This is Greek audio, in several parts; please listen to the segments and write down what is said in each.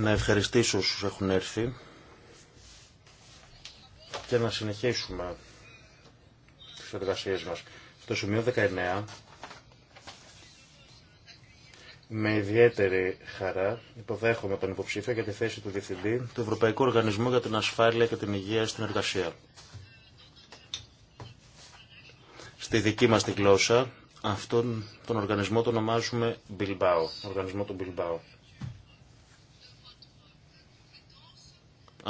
να ευχαριστήσω όσους έχουν έρθει και να συνεχίσουμε τις εργασίες μας. Στο σημείο 19, με ιδιαίτερη χαρά, υποδέχομαι τον υποψήφιο για τη θέση του Διευθυντή του Ευρωπαϊκού Οργανισμού για την Ασφάλεια και την Υγεία στην Εργασία. Στη δική μας τη γλώσσα, αυτόν τον οργανισμό τον ονομάζουμε Bilbao, οργανισμό του Bilbao.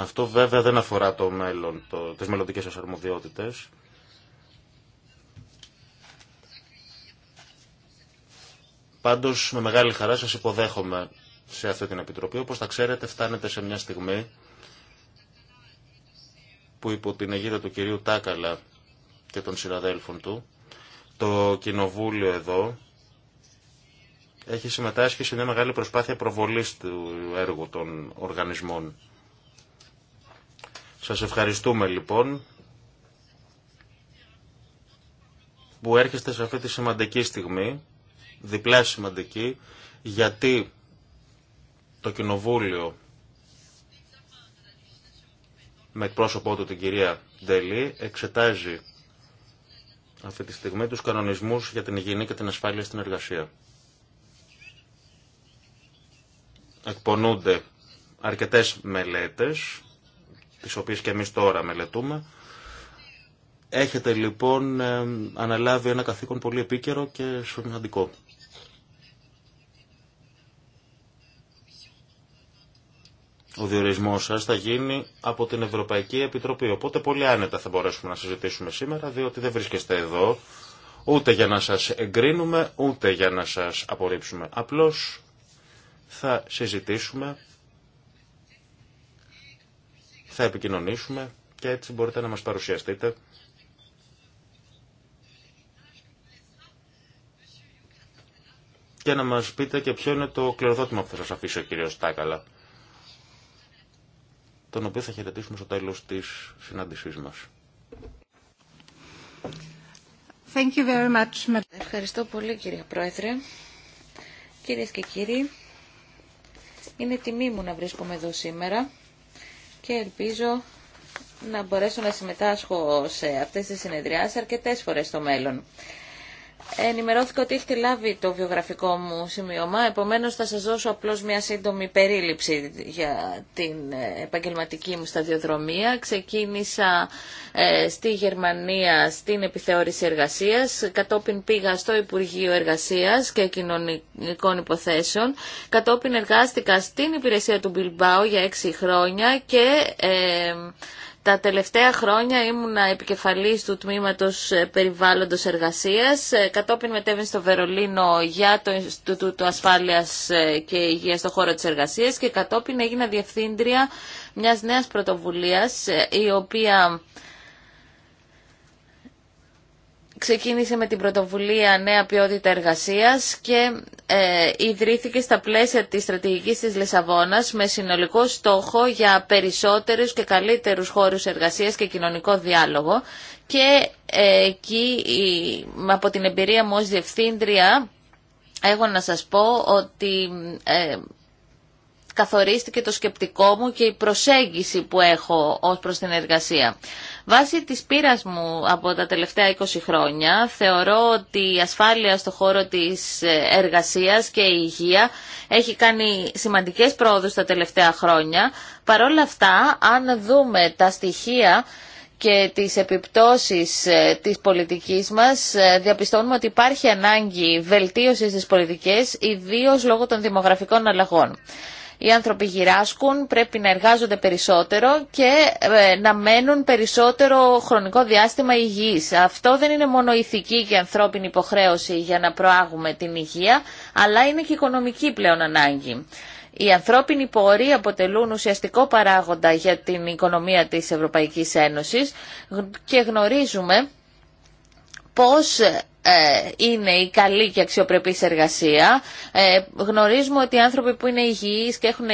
Αυτό βέβαια δεν αφορά το μέλλον, το, τις μελλοντικές σας αρμοδιότητες. Πάντως με μεγάλη χαρά σας υποδέχομαι σε αυτή την Επιτροπή. Όπως τα ξέρετε φτάνετε σε μια στιγμή που υπό την αιγύδα του κυρίου Τάκαλα και των συναδέλφων του το κοινοβούλιο εδώ έχει συμμετάσχει σε μια μεγάλη προσπάθεια προβολής του έργου των οργανισμών. Σας ευχαριστούμε λοιπόν που έρχεστε σε αυτή τη σημαντική στιγμή, διπλά σημαντική, γιατί το Κοινοβούλιο με εκπρόσωπό του την κυρία Ντελή εξετάζει αυτή τη στιγμή τους κανονισμούς για την υγιεινή και την ασφάλεια στην εργασία. Εκπονούνται αρκετές μελέτες τις οποίες και εμείς τώρα μελετούμε. Έχετε λοιπόν ε, αναλάβει ένα καθήκον πολύ επίκαιρο και σημαντικό. Ο διορισμός σας θα γίνει από την Ευρωπαϊκή Επιτροπή. Οπότε πολύ άνετα θα μπορέσουμε να συζητήσουμε σήμερα, διότι δεν βρίσκεστε εδώ ούτε για να σας εγκρίνουμε, ούτε για να σας απορρίψουμε. Απλώς θα συζητήσουμε θα επικοινωνήσουμε και έτσι μπορείτε να μας παρουσιαστείτε. Και να μας πείτε και ποιο είναι το κληροδότημα που θα σας αφήσει ο κύριος Τάκαλα, τον οποίο θα χαιρετήσουμε στο τέλος της συνάντησής μας. Thank you very much. Ευχαριστώ πολύ κύριε Πρόεδρε. Κυρίες και κύριοι, είναι τιμή μου να βρίσκομαι εδώ σήμερα και ελπίζω να μπορέσω να συμμετάσχω σε αυτές τις συνεδριάσεις αρκετές φορές στο μέλλον. Ενημερώθηκα ότι έχετε λάβει το βιογραφικό μου σημείωμα, επομένως θα σας δώσω απλώς μια σύντομη περίληψη για την ε, επαγγελματική μου σταδιοδρομία. Ξεκίνησα ε, στη Γερμανία στην επιθεώρηση εργασίας, κατόπιν πήγα στο Υπουργείο Εργασίας και Κοινωνικών Υποθέσεων, κατόπιν εργάστηκα στην υπηρεσία του Μπιλμπάου για έξι χρόνια και... Ε, τα τελευταία χρόνια ήμουνα επικεφαλής του τμήματος ε, περιβάλλοντος εργασίας. Ε, κατόπιν μετέβη στο Βερολίνο για το Ινστιτούτο Ασφάλειας ε, και Υγείας στον χώρο της εργασίας και κατόπιν έγινα διευθύντρια μιας νέας πρωτοβουλίας η οποία ξεκίνησε με την πρωτοβουλία Νέα Ποιότητα Εργασίας και ε, ιδρύθηκε στα πλαίσια της στρατηγικής της Λισαβόνας με συνολικό στόχο για περισσότερους και καλύτερους χώρους εργασίας και κοινωνικό διάλογο και ε, εκεί από την εμπειρία μου ως διευθύντρια έχω να σας πω ότι... Ε, καθορίστηκε το σκεπτικό μου και η προσέγγιση που έχω ως προς την εργασία. Βάσει της πείρας μου από τα τελευταία 20 χρόνια, θεωρώ ότι η ασφάλεια στο χώρο της ε, εργασίας και η υγεία έχει κάνει σημαντικές πρόοδους τα τελευταία χρόνια. Παρ' όλα αυτά, αν δούμε τα στοιχεία και τις επιπτώσεις ε, της πολιτικής μας ε, διαπιστώνουμε ότι υπάρχει ανάγκη βελτίωσης της πολιτικής ιδίως λόγω των δημογραφικών αλλαγών. Οι άνθρωποι γυράσκουν, πρέπει να εργάζονται περισσότερο και ε, να μένουν περισσότερο χρονικό διάστημα υγιείς. Αυτό δεν είναι μόνο ηθική και ανθρώπινη υποχρέωση για να προάγουμε την υγεία, αλλά είναι και οικονομική πλέον ανάγκη. Οι ανθρώπινοι πόροι αποτελούν ουσιαστικό παράγοντα για την οικονομία της Ευρωπαϊκής Ένωσης και γνωρίζουμε πώς ε, είναι η καλή και αξιοπρεπή εργασία. Ε, γνωρίζουμε ότι οι άνθρωποι που είναι υγιείς και έχουν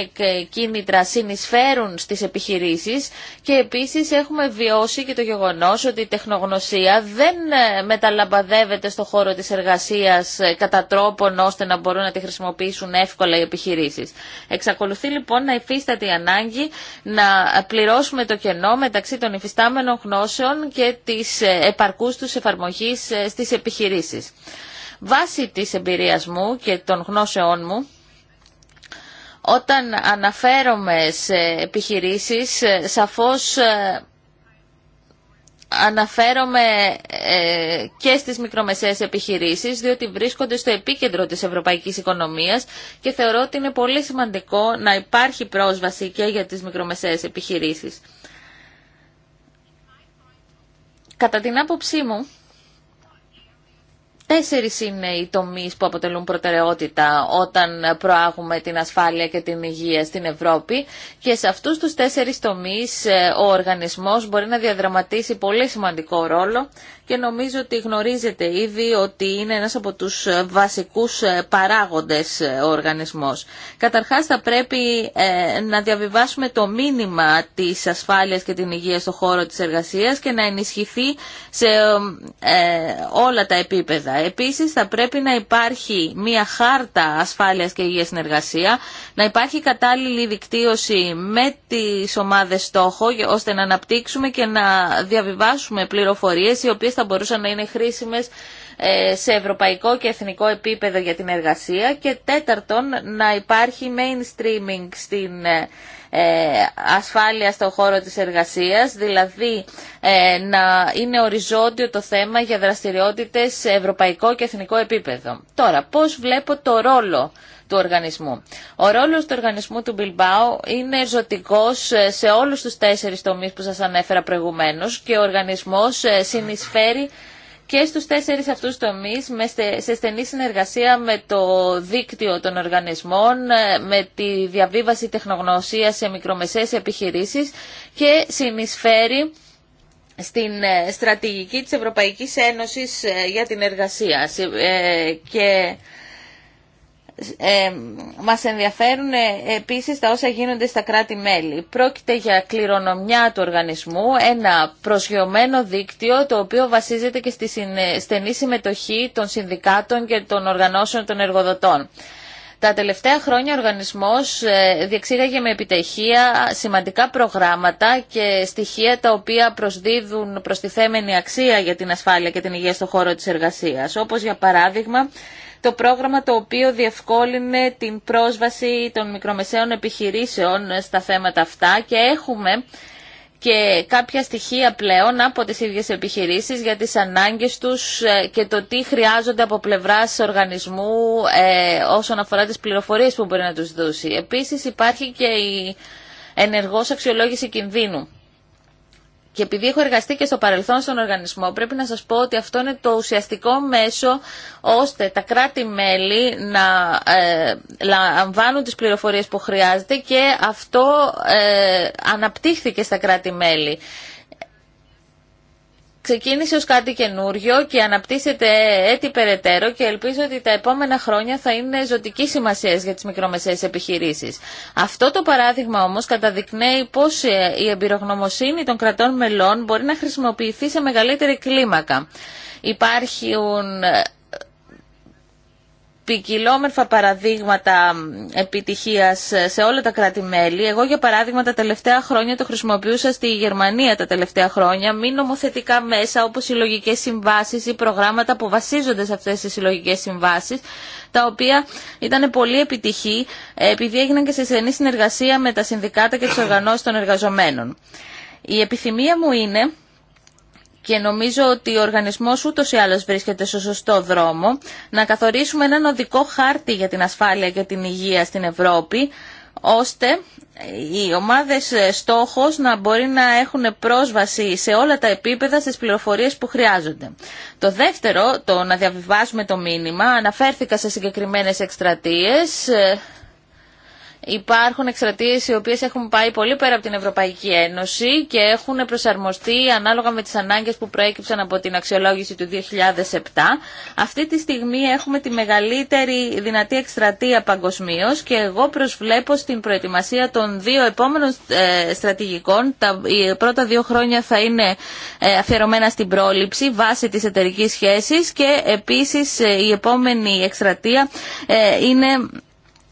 κίνητρα συνεισφέρουν στις επιχειρήσεις και επίσης έχουμε βιώσει και το γεγονός ότι η τεχνογνωσία δεν ε, μεταλαμπαδεύεται στο χώρο της εργασίας κατά τρόπον ώστε να μπορούν να τη χρησιμοποιήσουν εύκολα οι επιχειρήσεις. Εξακολουθεί λοιπόν να υφίσταται η ανάγκη να πληρώσουμε το κενό μεταξύ των υφιστάμενων γνώσεων και της επαρκούς τους εφαρμογής στις επιχειρήσεις επιχειρήσεις. Βάσει της εμπειρίας μου και των γνώσεών μου, όταν αναφέρομαι σε επιχειρήσεις, ε, σαφώς ε, αναφέρομαι ε, και στις μικρομεσαίες επιχειρήσεις, διότι βρίσκονται στο επίκεντρο της ευρωπαϊκής οικονομίας και θεωρώ ότι είναι πολύ σημαντικό να υπάρχει πρόσβαση και για τις μικρομεσαίες επιχειρήσεις. Κατά την άποψή μου, Τέσσερι είναι οι τομείς που αποτελούν προτεραιότητα όταν προάγουμε την ασφάλεια και την υγεία στην Ευρώπη και σε αυτούς του τέσσερι τομείς ε, ο οργανισμός μπορεί να διαδραματίσει πολύ σημαντικό ρόλο και νομίζω ότι γνωρίζετε ήδη ότι είναι ένας από τους βασικούς ε, παράγοντες ε, ο οργανισμός. Καταρχάς θα πρέπει ε, να διαβιβάσουμε το μήνυμα της ασφάλειας και την υγεία στον χώρο της εργασίας και να ενισχυθεί σε όλα τα επίπεδα. Επίσης θα πρέπει να υπάρχει μια χάρτα ασφάλειας και υγείας στην εργασία, να υπάρχει κατάλληλη δικτύωση με τις ομάδες στόχο ώστε να αναπτύξουμε και να διαβιβάσουμε πληροφορίες θα μπορούσαν να είναι χρήσιμες ε, σε ευρωπαϊκό και εθνικό επίπεδο για την εργασία και τέταρτον να υπάρχει mainstreaming στην ε, ε, ασφάλεια στον χώρο της εργασίας, δηλαδή ε, να είναι οριζόντιο το θέμα για δραστηριότητες σε ευρωπαϊκό και εθνικό επίπεδο. Τώρα, πώς βλέπω το ρόλο του οργανισμού. Ο ρόλος του οργανισμού του Μπιλμπάου είναι ζωτικός ε, σε όλους τους τέσσερις τομείς που σας ανέφερα προηγουμένως και ο οργανισμός συνεισφέρει και στους τέσσερις αυτούς τομείς σε στενή συνεργασία με το δίκτυο των οργανισμών, ε, με τη διαβίβαση τεχνογνωσίας σε μικρομεσαίες επιχειρήσεις και συνεισφέρει στην ε, στρατηγική της Ευρωπαϊκής Ένωσης ε, για την εργασία και ε, μας ενδιαφέρουν ε, επίσης τα όσα γίνονται στα κράτη-μέλη. Πρόκειται για κληρονομιά του οργανισμού, ένα προσγειωμένο δίκτυο το οποίο βασίζεται και στη στενή συμμετοχή των συνδικάτων και των οργανώσεων των εργοδοτών. Τα τελευταία χρόνια ο οργανισμός ε, διεξήγαγε με επιτυχία σημαντικά προγράμματα και στοιχεία τα οποία προσδίδουν προστιθέμενη αξία για την ασφάλεια και την υγεία στον χώρο της εργασίας, όπως για παράδειγμα το πρόγραμμα το οποίο διευκόλυνε την πρόσβαση των μικρομεσαίων επιχειρήσεων στα θέματα αυτά και έχουμε και κάποια στοιχεία πλέον από τις ίδιες επιχειρήσεις για τις ανάγκες τους ε, και το τι χρειάζονται από πλευράς οργανισμού ε, όσον αφορά τις πληροφορίες που μπορεί να τους δώσει. Επίσης υπάρχει και η ενεργός αξιολόγηση κινδύνου. Και επειδή έχω εργαστεί και στο παρελθόν στον οργανισμό, πρέπει να σας πω ότι αυτό είναι το ουσιαστικό μέσο ώστε τα κράτη-μέλη να ε, λαμβάνουν τις πληροφορίες που χρειάζεται και αυτό ε, αναπτύχθηκε στα κράτη-μέλη ξεκίνησε ως κάτι καινούριο και αναπτύσσεται έτσι περαιτέρω και ελπίζω ότι τα επόμενα χρόνια θα είναι ζωτική σημασία για τις μικρομεσαίες επιχειρήσεις. Αυτό το παράδειγμα όμως καταδεικνύει πώς ε, η εμπειρογνωμοσύνη των κρατών μελών μπορεί να χρησιμοποιηθεί σε μεγαλύτερη κλίμακα. Υπάρχουν ε, ποικιλόμερφα παραδείγματα επιτυχίας ε, σε όλα τα κράτη-μέλη. Εγώ, για παράδειγμα, τα τελευταία χρόνια το χρησιμοποιούσα στη Γερμανία τα τελευταία χρόνια, μη νομοθετικά μέσα όπως συλλογικέ συμβάσεις ή προγράμματα που βασίζονται σε αυτές τις συλλογικέ συμβάσεις, τα οποία ήταν πολύ επιτυχή ε, επειδή έγιναν και σε στενή συνεργασία με τα συνδικάτα και τις οργανώσεις των εργαζομένων. Η επιθυμία μου είναι και νομίζω ότι ο οργανισμός ούτως ή άλλως βρίσκεται στο σωστό δρόμο, να καθορίσουμε έναν οδικό χάρτη για την ασφάλεια και την υγεία στην Ευρώπη, ώστε οι ομάδες ε, στόχος να μπορεί να έχουν πρόσβαση σε όλα τα επίπεδα στις πληροφορίες που χρειάζονται. Το δεύτερο, το να διαβιβάσουμε το μήνυμα, αναφέρθηκα σε συγκεκριμένες εκστρατείες, ε, υπάρχουν εκστρατείες οι οποίες έχουν πάει πολύ πέρα από την Ευρωπαϊκή Ένωση και έχουν προσαρμοστεί ανάλογα με τις ανάγκες που προέκυψαν από την αξιολόγηση του 2007. Αυτή τη στιγμή έχουμε τη μεγαλύτερη δυνατή εκστρατεία παγκοσμίω και εγώ προσβλέπω στην προετοιμασία των δύο επόμενων ε, στρατηγικών. Τα πρώτα δύο χρόνια θα είναι ε, αφιερωμένα στην πρόληψη βάσει της εταιρικής σχέσης και επίσης ε, η επόμενη εκστρατεία είναι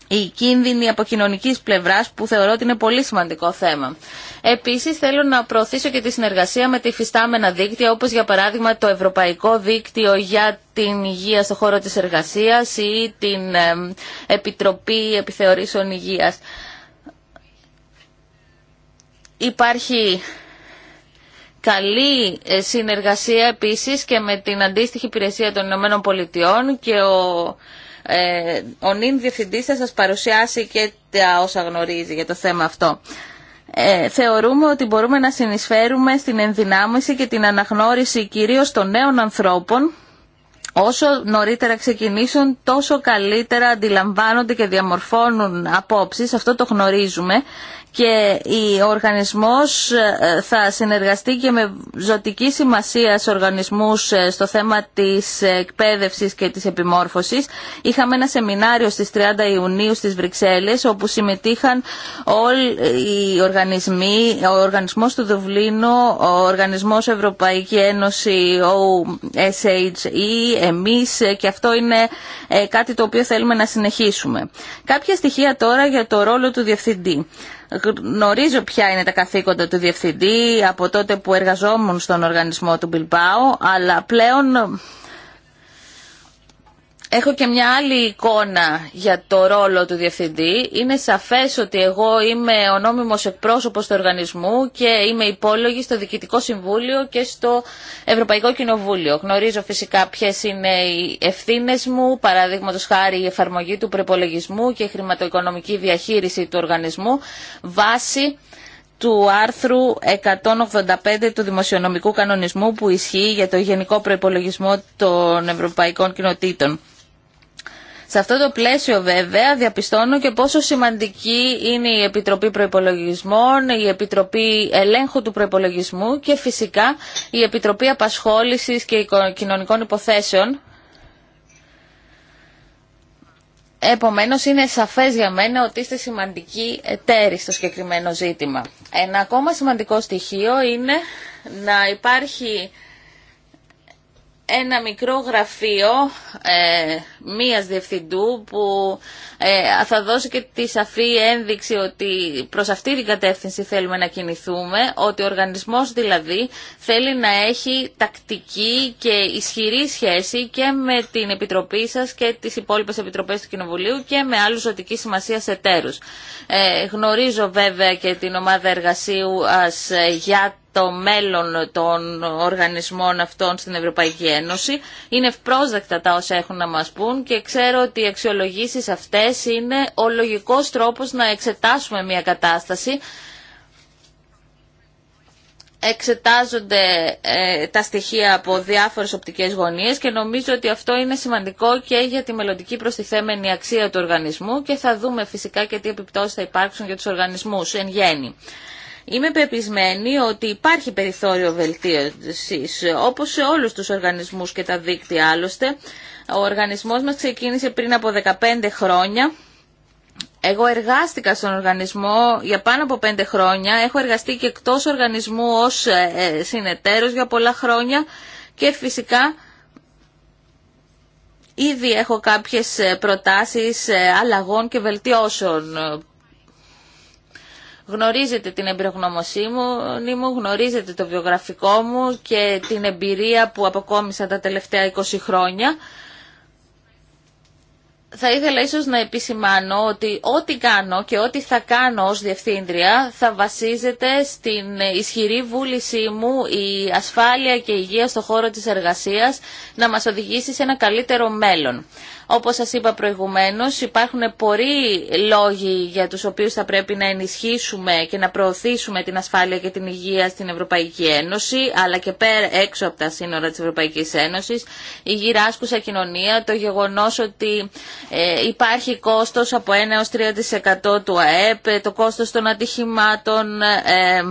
οι κίνδυνοι από κοινωνική πλευρά που θεωρώ ότι είναι πολύ σημαντικό θέμα. Επίση, θέλω να προωθήσω και τη συνεργασία με τη φυστάμενα δίκτυα, όπω για παράδειγμα το Ευρωπαϊκό Δίκτυο για την Υγεία στο χώρο τη εργασία ή την Επιτροπή Επιθεωρήσεων Υγεία. Υπάρχει καλή ε, συνεργασία επίσης και με την αντίστοιχη υπηρεσία των Ηνωμένων Πολιτειών και ο ε, ο νυν διευθυντής θα σας παρουσιάσει και τα όσα γνωρίζει για το θέμα αυτό. Ε, θεωρούμε ότι μπορούμε να συνεισφέρουμε στην ενδυνάμωση και την αναγνώριση κυρίως των νέων ανθρώπων Όσο νωρίτερα ξεκινήσουν, τόσο καλύτερα αντιλαμβάνονται και διαμορφώνουν απόψεις, αυτό το γνωρίζουμε και ο οργανισμός ε, θα συνεργαστεί και με ζωτική σημασία οργανισμούς ε, στο θέμα της εκπαίδευσης και της επιμόρφωσης. Είχαμε ένα σεμινάριο στις 30 Ιουνίου στις Βρυξέλλες όπου συμμετείχαν όλοι οι οργανισμοί, ο οργανισμός του Δουβλίνου, ο οργανισμός Ευρωπαϊκή Ένωση, ο SHE, εμείς ε, και αυτό είναι κάτι το οποίο θέλουμε να συνεχίσουμε. Κάποια στοιχεία τώρα για το ρόλο του Διευθυντή. Γνωρίζω ποια είναι τα καθήκοντα του διευθυντή από τότε που εργαζόμουν στον οργανισμό του Μπιλμπάου, αλλά πλέον Έχω και μια άλλη εικόνα για το ρόλο του Διευθυντή. Είναι σαφές ότι εγώ είμαι ο νόμιμος εκπρόσωπος του οργανισμού και είμαι υπόλογη στο Διοικητικό Συμβούλιο και στο Ευρωπαϊκό Κοινοβούλιο. Γνωρίζω φυσικά ποιες είναι οι ευθύνες μου, παραδείγματο χάρη η εφαρμογή του προπολογισμού και η χρηματοοικονομική διαχείριση του οργανισμού βάση του άρθρου 185 του Δημοσιονομικού Κανονισμού που ισχύει για το Γενικό Προϋπολογισμό των Ευρωπαϊκών Κοινοτήτων. Σε αυτό το πλαίσιο βέβαια διαπιστώνω και πόσο σημαντική είναι η Επιτροπή Προϋπολογισμών, η Επιτροπή Ελέγχου του Προϋπολογισμού και φυσικά η Επιτροπή Απασχόλησης και Κοινωνικών Υποθέσεων. Επομένως είναι σαφές για μένα ότι είστε σημαντική εταίροι στο συγκεκριμένο ζήτημα. Ένα ακόμα σημαντικό στοιχείο είναι να υπάρχει ένα μικρό γραφείο ε, μίας διευθυντού που ε, θα δώσει και τη σαφή ένδειξη ότι προς αυτή την κατεύθυνση θέλουμε να κινηθούμε, ότι ο οργανισμός δηλαδή θέλει να έχει τακτική και ισχυρή σχέση και με την Επιτροπή σας και τις υπόλοιπες Επιτροπές του Κοινοβουλίου και με άλλους ζωτικής σημασίας εταίρους. Ε, γνωρίζω βέβαια και την ομάδα εργασίου ας για το μέλλον των οργανισμών αυτών στην Ευρωπαϊκή Ένωση. Είναι ευπρόσδεκτα τα όσα έχουν να μας πούν και ξέρω ότι οι αξιολογήσεις αυτές είναι ο λογικός τρόπος να εξετάσουμε μια κατάσταση εξετάζονται ε, τα στοιχεία από διάφορες οπτικές γωνίες και νομίζω ότι αυτό είναι σημαντικό και για τη μελλοντική προστιθέμενη αξία του οργανισμού και θα δούμε φυσικά και τι επιπτώσεις θα υπάρξουν για τους οργανισμούς εν γέννη. Είμαι πεπισμένη ότι υπάρχει περιθώριο βελτίωσης, όπως σε όλους τους οργανισμούς και τα δίκτυα άλλωστε. Ο οργανισμός μας ξεκίνησε πριν από 15 χρόνια. Εγώ εργάστηκα στον οργανισμό για πάνω από 5 χρόνια. Έχω εργαστεί και εκτός οργανισμού ως ε, ε, συνεταίρος για πολλά χρόνια και φυσικά ήδη έχω κάποιες ε, προτάσεις αλλαγών και βελτιώσεων Γνωρίζετε την εμπειρογνωμοσύνη μου, γνωρίζετε το βιογραφικό μου και την εμπειρία που αποκόμισα τα τελευταία 20 χρόνια. Θα ήθελα ίσως να επισημάνω ότι ό,τι κάνω και ό,τι θα κάνω ως Διευθύντρια θα βασίζεται στην ισχυρή βούλησή μου η ασφάλεια και η υγεία στον χώρο της εργασίας να μας οδηγήσει σε ένα καλύτερο μέλλον. Όπως σας είπα προηγουμένως, υπάρχουν πολλοί λόγοι για τους οποίους θα πρέπει να ενισχύσουμε και να προωθήσουμε την ασφάλεια και την υγεία στην Ευρωπαϊκή Ένωση, αλλά και πέρα έξω από τα σύνορα της Ευρωπαϊκής Ένωσης, η γυράσκουσα κοινωνία, το γεγονός ότι ε, υπάρχει κόστος από 1 3% του ΑΕΠ, το κόστος των ατυχημάτων, ε,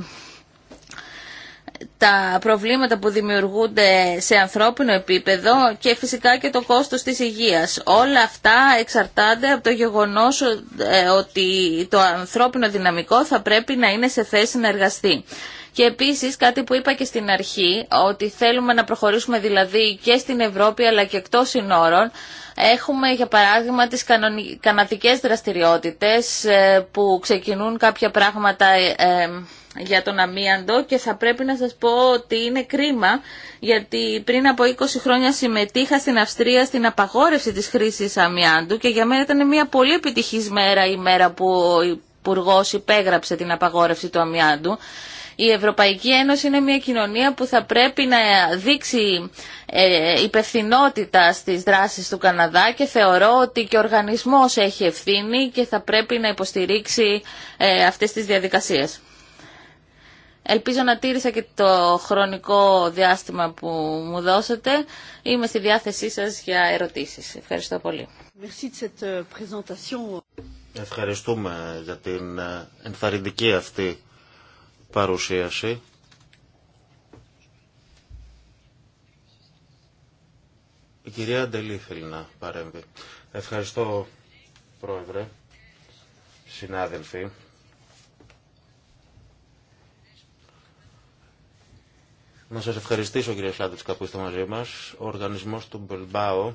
τα προβλήματα που δημιουργούνται σε ανθρώπινο επίπεδο και φυσικά και το κόστος της υγείας. Όλα αυτά εξαρτάται από το γεγονός ε, ότι το ανθρώπινο δυναμικό θα πρέπει να είναι σε θέση να εργαστεί. Και επίσης κάτι που είπα και στην αρχή, ότι θέλουμε να προχωρήσουμε δηλαδή και στην Ευρώπη αλλά και εκτός συνόρων, Έχουμε για παράδειγμα τις καναδικές δραστηριότητες ε, που ξεκινούν κάποια πράγματα ε, για τον αμίαντο και θα πρέπει να σας πω ότι είναι κρίμα γιατί πριν από 20 χρόνια συμμετείχα στην Αυστρία στην απαγόρευση της χρήσης αμιάντου και για μένα ήταν μια πολύ επιτυχής μέρα η μέρα που ο υπουργό υπέγραψε την απαγόρευση του αμιάντου. Η Ευρωπαϊκή Ένωση είναι μια κοινωνία που θα πρέπει να δείξει ε, υπευθυνότητα στις δράσεις του Καναδά και θεωρώ ότι και ο οργανισμός έχει ευθύνη και θα πρέπει να υποστηρίξει ε, αυτές τις διαδικασίες. Ελπίζω να τήρησα και το χρονικό διάστημα που μου δώσατε. Είμαι στη διάθεσή σας για ερωτήσεις. Ευχαριστώ πολύ. Euh, Ευχαριστούμε για την ε, ενθαρρυντική αυτή παρουσίαση. Η κυρία Αντελή θέλει να παρέμβει. Ευχαριστώ, Πρόεδρε, συνάδελφοι. Να σας ευχαριστήσω κύριε Σάντριτσκα που είστε μαζί μας. Ο οργανισμός του Μπελμπάο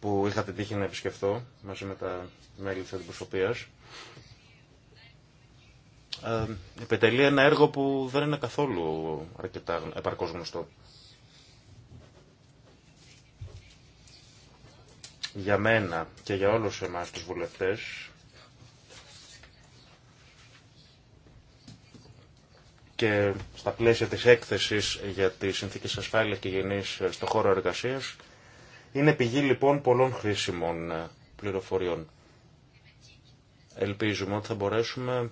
που είχα την τύχη να επισκεφθώ μαζί με τα μέλη της αντιπροσωπείας ε, επιτελεί ένα έργο που δεν είναι καθόλου αρκετά επαρκώς γνωστό. Για μένα και για όλους εμάς τους βουλευτές και στα πλαίσια της έκθεσης για τις συνθήκες ασφάλειας και γενής στο χώρο εργασίας είναι πηγή λοιπόν πολλών χρήσιμων ε, πληροφοριών. Ελπίζουμε ότι θα μπορέσουμε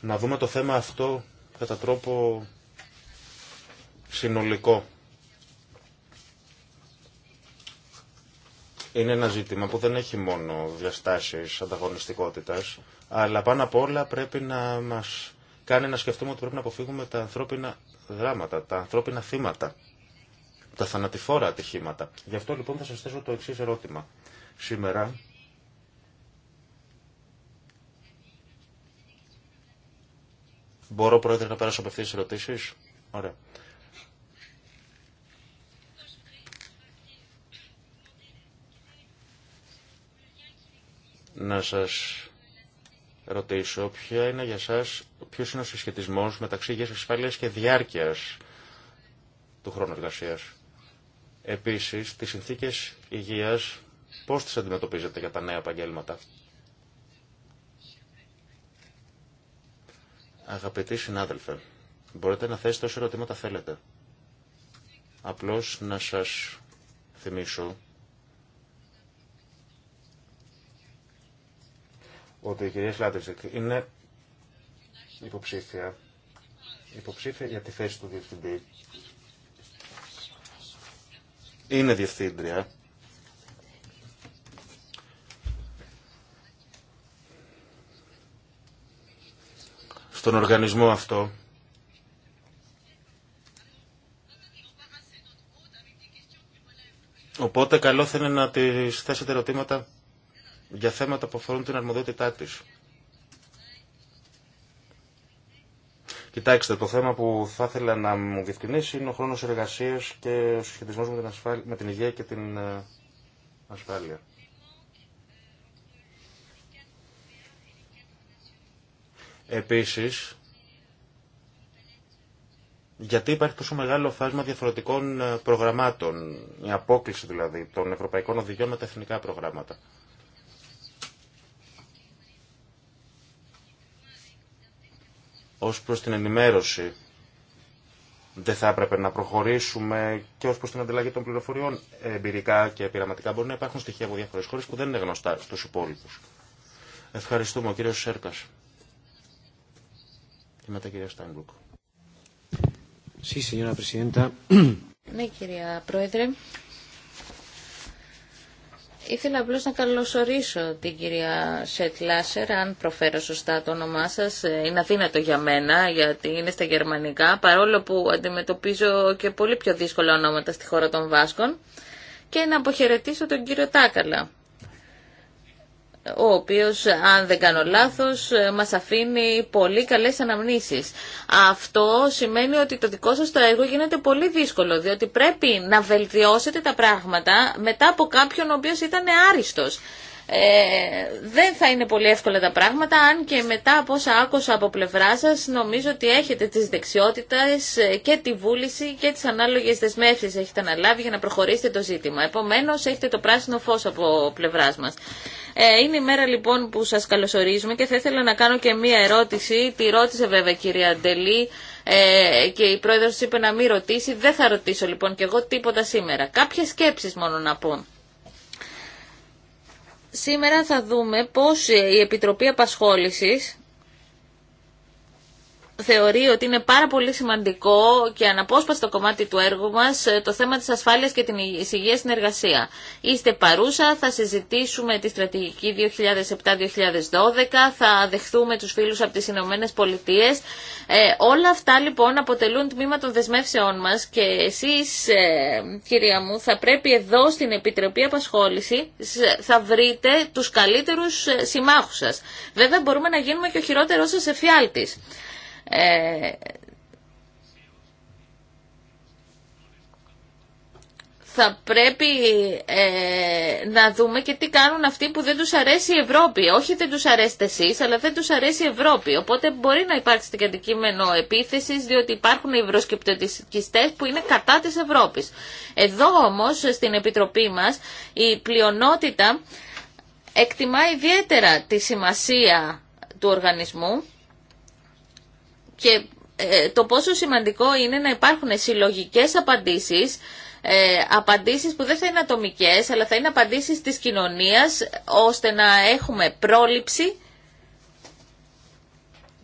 να δούμε το θέμα αυτό κατά τρόπο συνολικό. Είναι ένα ζήτημα που δεν έχει μόνο διαστάσεις ανταγωνιστικότητας, αλλά πάνω απ' όλα πρέπει να μας κάνει να σκεφτούμε ότι πρέπει να αποφύγουμε τα ανθρώπινα δράματα, τα ανθρώπινα θύματα, τα θανατηφόρα ατυχήματα. Γι' αυτό λοιπόν θα σας θέσω το εξής ερώτημα. Σήμερα Μπορώ, Πρόεδρε, να πέρασω από αυτές τις ερωτήσεις. Ωραία. Να σας ρωτήσω ποια είναι για σας, ποιος είναι ο συσχετισμός μεταξύ υγείας ασφάλειας και διάρκειας του χρόνου εργασίας. Επίσης, τις συνθήκες υγείας πώς τις αντιμετωπίζετε για τα νέα επαγγέλματα. Αγαπητοί συνάδελφε, μπορείτε να θέσετε όσα ερωτήματα θέλετε. Απλώς να σας θυμίσω ότι η κυρία Σλάτερσεκ είναι υποψήφια, υποψήφια για τη θέση του διευθυντή. Είναι διευθύντρια. Στον οργανισμό αυτό Οπότε καλό θα είναι να τη θέσετε ερωτήματα για θέματα που αφορούν την αρμοδιότητά της. Κοιτάξτε, το θέμα που θα ήθελα να μου διευκρινίσει είναι ο χρόνος εργασία και ο σχετισμό με την, με την υγεία και την ε, ασφάλεια. Επίσης, γιατί υπάρχει τόσο μεγάλο φάσμα διαφορετικών ε, προγραμμάτων, η απόκληση δηλαδή των ευρωπαϊκών οδηγιών με τα εθνικά προγράμματα. ως προς την ενημέρωση δεν θα έπρεπε να προχωρήσουμε και ω προ την ανταλλαγή των πληροφοριών εμπειρικά και πειραματικά. Μπορεί να υπάρχουν στοιχεία από διάφορε χώρε που δεν είναι γνωστά στου υπόλοιπου. Ευχαριστούμε, ο κύριο Σέρκα. Και μετά, κυρία Στάνγκλουκ. Ναι, κυρία Πρόεδρε. Ήθελα απλώς να καλωσορίσω την κυρία Σετ Λάσερ, αν προφέρω σωστά το όνομά σας. Ε, είναι αδύνατο για μένα, γιατί είναι στα γερμανικά, παρόλο που αντιμετωπίζω και πολύ πιο δύσκολα ονόματα στη χώρα των Βάσκων. Και να αποχαιρετήσω τον κύριο Τάκαλα, ο οποίος, αν δεν κάνω λάθος, ε, μας αφήνει πολύ καλές αναμνήσεις. Αυτό σημαίνει ότι το δικό σας το έργο γίνεται πολύ δύσκολο, διότι πρέπει να βελτιώσετε τα πράγματα μετά από κάποιον ο οποίος ήταν άριστος. Ε, δεν θα είναι πολύ εύκολα τα πράγματα, αν και μετά από όσα άκουσα από πλευρά σας, νομίζω ότι έχετε τις δεξιότητες ε, και τη βούληση και τις ανάλογες δεσμεύσεις έχετε αναλάβει για να προχωρήσετε το ζήτημα. Επομένως, έχετε το πράσινο φως από πλευρά μας. Ε, είναι η μέρα λοιπόν που σας καλωσορίζουμε και θα ήθελα να κάνω και μία ερώτηση. Τη ρώτησε βέβαια κυρία Ντελή ε, και η πρόεδρος είπε να μην ρωτήσει. Δεν θα ρωτήσω λοιπόν και εγώ τίποτα σήμερα. Κάποιες σκέψεις μόνο να πω. Σήμερα θα δούμε πώς η Επιτροπή Απασχόλησης θεωρεί ότι είναι πάρα πολύ σημαντικό και αναπόσπαστο κομμάτι του έργου μας ε, το θέμα της ασφάλειας και της υγείας στην εργασία. Είστε παρούσα, θα συζητήσουμε τη στρατηγική 2007-2012, θα δεχθούμε τους φίλους από τις Ηνωμένε Πολιτείε. Ε, όλα αυτά λοιπόν αποτελούν τμήμα των δεσμεύσεών μας και εσείς ε, κυρία μου θα πρέπει εδώ στην Επιτροπή Απασχόληση θα βρείτε τους καλύτερους συμμάχους σας. Βέβαια μπορούμε να γίνουμε και ο χειρότερός σας εφιάλτη ε, θα πρέπει ε, να δούμε και τι κάνουν αυτοί που δεν τους αρέσει η Ευρώπη. Όχι δεν τους αρέσετε εσείς, αλλά δεν τους αρέσει η Ευρώπη. Οπότε μπορεί να υπάρξει και αντικείμενο επίθεσης, διότι υπάρχουν οι που είναι κατά της Ευρώπης. Εδώ όμως, στην Επιτροπή μας, η πλειονότητα εκτιμά ιδιαίτερα τη σημασία του οργανισμού και ε, το πόσο σημαντικό είναι να υπάρχουν συλλογικές απαντήσεις ε, απαντήσεις που δεν θα είναι ατομικές, αλλά θα είναι απαντήσεις της κοινωνίας, ώστε να έχουμε πρόληψη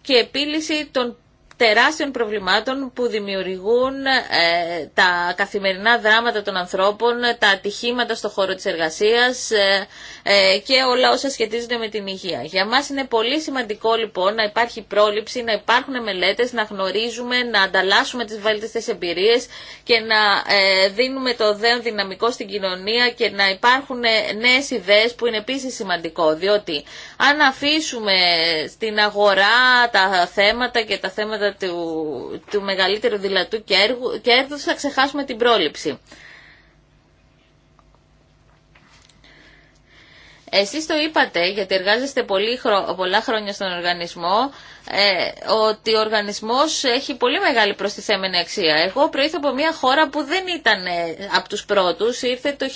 και επίλυση των τεράστιων προβλημάτων που δημιουργούν ε, τα καθημερινά δράματα των ανθρώπων, τα ατυχήματα στο χώρο της εργασίας ε, ε, και όλα όσα σχετίζονται με την υγεία. Για μας είναι πολύ σημαντικό λοιπόν να υπάρχει πρόληψη, να υπάρχουν μελέτες, να γνωρίζουμε, να ανταλλάσσουμε τις βαλτιστές εμπειρίες και να δίνουμε το δέον δυναμικό στην κοινωνία και να υπάρχουν νέες ιδέες που είναι επίσης σημαντικό, διότι αν αφήσουμε στην αγορά τα θέματα και τα θέματα του, μεγαλύτερου δηλατού κέρδους θα ξεχάσουμε την πρόληψη. Εσείς το είπατε, γιατί εργάζεστε πολύ, πολλά χρόνια στον οργανισμό, ε, ότι ο οργανισμός έχει πολύ μεγάλη προστιθέμενη αξία. Εγώ προήλθα από μια χώρα που δεν ήταν ε, από τους πρώτους, ήρθε το 1986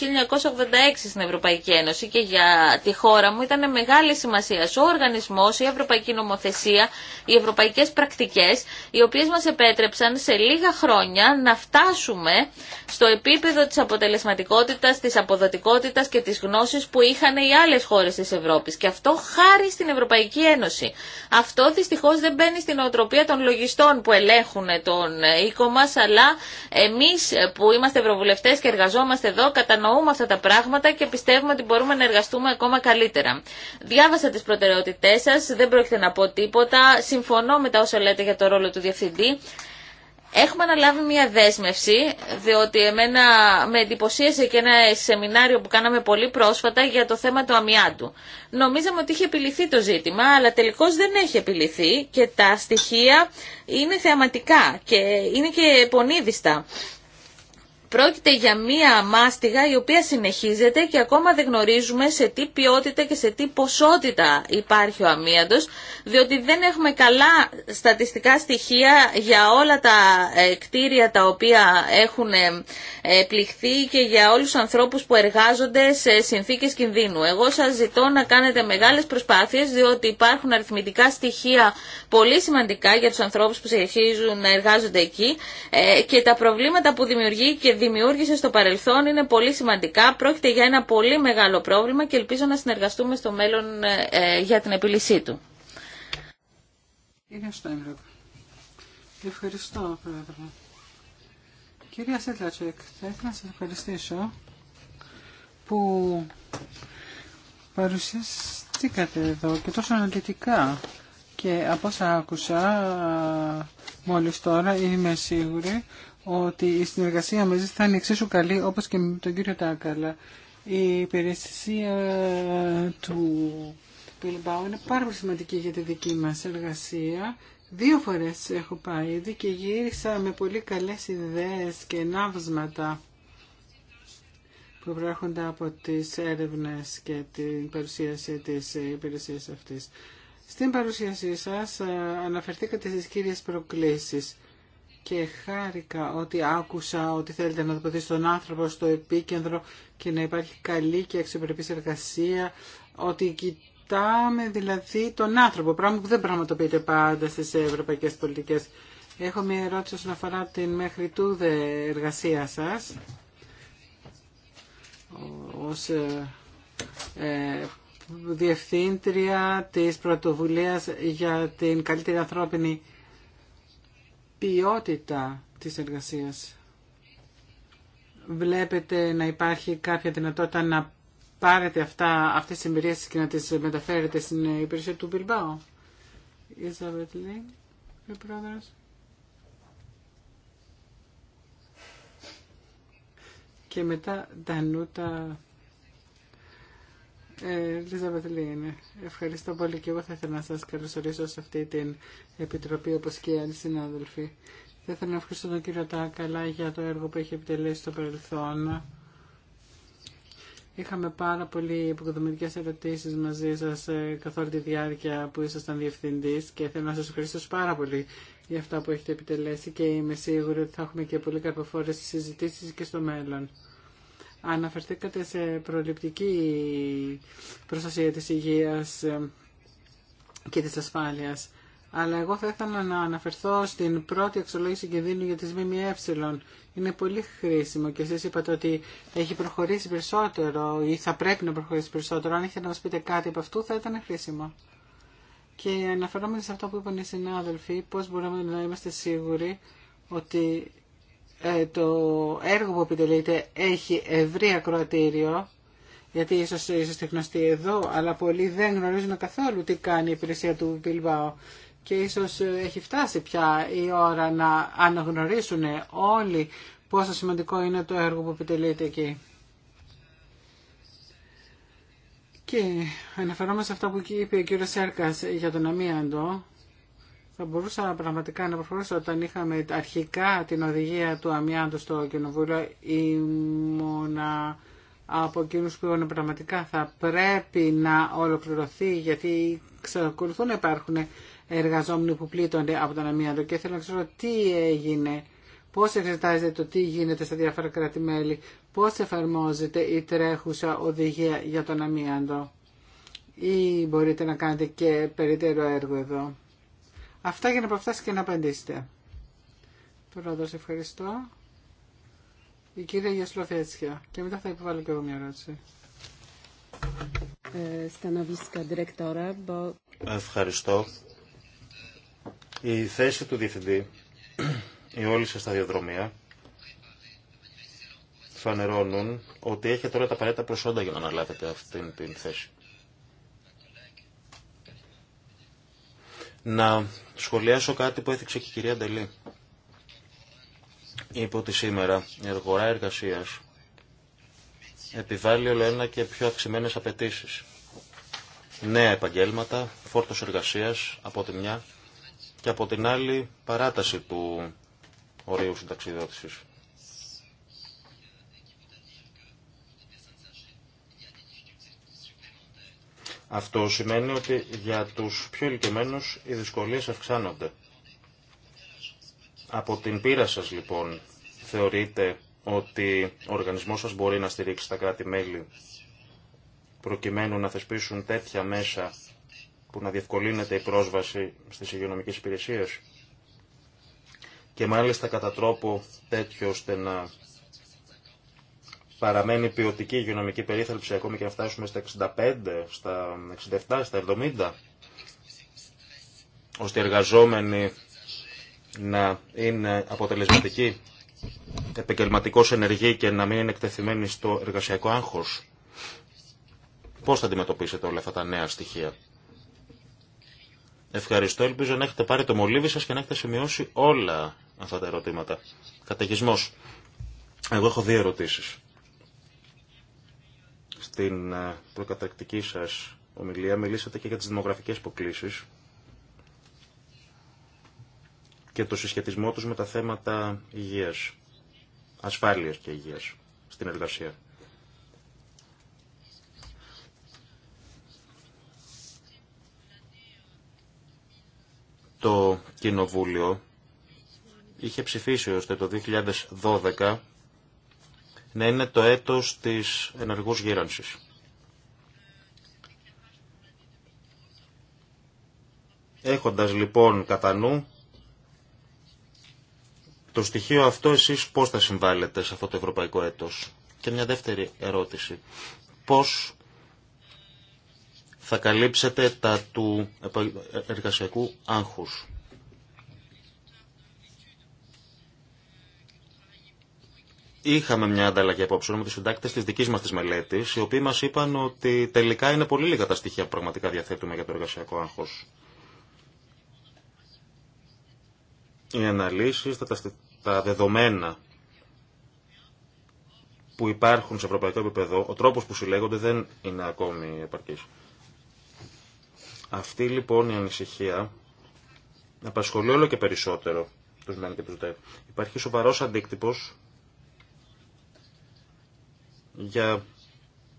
στην Ευρωπαϊκή Ένωση και για τη χώρα μου ήταν μεγάλη σημασία. Ο οργανισμός, η Ευρωπαϊκή Νομοθεσία, οι ευρωπαϊκές πρακτικές, οι οποίες μας επέτρεψαν σε λίγα χρόνια να φτάσουμε στο επίπεδο της αποτελεσματικότητας, της αποδοτικότητας και της γνώσης που είχαν οι άλλες χώρες της Ευρώπης. Και αυτό χάρη στην Ευρωπαϊκή Ένωση. Αυτό δυστυχώ δεν μπαίνει στην οτροπία των λογιστών που ελέγχουν τον οίκο μα, αλλά εμεί που είμαστε ευρωβουλευτέ και εργαζόμαστε εδώ κατανοούμε αυτά τα πράγματα και πιστεύουμε ότι μπορούμε να εργαστούμε ακόμα καλύτερα. Διάβασα τι προτεραιότητε, σα, δεν πρόκειται να πω τίποτα, συμφωνώ με τα όσα λέτε για το ρόλο του Διευθυντή. Έχουμε αναλάβει μια δέσμευση, διότι εμένα με εντυπωσίασε και ένα σεμινάριο που κάναμε πολύ πρόσφατα για το θέμα του αμιάτου. Νομίζαμε ότι είχε επιληθεί το ζήτημα, αλλά τελικώς δεν έχει επιληθεί και τα στοιχεία είναι θεαματικά και είναι και πονίδιστα. Πρόκειται για μία μάστιγα η οποία συνεχίζεται και ακόμα δεν γνωρίζουμε σε τι ποιότητα και σε τι ποσότητα υπάρχει ο αμύαντος, διότι δεν έχουμε καλά στατιστικά στοιχεία για όλα τα ε, κτίρια τα οποία έχουν ε, ε, πληχθεί και για όλους τους ανθρώπους που εργάζονται σε συνθήκες κινδύνου. Εγώ σας ζητώ να κάνετε μεγάλες προσπάθειες, διότι υπάρχουν αριθμητικά στοιχεία πολύ σημαντικά για τους ανθρώπους που συνεχίζουν να εργάζονται εκεί και τα προβλήματα που δημιουργεί και δημιούργησε στο παρελθόν είναι πολύ σημαντικά. Πρόκειται για ένα πολύ μεγάλο πρόβλημα και ελπίζω να συνεργαστούμε στο μέλλον ε, ε, για την επίλυσή του. Κύριε Στέμπλοκ, ευχαριστώ πρόεδρε. Κυρία Σέτλατσεκ, θα ήθελα να σας ευχαριστήσω που παρουσιαστήκατε εδώ και τόσο αναλυτικά και από όσα άκουσα μόλις τώρα είμαι σίγουρη ότι η συνεργασία μαζί θα είναι εξίσου καλή όπως και με τον κύριο Τάκαλα. Η υπηρεσία του Πιλμπάου είναι πάρα πολύ σημαντική για τη δική μας εργασία. Δύο φορές έχω πάει ήδη και γύρισα με πολύ καλές ιδέες και ναύσματα που προέρχονται από τις έρευνες και την παρουσίαση της υπηρεσίας αυτής. Στην παρουσίασή σας ε, αναφερθήκατε στις κύριες προκλήσεις και χάρηκα ότι άκουσα ότι θέλετε να τοποθετήσετε τον άνθρωπο στο επίκεντρο και να υπάρχει καλή και αξιοπρεπή εργασία, ότι κοιτάμε δηλαδή τον άνθρωπο, πράγμα που δεν πραγματοποιείται πάντα στις ευρωπαϊκές πολιτικές. Έχω μια ερώτηση όσον αφορά την μέχρι τούδε εργασία σας ως ε, ε διευθύντρια της πρωτοβουλίας για την καλύτερη ανθρώπινη ποιότητα της εργασίας. Βλέπετε να υπάρχει κάποια δυνατότητα να πάρετε αυτά, αυτές τις εμπειρίες και να τις μεταφέρετε στην υπηρεσία του Μπιλμπάου. Ιζαβετ Λίνγκ, ο πρόεδρος. Και μετά Ντανούτα ευχαριστώ πολύ και εγώ θα ήθελα να σας καλωσορίσω σε αυτή την επιτροπή όπως και οι άλλοι συνάδελφοι. Θα ήθελα να ευχαριστώ τον κύριο Τάκαλα για το έργο που έχει επιτελέσει στο παρελθόν. Είχαμε πάρα πολύ υποκοδομητικές ερωτήσεις μαζί σας ε, καθ' όλη τη διάρκεια που ήσασταν διευθυντής και θέλω να σας ευχαριστήσω πάρα πολύ για αυτά που έχετε επιτελέσει και είμαι σίγουρη ότι θα έχουμε και πολύ καρποφόρες συζητήσεις και στο μέλλον. Αναφερθήκατε σε προληπτική προστασία της υγείας ε, και της ασφάλειας. Αλλά εγώ θα ήθελα να αναφερθώ στην πρώτη αξιολόγηση κινδύνου για τις ΜΜΕ. Είναι πολύ χρήσιμο και εσείς είπατε ότι έχει προχωρήσει περισσότερο ή θα πρέπει να προχωρήσει περισσότερο. Αν έχετε να μας πείτε κάτι από αυτού θα ήταν χρήσιμο. Και αναφερόμενοι σε αυτό που είπαν οι συνάδελφοι, πώς μπορούμε να είμαστε σίγουροι ότι ε, το έργο που επιτελείται έχει ευρύ ακροατήριο, γιατί ίσως είστε γνωστοί εδώ, αλλά πολλοί δεν γνωρίζουν καθόλου τι κάνει η υπηρεσία του Μπιλμπάου. Και ίσως ε, έχει φτάσει πια η ώρα να αναγνωρίσουν όλοι πόσο σημαντικό είναι το έργο που επιτελείται εκεί. Και αναφερόμαστε σε αυτά που είπε ο κύριος Σέρκας για τον Αμίαντο, θα μπορούσα πραγματικά να προχωρήσω όταν είχαμε αρχικά την οδηγία του αμοιάντου στο κοινοβούλιο ήμουνα από εκείνους που είπαν πραγματικά θα πρέπει να ολοκληρωθεί γιατί ξεκολουθούν να υπάρχουν εργαζόμενοι που πλήττονται από τον Αμιάντο και θέλω να ξέρω τι έγινε, πώς εξετάζεται το τι γίνεται στα διάφορα κράτη-μέλη, πώς εφαρμόζεται η τρέχουσα οδηγία για τον αμίαντο. ή μπορείτε να κάνετε και περίτερο έργο εδώ. Αυτά για να προφτάσετε και να απαντήσετε. σε ευχαριστώ. Η κυρία Γεσλοφέτσια. Και μετά θα υποβάλω και εγώ μια ερώτηση. Ε, ευχαριστώ. Η θέση του Διευθυντή, η όλη σας σταδιοδρομία, φανερώνουν ότι έχετε όλα τα παρέτα προσόντα για να αναλάβετε αυτήν την θέση. να σχολιάσω κάτι που έθιξε και η κυρία Ντελή. Είπε ότι σήμερα η αγορά εργασία επιβάλλει όλο και πιο αυξημένε απαιτήσει. Νέα επαγγέλματα, φόρτο εργασία από τη μια και από την άλλη παράταση του ορίου συνταξιδότηση. Αυτό σημαίνει ότι για τους πιο ηλικιωμένους οι δυσκολίες αυξάνονται. Από την πείρα σας λοιπόν θεωρείτε ότι ο οργανισμός σας μπορεί να στηρίξει τα κράτη-μέλη προκειμένου να θεσπίσουν τέτοια μέσα που να διευκολύνεται η πρόσβαση στις υγειονομικές υπηρεσίες και μάλιστα κατά τρόπο τέτοιο ώστε να παραμένει ποιοτική υγειονομική περίθαλψη ακόμη και να φτάσουμε στα 65, στα 67, στα 70, ώστε οι εργαζόμενοι να είναι αποτελεσματικοί, επαγγελματικώς ενεργοί και να μην είναι εκτεθειμένοι στο εργασιακό άγχος. Πώς θα αντιμετωπίσετε όλα αυτά τα νέα στοιχεία. Ευχαριστώ. Ελπίζω να έχετε πάρει το μολύβι σας και να έχετε σημειώσει όλα αυτά τα ερωτήματα. Καταιγισμός. Εγώ έχω δύο ερωτήσεις. Στην ε, προκατακτική σας ομιλία μιλήσατε και για τις δημογραφικές υποκλήσεις και το συσχετισμό τους με τα θέματα υγείας, ασφάλειας και υγείας στην εργασία. Το Κοινοβούλιο είχε ψηφίσει ώστε το 2012 να είναι το έτος της ενεργούς γύρανσης. Έχοντας λοιπόν κατά νου το στοιχείο αυτό εσείς πώς θα συμβάλλετε σε αυτό το ευρωπαϊκό έτος. Και μια δεύτερη ερώτηση. Πώς θα καλύψετε τα του εργασιακού άγχους. Είχαμε μια ανταλλαγή απόψεων με του συντάκτε τη δική μα τη μελέτη, οι οποίοι μα είπαν ότι τελικά είναι πολύ λίγα τα στοιχεία που πραγματικά διαθέτουμε για το εργασιακό άγχο. Οι αναλύσει, τα, τα δεδομένα που υπάρχουν σε ευρωπαϊκό επίπεδο, ο τρόπο που συλλέγονται δεν είναι ακόμη επαρκή. Αυτή λοιπόν η ανησυχία απασχολεί όλο και περισσότερο μεν και Υπάρχει σοβαρό αντίκτυπο για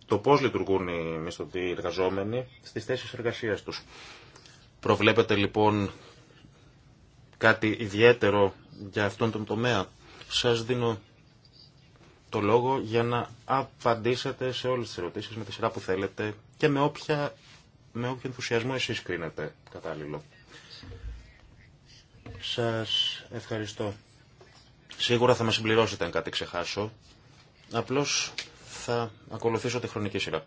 το πώς λειτουργούν οι μισθωτοί εργαζόμενοι στις θέσει εργασίας τους. Προβλέπετε λοιπόν κάτι ιδιαίτερο για αυτόν τον τομέα. Σας δίνω το λόγο για να απαντήσετε σε όλες τις ερωτήσεις με τη σειρά που θέλετε και με, όποια, με όποιο ενθουσιασμό εσεί κρίνετε κατάλληλο. Σας ευχαριστώ. Σίγουρα θα με συμπληρώσετε αν κάτι ξεχάσω. Απλώς θα ακολουθήσω τη χρονική σειρά.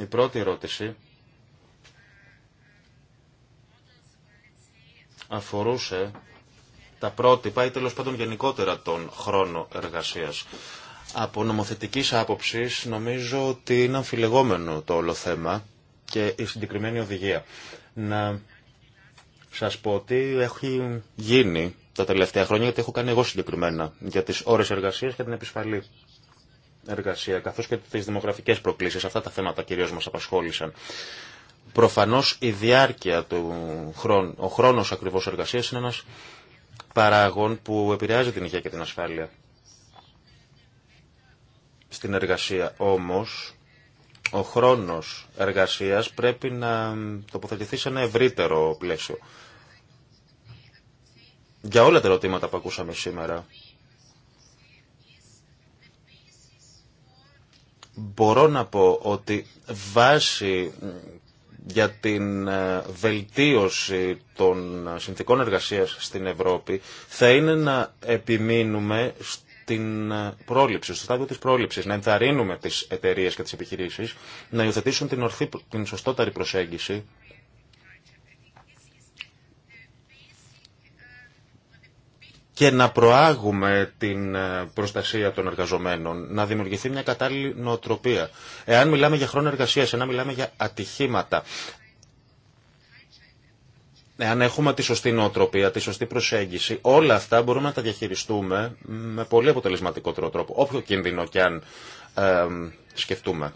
Η πρώτη ερώτηση αφορούσε τα πρότυπα ή τέλο πάντων γενικότερα τον χρόνο εργασίας. Από νομοθετικής άποψης νομίζω ότι είναι αμφιλεγόμενο το όλο θέμα και η συγκεκριμένη οδηγία. Να σας πω ότι έχει γίνει τα τελευταία χρόνια, γιατί έχω κάνει εγώ συγκεκριμένα, για τις ώρες εργασίας και την επισφαλή εργασία, καθώς και τις δημογραφικές προκλήσεις. Αυτά τα θέματα κυρίως μας απασχόλησαν. Προφανώς η διάρκεια του χρόνου, ο χρόνος ακριβώς εργασίας είναι ένας παράγων που επηρεάζει την υγεία και την ασφάλεια. Στην εργασία όμως, ο χρόνος εργασίας πρέπει να τοποθετηθεί σε ένα ευρύτερο πλαίσιο για όλα τα ερωτήματα που ακούσαμε σήμερα. Μπορώ να πω ότι βάση για την ε, βελτίωση των ε, συνθήκων εργασίας στην Ευρώπη θα είναι να επιμείνουμε στην ε, πρόληψη, στο στάδιο της πρόληψης, να ενθαρρύνουμε τις εταιρείες και τις επιχειρήσεις να υιοθετήσουν την, ορθή, την σωστότερη προσέγγιση και να προάγουμε την ε, προστασία των εργαζομένων, να δημιουργηθεί μια κατάλληλη νοοτροπία. Εάν μιλάμε για χρόνο εργασία, εάν μιλάμε για ατυχήματα, εάν έχουμε τη σωστή νοοτροπία, τη σωστή προσέγγιση, όλα αυτά μπορούμε να τα διαχειριστούμε με πολύ αποτελεσματικό τρόπο, όποιο κίνδυνο και αν ε, σκεφτούμε.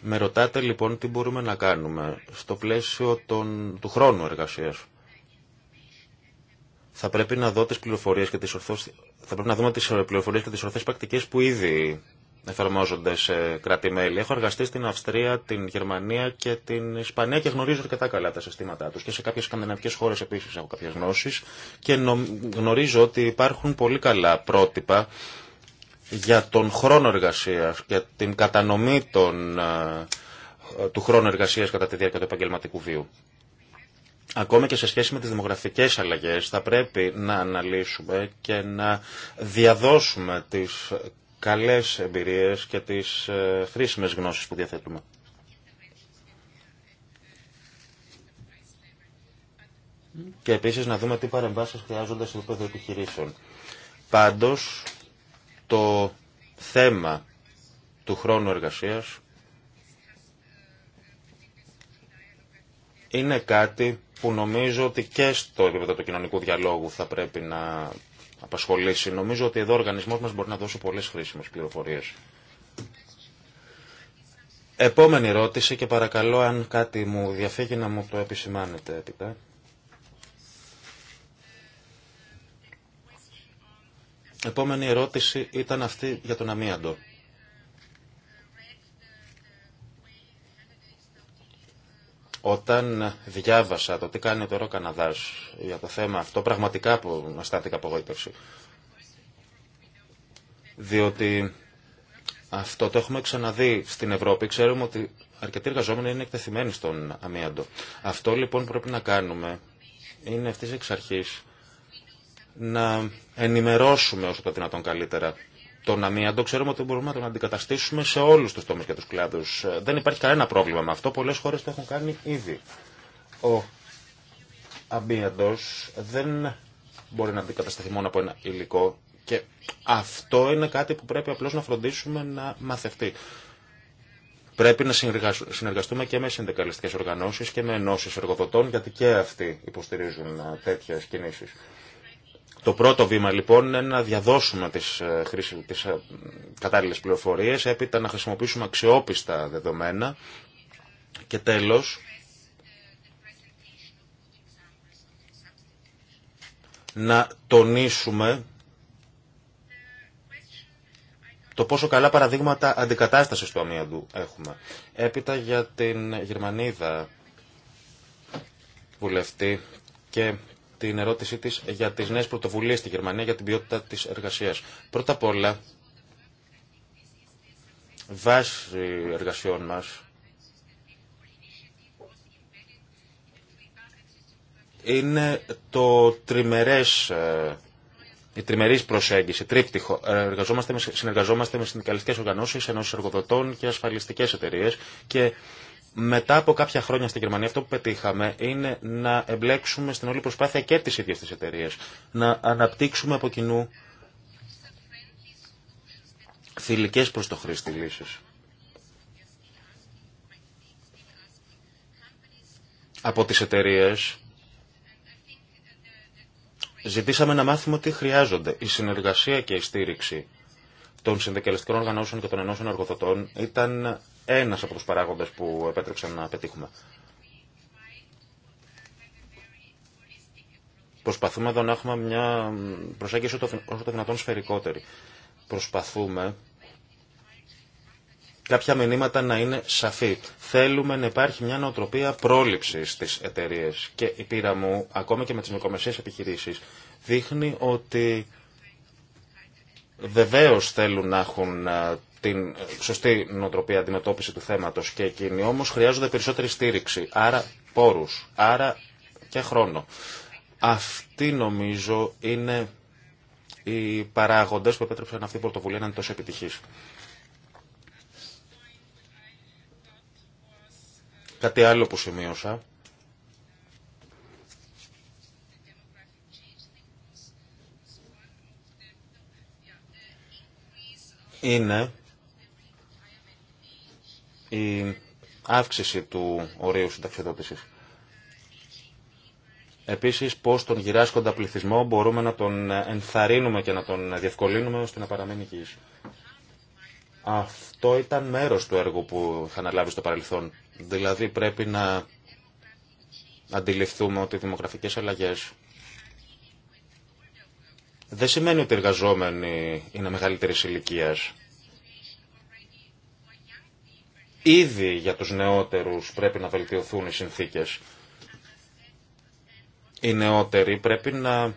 Με ρωτάτε λοιπόν τι μπορούμε να κάνουμε στο πλαίσιο του χρόνου εργασίας θα πρέπει να δω πληροφορίες και τις θα πρέπει να δούμε τις πληροφορίες και τις ορθές πρακτικές που ήδη εφαρμόζονται σε κράτη-μέλη. Έχω εργαστεί στην Αυστρία, την Γερμανία και την Ισπανία και γνωρίζω αρκετά καλά τα συστήματά τους και σε κάποιες σκανδιναβικές χώρες επίσης έχω κάποιες γνώσεις και γνωρίζω ότι υπάρχουν πολύ καλά πρότυπα για τον χρόνο εργασίας, και την κατανομή των, ε, του χρόνου εργασίας κατά τη διάρκεια του επαγγελματικού βίου. Ακόμα και σε σχέση με τις δημογραφικές αλλαγές θα πρέπει να αναλύσουμε και να διαδώσουμε τις καλές εμπειρίες και τις ε, χρήσιμες γνώσεις που διαθέτουμε. Και επίσης να δούμε τι παρεμβάσεις χρειάζονται σε επίπεδο επιχειρήσεων. Πάντως, το θέμα του χρόνου εργασίας είναι κάτι που νομίζω ότι και στο επίπεδο του κοινωνικού διαλόγου θα πρέπει να απασχολήσει. Νομίζω ότι εδώ ο οργανισμός μας μπορεί να δώσει πολλέ χρήσιμε πληροφορίε. Επόμενη ερώτηση και παρακαλώ αν κάτι μου διαφύγει να μου το επισημάνετε έπειτα. Επόμενη ερώτηση ήταν αυτή για τον αμίαντο. Όταν διάβασα το τι κάνει τώρα ο Καναδάς για το θέμα αυτό, πραγματικά που αισθάνθηκα απογοήτευση. Διότι αυτό το έχουμε ξαναδεί στην Ευρώπη. Ξέρουμε ότι αρκετοί εργαζόμενοι είναι εκτεθειμένοι στον αμίαντο. Αυτό λοιπόν πρέπει να κάνουμε είναι αυτής εξ αρχής να ενημερώσουμε όσο το δυνατόν καλύτερα τον το ξέρουμε ότι μπορούμε να τον αντικαταστήσουμε σε όλους τους τομείς και τους κλάδους. Ε, δεν υπάρχει κανένα πρόβλημα με αυτό, πολλές χώρες το έχουν κάνει ήδη. Ο αμύαντος δεν μπορεί να αντικατασταθεί μόνο από ένα υλικό και αυτό είναι κάτι που πρέπει απλώς να φροντίσουμε να μαθευτεί. Πρέπει να συνεργαστούμε και με συνδικαλιστικές οργανώσεις και με ενώσεις εργοδοτών γιατί και αυτοί υποστηρίζουν ε, τέτοιες κινήσεις. Το πρώτο βήμα λοιπόν είναι να διαδώσουμε τις, ε, τις ε, κατάλληλες πληροφορίες, έπειτα να χρησιμοποιήσουμε αξιόπιστα δεδομένα και τέλος να τονίσουμε το πόσο καλά παραδείγματα αντικατάστασης του αμύαντου έχουμε. Έπειτα για την Γερμανίδα βουλευτή και την ερώτησή της για τις νέες πρωτοβουλίες στη Γερμανία για την ποιότητα της εργασίας. Πρώτα απ' όλα, βάση εργασιών μας, είναι το τριμερές, ε, η τριμερής προσέγγιση, τρίπτυχο. Ε, εργαζόμαστε, συνεργαζόμαστε με συνδικαλιστικές οργανώσεις, ενώσεις εργοδοτών και ασφαλιστικές εταιρείες και μετά από κάποια χρόνια στη Γερμανία αυτό που πετύχαμε είναι να εμπλέξουμε στην όλη προσπάθεια και τις ίδιες τις εταιρείε, Να αναπτύξουμε από κοινού θηλυκές προς το χρήστη λύσεις. Από τις εταιρείε, ζητήσαμε να μάθουμε τι χρειάζονται. Η συνεργασία και η στήριξη των συνδικαλιστικών οργανώσεων και των ενώσεων εργοδοτών ήταν ένα από του παράγοντες που επέτρεψαν να πετύχουμε. Προσπαθούμε εδώ να έχουμε μια προσέγγιση όσο το δυνατόν σφαιρικότερη. Προσπαθούμε κάποια μηνύματα να είναι σαφή. Θέλουμε να υπάρχει μια νοοτροπία πρόληψη στι εταιρείε. Και η πείρα μου, ακόμα και με τι μικρομεσαίε επιχειρήσει, δείχνει ότι Βεβαίω θέλουν να έχουν ε, την σωστή νοοτροπία αντιμετώπιση του θέματος και εκείνοι, όμως χρειάζονται περισσότερη στήριξη, άρα πόρους, άρα και χρόνο. Αυτή νομίζω είναι οι παράγοντες που επέτρεψαν αυτή η πρωτοβουλία να είναι τόσο επιτυχής. Κάτι άλλο που σημείωσα είναι η αύξηση του ορίου συνταξιοδότησης. Επίσης, πώς τον γυράσκοντα πληθυσμό μπορούμε να τον ενθαρρύνουμε και να τον διευκολύνουμε ώστε να παραμείνει υγιής. Αυτό ήταν μέρος του έργου που θα αναλάβει στο παρελθόν. Δηλαδή πρέπει να αντιληφθούμε ότι οι δημογραφικές αλλαγές δεν σημαίνει ότι οι εργαζόμενοι είναι μεγαλύτερη ηλικία. Ήδη για τους νεότερους πρέπει να βελτιωθούν οι συνθήκες. Οι νεότεροι πρέπει να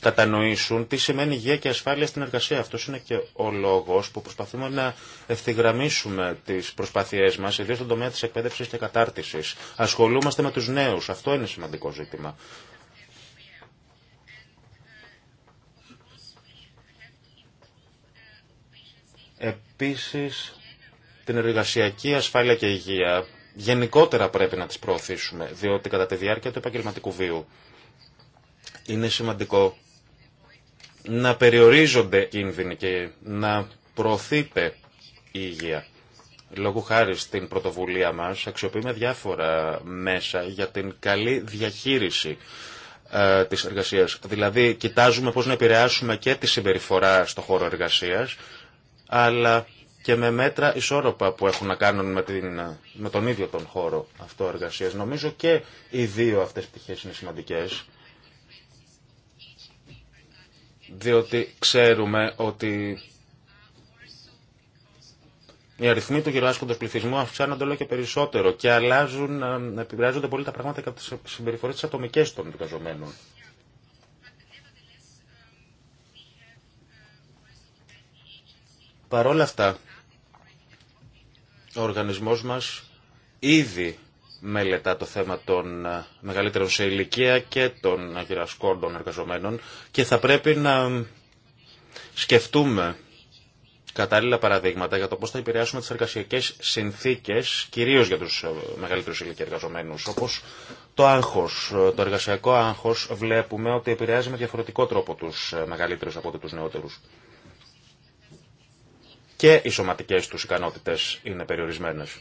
κατανοήσουν τι σημαίνει υγεία και ασφάλεια στην εργασία. Αυτός είναι και ο λόγος που προσπαθούμε να ευθυγραμμίσουμε τις προσπάθειές μας, ιδίως στον τομέα της εκπαίδευσης και κατάρτισης. Ασχολούμαστε με τους νέους. Αυτό είναι σημαντικό ζήτημα. Επίσης, την εργασιακή ασφάλεια και υγεία γενικότερα πρέπει να τις προωθήσουμε, διότι κατά τη διάρκεια του επαγγελματικού βίου είναι σημαντικό να περιορίζονται κίνδυνοι και να προωθείται η υγεία. Λόγω χάρη στην πρωτοβουλία μας αξιοποιούμε διάφορα μέσα για την καλή διαχείριση ε, της εργασίας. Δηλαδή κοιτάζουμε πώς να επηρεάσουμε και τη συμπεριφορά στο χώρο εργασίας αλλά και με μέτρα ισόρροπα που έχουν να κάνουν με, την, με τον ίδιο τον χώρο αυτό εργασίας. Νομίζω και οι δύο αυτές πτυχές είναι σημαντικές, διότι ξέρουμε ότι οι αριθμοί του του πληθυσμού αυξάνονται όλο και περισσότερο και αλλάζουν, ε, επιβράζονται πολύ τα πράγματα και από τι συμπεριφορέ της ατομικέ των εργαζομένων. Παρ' όλα αυτά, ο οργανισμός μας ήδη μελετά το θέμα των ε, μεγαλύτερων σε ηλικία και των των εργαζομένων και θα πρέπει να σκεφτούμε κατάλληλα παραδείγματα για το πώς θα επηρεάσουμε τις εργασιακές συνθήκες, κυρίως για τους ε, μεγαλύτερους ηλικία εργαζομένους, όπως το άγχος, ε, το εργασιακό άγχος βλέπουμε ότι επηρεάζει με διαφορετικό τρόπο τους μεγαλύτερους από τους νεότερους και οι σωματικές τους ικανότητες είναι περιορισμένες.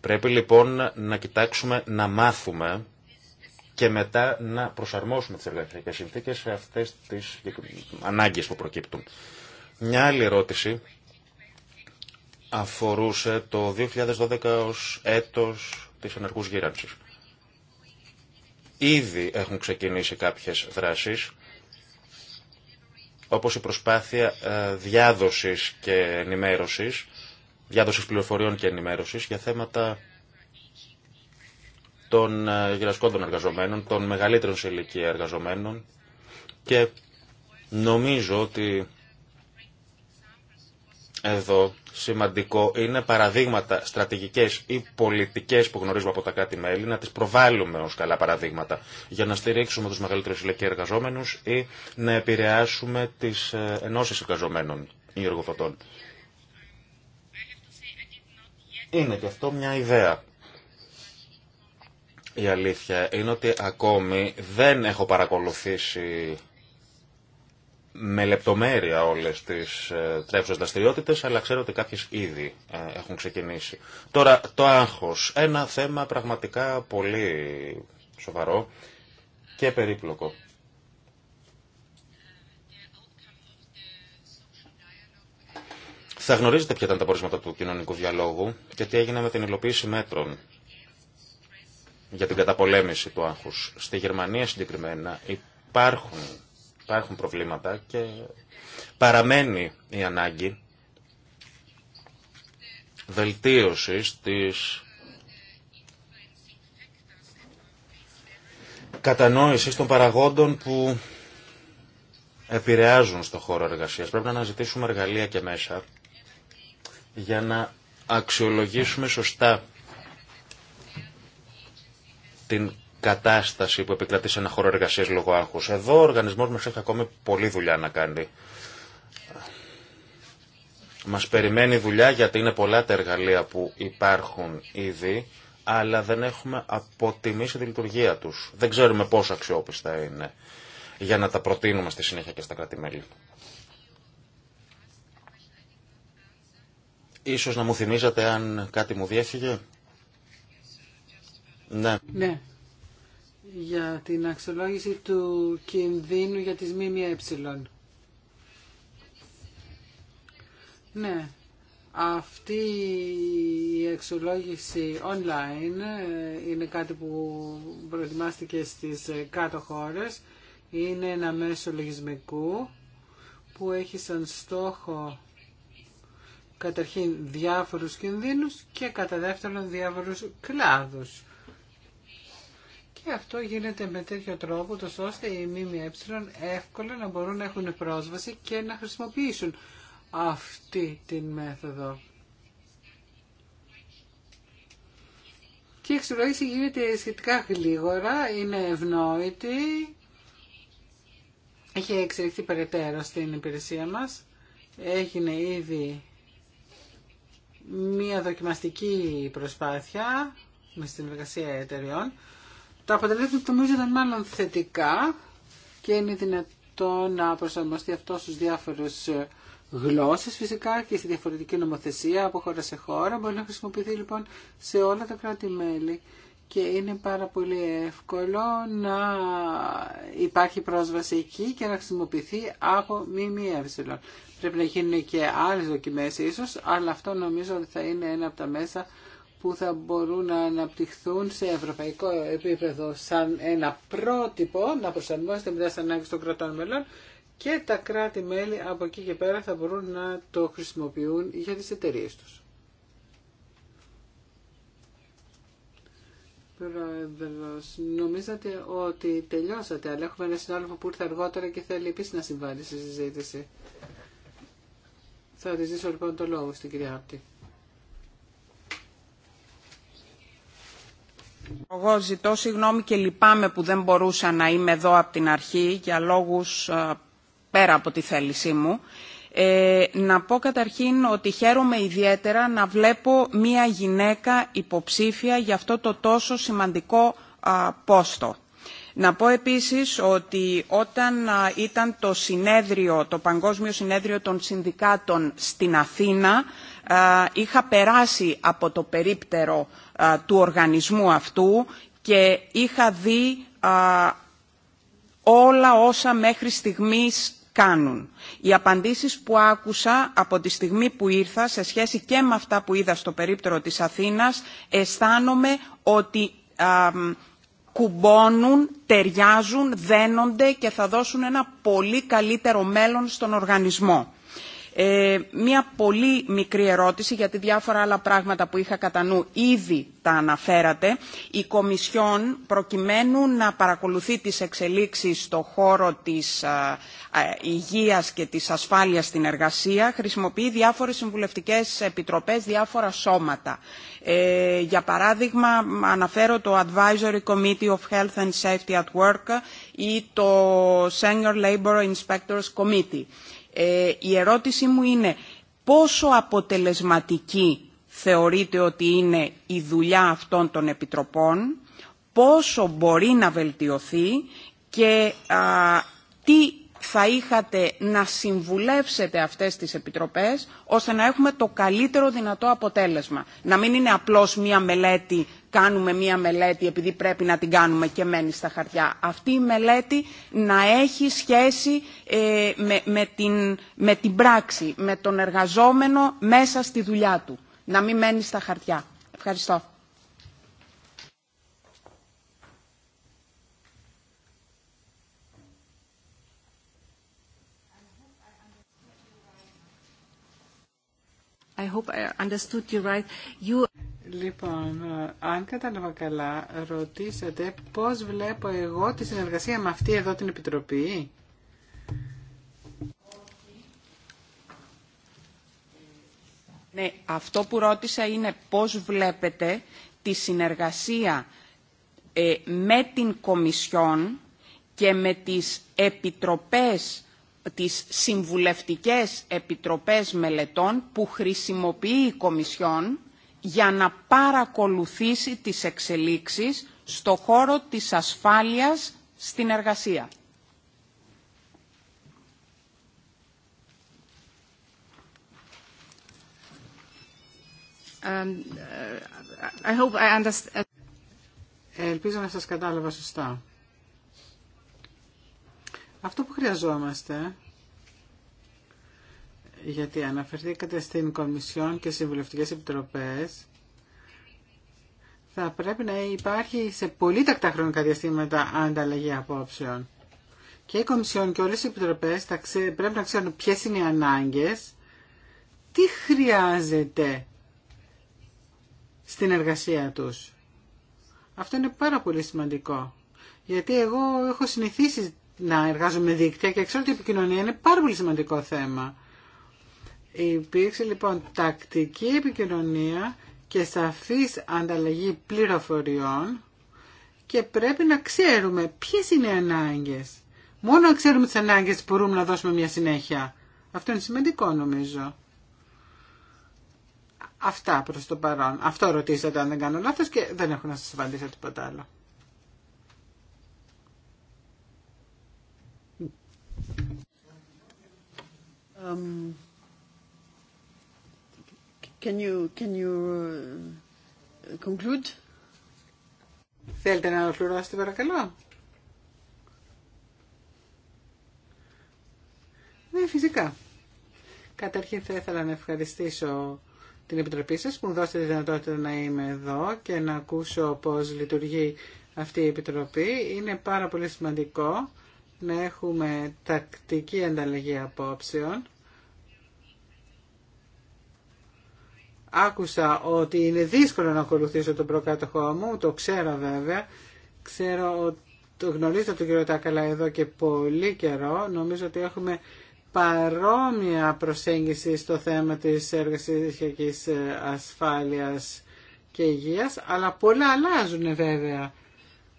Πρέπει λοιπόν να κοιτάξουμε να μάθουμε και μετά να προσαρμόσουμε τις εργασιακές συνθήκες σε αυτές τις ανάγκες που προκύπτουν. Μια άλλη ερώτηση αφορούσε το 2012 ως έτος της ενεργούς γύρανσης. Ήδη έχουν ξεκινήσει κάποιες δράσεις όπως η προσπάθεια ε, διάδοσης και ενημέρωσης, διάδοσης πληροφοριών και ενημέρωσης για θέματα των ε, γυρασκόντων εργαζομένων, των μεγαλύτερων σε ηλικία εργαζομένων και νομίζω ότι εδώ σημαντικό είναι παραδείγματα στρατηγικές ή πολιτικές που γνωρίζουμε από τα κράτη-μέλη να τις προβάλλουμε ως καλά παραδείγματα για να στηρίξουμε τους μεγαλύτερους ηλικία εργαζόμενους ή να επηρεάσουμε τις ε, ενώσεις εργαζομένων ή εργοδοτών. Είναι και αυτό μια ιδέα. Η αλήθεια είναι ότι ακόμη δεν έχω παρακολουθήσει με λεπτομέρεια όλες τις ε, δραστηριότητε, αλλά ξέρω ότι κάποιες ήδη ε, έχουν ξεκινήσει. Τώρα, το άγχος. Ένα θέμα πραγματικά πολύ σοβαρό και περίπλοκο. Θα γνωρίζετε ποια ήταν τα πορίσματα του κοινωνικού διαλόγου και τι έγινε με την υλοποίηση μέτρων για την καταπολέμηση του άγχους. Στη Γερμανία συγκεκριμένα υπάρχουν Υπάρχουν προβλήματα και παραμένει η ανάγκη βελτίωσης της κατανόησης των παραγόντων που επηρεάζουν στο χώρο εργασίας. Πρέπει να αναζητήσουμε εργαλεία και μέσα για να αξιολογήσουμε σωστά την κατάσταση που επικρατεί σε ένα χώρο εργασία λόγω άγχου. Εδώ ο οργανισμό μα έχει ακόμη πολλή δουλειά να κάνει. Μα περιμένει δουλειά γιατί είναι πολλά τα εργαλεία που υπάρχουν ήδη, αλλά δεν έχουμε αποτιμήσει τη λειτουργία του. Δεν ξέρουμε πόσο αξιόπιστα είναι για να τα προτείνουμε στη συνέχεια και στα κράτη-μέλη. Ίσως να μου θυμίζατε αν κάτι μου διέφυγε. Ναι. ναι για την αξιολόγηση του κινδύνου για τις ΜΜΕ. Ναι, αυτή η αξιολόγηση online ε, είναι κάτι που προετοιμάστηκε στις ε, κάτω χώρες. Είναι ένα μέσο λογισμικού που έχει σαν στόχο καταρχήν διάφορους κινδύνους και κατά δεύτερον διάφορους κλάδους και αυτό γίνεται με τέτοιο τρόπο, τόσο ώστε οι ΜΜΕ εύκολα να μπορούν να έχουν πρόσβαση και να χρησιμοποιήσουν αυτή την μέθοδο. Και η αξιολόγηση γίνεται σχετικά γλίγορα, είναι ευνόητη, έχει εξελιχθεί περαιτέρω στην υπηρεσία μας, έγινε ήδη μία δοκιμαστική προσπάθεια με συνεργασία εταιριών. Τα αποτελέσματα νομίζω ήταν μάλλον θετικά και είναι δυνατό να προσαρμοστεί αυτό στους διάφορους γλώσσες φυσικά και στη διαφορετική νομοθεσία από χώρα σε χώρα. Μπορεί να χρησιμοποιηθεί λοιπόν σε όλα τα κράτη-μέλη και είναι πάρα πολύ εύκολο να υπάρχει πρόσβαση εκεί και να χρησιμοποιηθεί από ΜΜΕ. Πρέπει να γίνουν και άλλες δοκιμές ίσως, αλλά αυτό νομίζω ότι θα είναι ένα από τα μέσα που θα μπορούν να αναπτυχθούν σε ευρωπαϊκό επίπεδο σαν ένα πρότυπο να προσαρμόζεται μετά στις ανάγκες των κρατών μελών και τα κράτη-μέλη από εκεί και πέρα θα μπορούν να το χρησιμοποιούν για τις εταιρείε τους. Πρόεδρος, νομίζατε ότι τελειώσατε, αλλά έχουμε ένα συνάδελφο που ήρθε αργότερα και θέλει επίση να συμβάλλει στη συζήτηση. Θα τη ζήσω λοιπόν το λόγο στην κυρία Άπτη. Εγώ ζητώ συγγνώμη και λυπάμαι που δεν μπορούσα να είμαι εδώ από την αρχή για λόγους ε, πέρα από τη θέλησή μου. Ε, να πω καταρχήν ότι χαίρομαι ιδιαίτερα να βλέπω μία γυναίκα υποψήφια για αυτό το τόσο σημαντικό πόστο. Να πω επίσης ότι όταν ήταν το συνέδριο, το Παγκόσμιο Συνέδριο των Συνδικάτων στην Αθήνα, είχα περάσει από το περίπτερο του οργανισμού αυτού και είχα δει όλα όσα μέχρι στιγμής κάνουν. Οι απαντήσεις που άκουσα από τη στιγμή που ήρθα σε σχέση και με αυτά που είδα στο περίπτερο της Αθήνας αισθάνομαι ότι α, κουμπώνουν, ταιριάζουν, δένονται και θα δώσουν ένα πολύ καλύτερο μέλλον στον οργανισμό. Ε, μία πολύ μικρή ερώτηση, γιατί διάφορα άλλα πράγματα που είχα κατά νου ήδη τα αναφέρατε. Η Κομισιόν, προκειμένου να παρακολουθεί τις εξελίξεις στο χώρο της α, υγείας και της ασφάλειας στην εργασία, χρησιμοποιεί διάφορες συμβουλευτικές επιτροπές, διάφορα σώματα. Ε, για παράδειγμα, αναφέρω το Advisory Committee of Health and Safety at Work ή το Senior Labor Inspectors Committee. Ε, η ερώτηση μου είναι πόσο αποτελεσματική θεωρείτε ότι είναι η δουλειά αυτών των επιτροπών, πόσο μπορεί να βελτιωθεί και τι θα είχατε να συμβουλεύσετε αυτές τις επιτροπές ώστε να έχουμε το καλύτερο δυνατό αποτέλεσμα. Να μην είναι απλώς μία μελέτη κάνουμε μία μελέτη επειδή πρέπει να την κάνουμε και μένει στα χαρτιά. Αυτή η μελέτη να έχει σχέση ε, με, με, την, με την πράξη, με τον εργαζόμενο μέσα στη δουλειά του. Να μην μένει στα χαρτιά. Ευχαριστώ. I hope I understood you right. You... Λοιπόν, ε, αν κατάλαβα καλά, ρωτήσατε πώς βλέπω εγώ τη συνεργασία με αυτή εδώ την Επιτροπή. Ναι, αυτό που ρώτησα είναι πώς βλέπετε τη συνεργασία ε, με την Κομισιόν και με τις επιτροπές, τις συμβουλευτικές επιτροπές μελετών που χρησιμοποιεί η Κομισιόν για να παρακολουθήσει τις εξελίξεις στο χώρο της ασφάλειας στην εργασία. Uh, I Ελπίζω να σας κατάλαβα σωστά. Αυτό που χρειαζόμαστε γιατί αναφερθήκατε στην Κομισιόν και Συμβουλευτικές Επιτροπές, θα πρέπει να υπάρχει σε πολύ τακτά χρονικά διαστήματα ανταλλαγή απόψεων. Και η Κομισιόν και όλες οι επιτροπές θα πρέπει να ξέρουν ποιες είναι οι ανάγκες, τι χρειάζεται στην εργασία τους. Αυτό είναι πάρα πολύ σημαντικό. Γιατί εγώ έχω συνηθίσει να εργάζομαι δίκτυα και ξέρω ότι η επικοινωνία είναι πάρα πολύ σημαντικό θέμα. Υπήρξε λοιπόν τακτική επικοινωνία και σαφής ανταλλαγή πληροφοριών και πρέπει να ξέρουμε ποιες είναι οι ανάγκες. Μόνο αν ξέρουμε τις ανάγκες μπορούμε να δώσουμε μια συνέχεια. Αυτό είναι σημαντικό νομίζω. Αυτά προς το παρόν. Αυτό ρωτήσατε αν δεν κάνω λάθος και δεν έχω να σας απαντήσω τίποτα άλλο. Can you, uh, conclude? Θέλετε να ολοκληρώσετε παρακαλώ. Ναι, φυσικά. Καταρχήν θα ήθελα να ευχαριστήσω την Επιτροπή σας που μου δώσετε τη δυνατότητα να είμαι εδώ και να ακούσω πώς λειτουργεί αυτή η Επιτροπή. Είναι πάρα πολύ σημαντικό να έχουμε τακτική ανταλλαγή απόψεων άκουσα ότι είναι δύσκολο να ακολουθήσω τον προκάτοχό μου, το ξέρω βέβαια, ξέρω ότι το γνωρίζω τον κύριο Τάκαλα εδώ και πολύ καιρό, νομίζω ότι έχουμε παρόμοια προσέγγιση στο θέμα της εργασιακής ε, ασφάλειας και υγείας, αλλά πολλά αλλάζουν βέβαια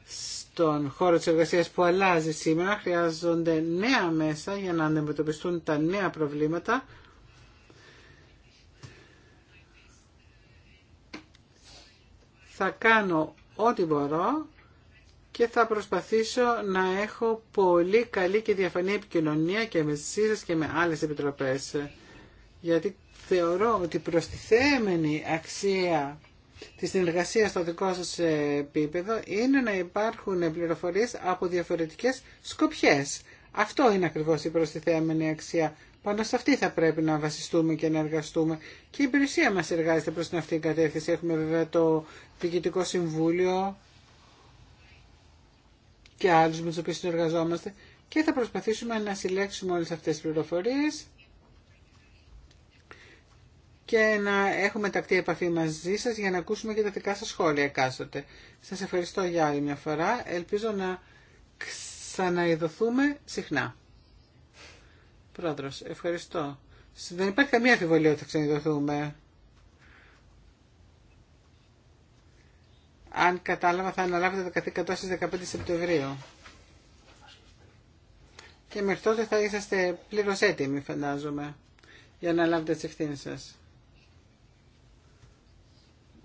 στον χώρο της εργασίας που αλλάζει σήμερα. Χρειάζονται νέα μέσα για να αντιμετωπιστούν τα νέα προβλήματα θα κάνω ό,τι μπορώ και θα προσπαθήσω να έχω πολύ καλή και διαφανή επικοινωνία και με εσείς και με άλλες επιτροπές. Γιατί θεωρώ ότι προστιθέμενη αξία της συνεργασίας στο δικό σας επίπεδο είναι να υπάρχουν πληροφορίες από διαφορετικές σκοπιές. Αυτό είναι ακριβώς η προστιθέμενη αξία πάνω σε αυτή θα πρέπει να βασιστούμε και να εργαστούμε. Και η υπηρεσία μας εργάζεται προς την αυτή την κατεύθυνση. Έχουμε βέβαια το Διοικητικό Συμβούλιο και άλλους με τους οποίους συνεργαζόμαστε και θα προσπαθήσουμε να συλλέξουμε όλες αυτές τις πληροφορίες και να έχουμε τακτή επαφή μαζί σας για να ακούσουμε και τα δικά σας σχόλια κάστοτε. Σας ευχαριστώ για άλλη μια φορά. Ελπίζω να ξαναειδωθούμε συχνά. Πρόεδρος, ευχαριστώ. Δεν υπάρχει καμία αφιβολία ότι θα ξενιδωθούμε. Αν κατάλαβα θα αναλάβετε το καθήκοντά στις 15 Σεπτεμβρίου. Και μέχρι τότε θα είσαστε πλήρως έτοιμοι φαντάζομαι για να λάβετε τις ευθύνες σας.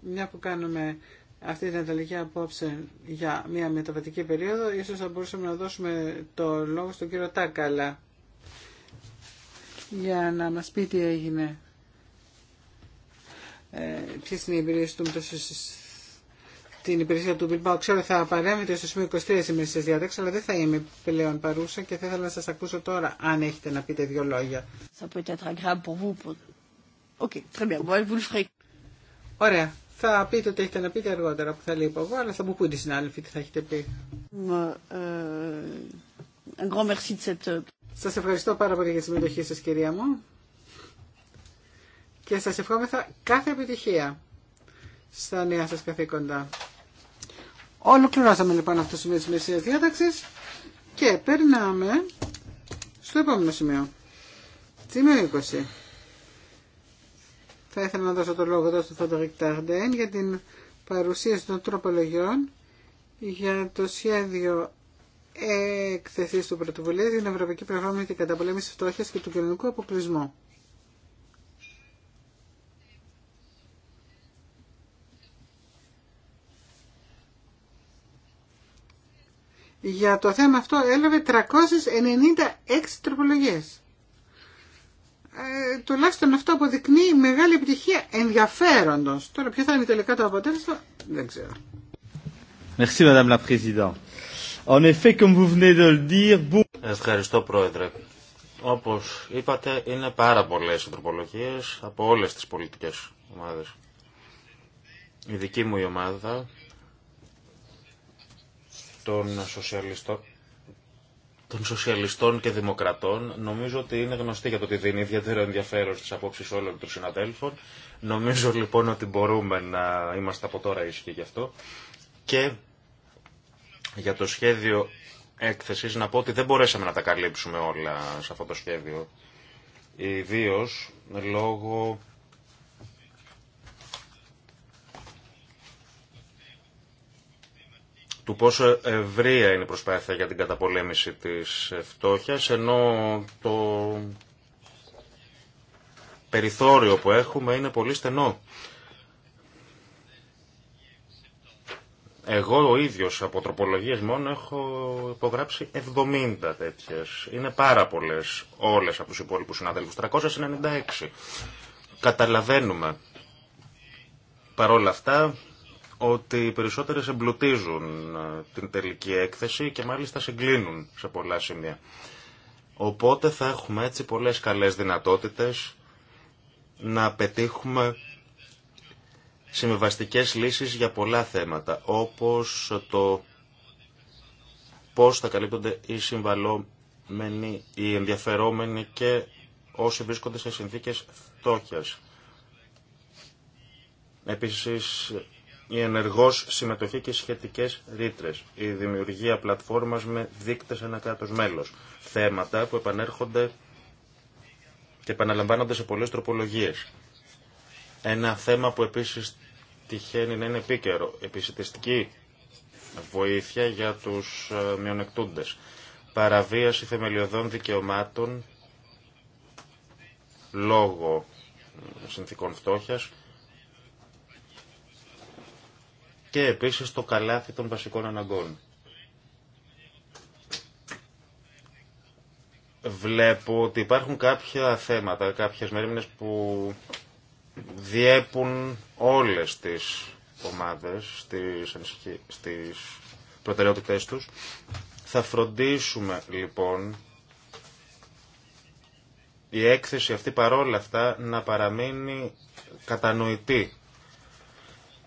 Μια που κάνουμε αυτή την ανταλλαγή απόψε για μια μεταβατική περίοδο, ίσως θα μπορούσαμε να δώσουμε το λόγο στον κύριο Τάκαλα για να μας πει τι έγινε. Ε, ποιες είναι οι εμπειρίες του με το την υπηρεσία του Μπιλμπάου. Ξέρω θα παρέμβετε στο σημείο 23 ημέρε τη διάταξη, αλλά δεν θα είμαι πλέον παρούσα και θα ήθελα να σα ακούσω τώρα, αν έχετε να πείτε δύο λόγια. Ωραία. Θα πείτε ότι έχετε να πείτε αργότερα που θα λείπω εγώ, αλλά θα μου πούν οι συνάδελφοι τι θα έχετε πει. Euh, σας ευχαριστώ πάρα πολύ για τη συμμετοχή σας κυρία μου και σας ευχόμεθα κάθε επιτυχία στα νέα σας καθήκοντα. Ολοκληρώσαμε λοιπόν αυτό το σημείο της διάταξης και περνάμε στο επόμενο σημείο. Σημείο 20. Θα ήθελα να δώσω το λόγο εδώ στον Θοδωρικ Ταρντέν για την παρουσίαση των τροπολογιών για το σχέδιο εκθεθεί στο πρωτοβουλία για την Ευρωπαϊκή Πλατφόρμα την Καταπολέμηση Φτώχεια και του Κοινωνικού Αποκλεισμού. Για το θέμα αυτό έλαβε 396 τροπολογίες. Ε, τουλάχιστον αυτό αποδεικνύει μεγάλη επιτυχία ενδιαφέροντος. Τώρα ποιο θα είναι τελικά το αποτέλεσμα δεν ξέρω. Ευχαριστώ, Madame Πρόεδρε. Ευχαριστώ πρόεδρε. Όπως είπατε είναι πάρα πολλές οι από όλες τις πολιτικές ομάδες. Η δική μου η ομάδα των σοσιαλιστών των σοσιαλιστών και δημοκρατών. Νομίζω ότι είναι γνωστή για το ότι δίνει ιδιαίτερο ενδιαφέρον στις απόψεις όλων των συναδέλφων. Νομίζω λοιπόν ότι μπορούμε να είμαστε από τώρα ήσυχοι γι' αυτό. Και για το σχέδιο έκθεσης να πω ότι δεν μπορέσαμε να τα καλύψουμε όλα σε αυτό το σχέδιο. Ιδίω λόγω του πόσο ευρεία είναι η προσπάθεια για την καταπολέμηση της φτώχειας, ενώ το περιθώριο που έχουμε είναι πολύ στενό. Εγώ ο ίδιος από τροπολογίες μόνο έχω υπογράψει 70 τέτοιες. Είναι πάρα πολλές όλες από τους υπόλοιπους συναδέλφους. 396. Καταλαβαίνουμε παρόλα αυτά ότι οι περισσότερες εμπλουτίζουν ε, την τελική έκθεση και μάλιστα συγκλίνουν σε πολλά σημεία. Οπότε θα έχουμε έτσι πολλές καλές δυνατότητες να πετύχουμε συμβαστικές λύσεις για πολλά θέματα, όπως το πώς θα καλύπτονται οι συμβαλόμενοι, οι ενδιαφερόμενοι και όσοι βρίσκονται σε συνθήκες φτώχειας. Επίσης, η ενεργός συμμετοχή και σχετικές ρήτρες, η δημιουργία πλατφόρμας με δείκτες ένα κράτος μέλος, θέματα που επανέρχονται και επαναλαμβάνονται σε πολλές τροπολογίες. Ένα θέμα που επίσης τυχαίνει να είναι επίκαιρο. Επισητιστική βοήθεια για τους ε, μειονεκτούντες. Παραβίαση θεμελιωδών δικαιωμάτων λόγω συνθήκων φτώχειας και επίσης το καλάθι των βασικών αναγκών. Βλέπω ότι υπάρχουν κάποια θέματα, κάποιες μέρημνες που διέπουν όλες τις ομάδες, τις, στις προτεραιότητές τους. Θα φροντίσουμε λοιπόν η έκθεση αυτή παρόλα αυτά να παραμείνει κατανοητή,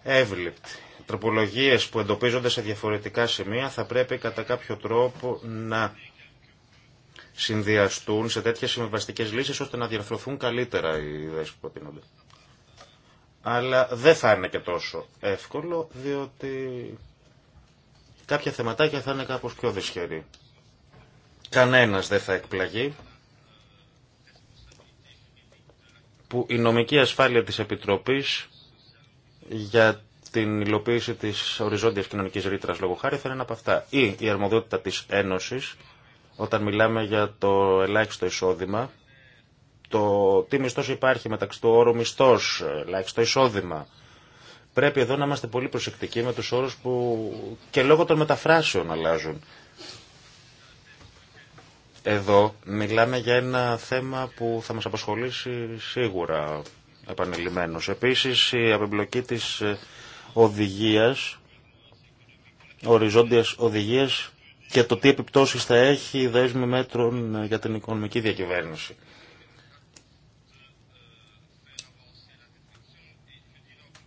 εύληπτη. Τροπολογίες που εντοπίζονται σε διαφορετικά σημεία θα πρέπει κατά κάποιο τρόπο να συνδυαστούν σε τέτοιες συμβαστικές λύσεις ώστε να διαρθρωθούν καλύτερα οι ιδέες που προτείνονται αλλά δεν θα είναι και τόσο εύκολο, διότι κάποια θεματάκια θα είναι κάπως πιο δυσχερή. Κανένας δεν θα εκπλαγεί που η νομική ασφάλεια της Επιτροπής για την υλοποίηση της οριζόντιας κοινωνικής ρήτρας λόγω χάρη θα είναι ένα από αυτά. Ή η αρμοδιότητα της Ένωσης, όταν μιλάμε για το ελάχιστο εισόδημα, το τι μισθό υπάρχει μεταξύ του όρου μισθός, ε, ελάχιστο εισόδημα. Πρέπει εδώ να είμαστε πολύ προσεκτικοί με τους όρους που και λόγω των μεταφράσεων αλλάζουν. Εδώ μιλάμε για ένα θέμα που θα μας απασχολήσει σίγουρα επανειλημμένος. Επίσης η απεμπλοκή της ε, οδηγίας, οριζόντιας οδηγίας και το τι επιπτώσεις θα έχει η δέσμη μέτρων ε, για την οικονομική διακυβέρνηση.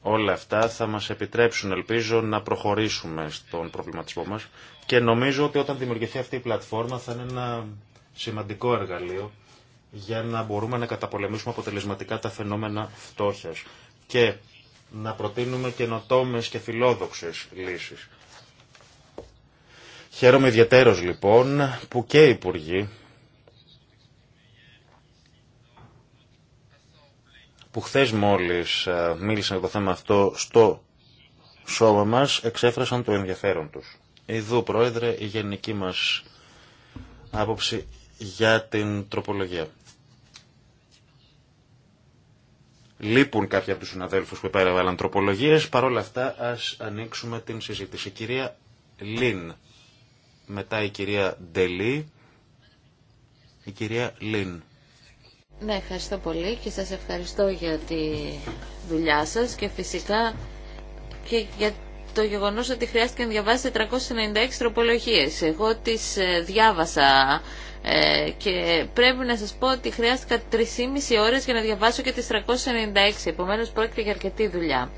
Όλα αυτά θα μας επιτρέψουν, ελπίζω, να προχωρήσουμε στον προβληματισμό μας και νομίζω ότι όταν δημιουργηθεί αυτή η πλατφόρμα θα είναι ένα σημαντικό εργαλείο για να μπορούμε να καταπολεμήσουμε αποτελεσματικά τα φαινόμενα φτώχειας και να προτείνουμε καινοτόμε και φιλόδοξες λύσεις. Χαίρομαι ιδιαίτερος λοιπόν που και οι Υπουργοί που χθε μόλι ε, μίλησαν για το θέμα αυτό στο σώμα μας, εξέφρασαν το ενδιαφέρον τους. Εδώ, Πρόεδρε, η γενική μας άποψη για την τροπολογία. Λείπουν κάποιοι από του συναδέλφου που τροπολογίε. Παρ' όλα αυτά ας ανοίξουμε την συζήτηση. Η κυρία Λίν, μετά η κυρία Ντελή, η κυρία Λίν. Ναι, ευχαριστώ πολύ και σας ευχαριστώ για τη δουλειά σας και φυσικά και για το γεγονό ότι χρειάστηκε να διαβάσει 496 τροπολογίε. Εγώ τις ε, διάβασα ε, και πρέπει να σας πω ότι χρειάστηκα 3,5 ώρες για να διαβάσω και τι 396, Επομένω, πρόκειται για αρκετή δουλειά.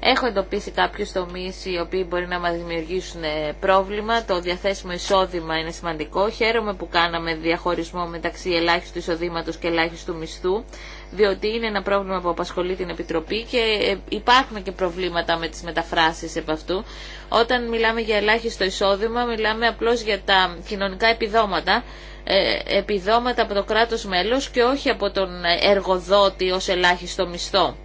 Έχω εντοπίσει κάποιους τομείς οι οποίοι μπορεί να μας δημιουργήσουν ε, πρόβλημα. Το διαθέσιμο εισόδημα είναι σημαντικό. Χαίρομαι που κάναμε διαχωρισμό μεταξύ ελάχιστου εισοδήματος και ελάχιστου μισθού διότι είναι ένα πρόβλημα που απασχολεί την Επιτροπή και ε, υπάρχουν και προβλήματα με τις μεταφράσεις επ' αυτού. Όταν μιλάμε για ελάχιστο εισόδημα, μιλάμε απλώς για τα κοινωνικά επιδόματα, ε, επιδόματα από το κράτος μέλος και όχι από τον εργοδότη ως ελάχιστο μισθό.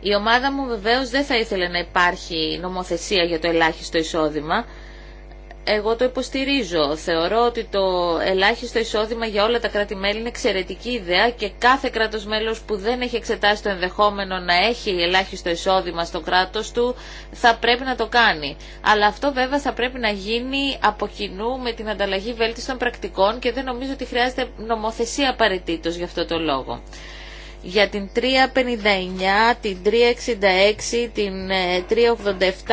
Η ομάδα μου βεβαίως δεν θα ήθελε να υπάρχει νομοθεσία για το ελάχιστο εισόδημα, εγώ το υποστηρίζω. Θεωρώ ότι το ελάχιστο εισόδημα για όλα τα κράτη-μέλη είναι εξαιρετική ιδέα και κάθε κράτος μέλος που δεν έχει εξετάσει το ενδεχόμενο να έχει ελάχιστο εισόδημα στο κράτος του θα πρέπει να το κάνει. Αλλά αυτό βέβαια θα πρέπει να γίνει από κοινού με την ανταλλαγή βέλτιστων πρακτικών και δεν νομίζω ότι χρειάζεται νομοθεσία απαραίτητο γι' αυτό το λόγο για την 359, την 366, την 387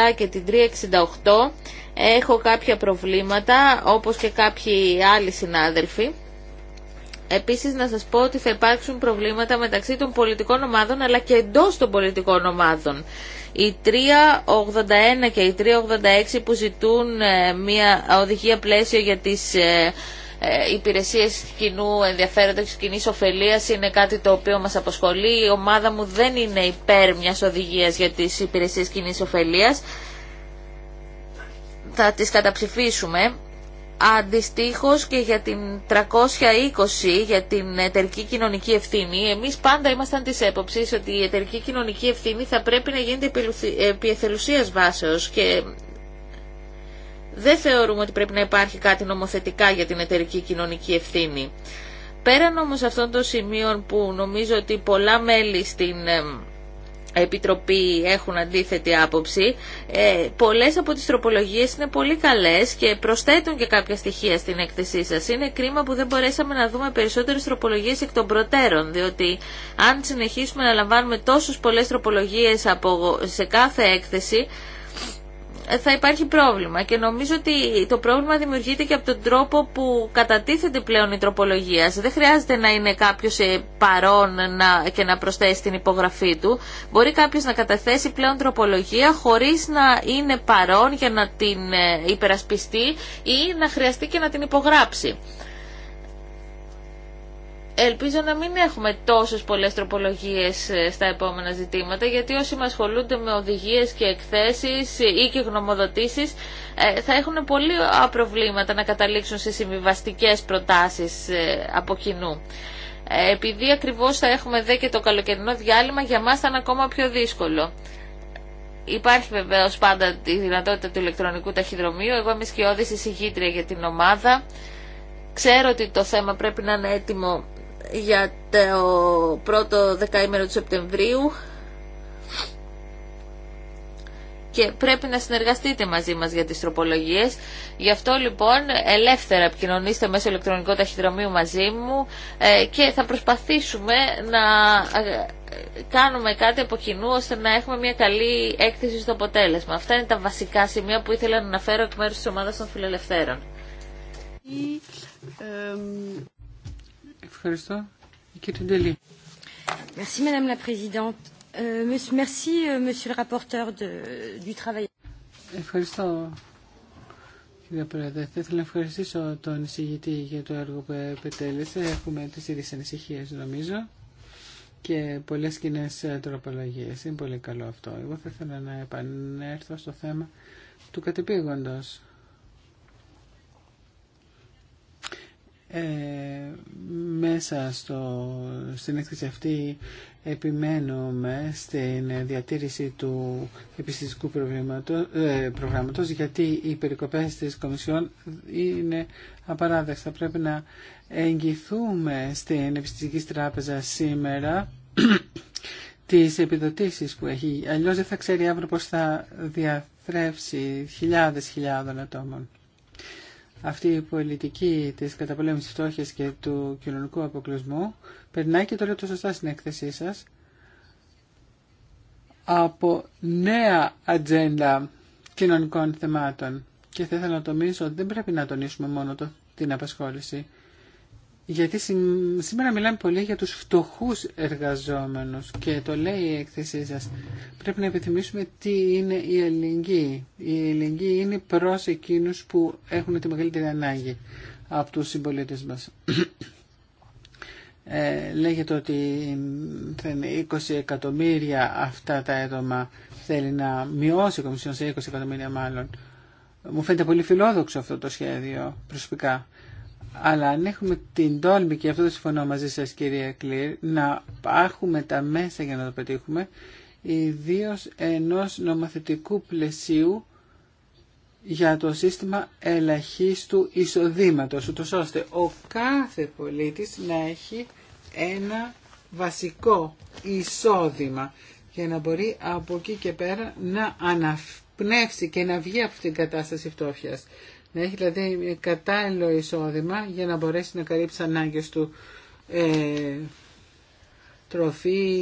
ε, και την 368 έχω κάποια προβλήματα, όπως και κάποιοι άλλοι συνάδελφοι. Επίσης να σας πω ότι θα υπάρξουν προβλήματα μεταξύ των πολιτικών ομάδων αλλά και εντός των πολιτικών ομάδων. Οι 381 και οι 386 που ζητούν ε, μια οδηγία πλαίσιο για τις ε, ε, υπηρεσίες κοινού ενδιαφέροντος και κοινή ωφελία είναι κάτι το οποίο μας αποσχολεί. Η ομάδα μου δεν είναι υπέρ μιας οδηγίας για τις υπηρεσίες κοινή ωφελίας θα τις καταψηφίσουμε αντιστοίχως και για την 320 για την εταιρική κοινωνική ευθύνη εμείς πάντα ήμασταν της έποψης ότι η εταιρική κοινωνική ευθύνη θα πρέπει να γίνεται επί εθελουσίας βάσεως και δεν θεωρούμε ότι πρέπει να υπάρχει κάτι νομοθετικά για την εταιρική κοινωνική ευθύνη. Πέραν όμως αυτών των σημείων που νομίζω ότι πολλά μέλη στην Επιτροπή έχουν αντίθετη άποψη. Ε, πολλές από τις τροπολογίες είναι πολύ καλές και προσθέτουν και κάποια στοιχεία στην έκθεσή σας. Είναι κρίμα που δεν μπορέσαμε να δούμε περισσότερες τροπολογίες εκ των προτέρων, διότι αν συνεχίσουμε να λαμβάνουμε τόσους πολλές τροπολογίες από, σε κάθε έκθεση, ε, θα υπάρχει πρόβλημα και νομίζω ότι το πρόβλημα δημιουργείται και από τον τρόπο που κατατίθεται πλέον η τροπολογία. Δεν χρειάζεται να είναι κάποιο ε, παρόν και να προσθέσει την υπογραφή του. Μπορεί κάποιο να καταθέσει πλέον τροπολογία χωρί να είναι παρόν για να την ε, υπερασπιστεί ή να χρειαστεί και να την υπογράψει. Ελπίζω να μην έχουμε τόσες πολλές τροπολογίες ε, στα επόμενα ζητήματα, γιατί όσοι μας ασχολούνται με οδηγίες και εκθέσεις ε, ή και γνωμοδοτήσεις ε, θα έχουν πολύ προβλήματα να καταλήξουν σε συμβιβαστικέ προτάσεις από κοινού. Επειδή ακριβώς θα έχουμε δε και το καλοκαιρινό διάλειμμα, για μας θα είναι ακόμα πιο δύσκολο. Υπάρχει βεβαίω πάντα τη δυνατότητα του ηλεκτρονικού ταχυδρομείου. Εγώ είμαι σκιώδης εισηγήτρια για την ομάδα. Ξέρω ότι το θέμα πρέπει να είναι έτοιμο για το πρώτο δεκαήμερο του Σεπτεμβρίου και πρέπει να συνεργαστείτε μαζί μας για τις τροπολογίες. Γι' αυτό λοιπόν ελεύθερα επικοινωνήστε μέσω ηλεκτρονικού ταχυδρομείου μαζί μου ε, και θα προσπαθήσουμε να ε, κάνουμε κάτι από κοινού ώστε να έχουμε μια καλή έκθεση στο αποτέλεσμα. Αυτά είναι τα βασικά σημεία που ήθελα να αναφέρω εκ μέρους της ομάδας των φιλελευθέρων. Ευχαριστώ. Κύριε euh, euh, Ευχαριστώ, κύριε Πρόεδρε. Θα ήθελα να ευχαριστήσω τον εισηγητή για το έργο που επιτέλεσε. Έχουμε τις ίδιες ανησυχίες, νομίζω, και πολλές κοινέ τροπολογίες. Είναι πολύ καλό αυτό. Εγώ θα ήθελα να επανέλθω στο θέμα του κατεπήγοντος. Ε, μέσα στο, στην έκθεση αυτή επιμένουμε στην διατήρηση του επιστημικού ε, προγράμματος γιατί οι περικοπές της Κομισιόν είναι απαράδεκτα. Πρέπει να εγγυθούμε στην επιστημική τράπεζα σήμερα τις επιδοτήσεις που έχει. Αλλιώς δεν θα ξέρει αύριο πώς θα διαθρέψει χιλιάδες χιλιάδων ατόμων αυτή η πολιτική της καταπολέμησης φτώχειας και του κοινωνικού αποκλεισμού περνάει και το λέω το σωστά στην έκθεσή σας από νέα ατζέντα κοινωνικών θεμάτων και θα ήθελα να τονίσω ότι δεν πρέπει να τονίσουμε μόνο το, την απασχόληση γιατί σήμερα μιλάμε πολύ για τους φτωχούς εργαζόμενους και το λέει η έκθεσή σας. Πρέπει να επιθυμίσουμε τι είναι η ελληνική. Η ελληνική είναι προς εκείνους που έχουν τη μεγαλύτερη ανάγκη από τους συμπολίτε μας. Ε, λέγεται ότι θα είναι 20 εκατομμύρια αυτά τα έτομα θέλει να μειώσει η Κομισιόν σε 20 εκατομμύρια μάλλον. Μου φαίνεται πολύ φιλόδοξο αυτό το σχέδιο προσωπικά. Αλλά αν έχουμε την τόλμη και αυτό το συμφωνώ μαζί σας κυρία Κλήρ, να έχουμε τα μέσα για να το πετύχουμε, ιδίω ενός νομοθετικού πλαισίου για το σύστημα ελαχίστου εισοδήματος, ούτω ώστε ο κάθε πολίτης να έχει ένα βασικό εισόδημα για να μπορεί από εκεί και πέρα να αναπνεύσει και να βγει από την κατάσταση φτώχειας να έχει δηλαδή κατάλληλο εισόδημα για να μπορέσει να καλύψει τις ανάγκες του ε, τροφή,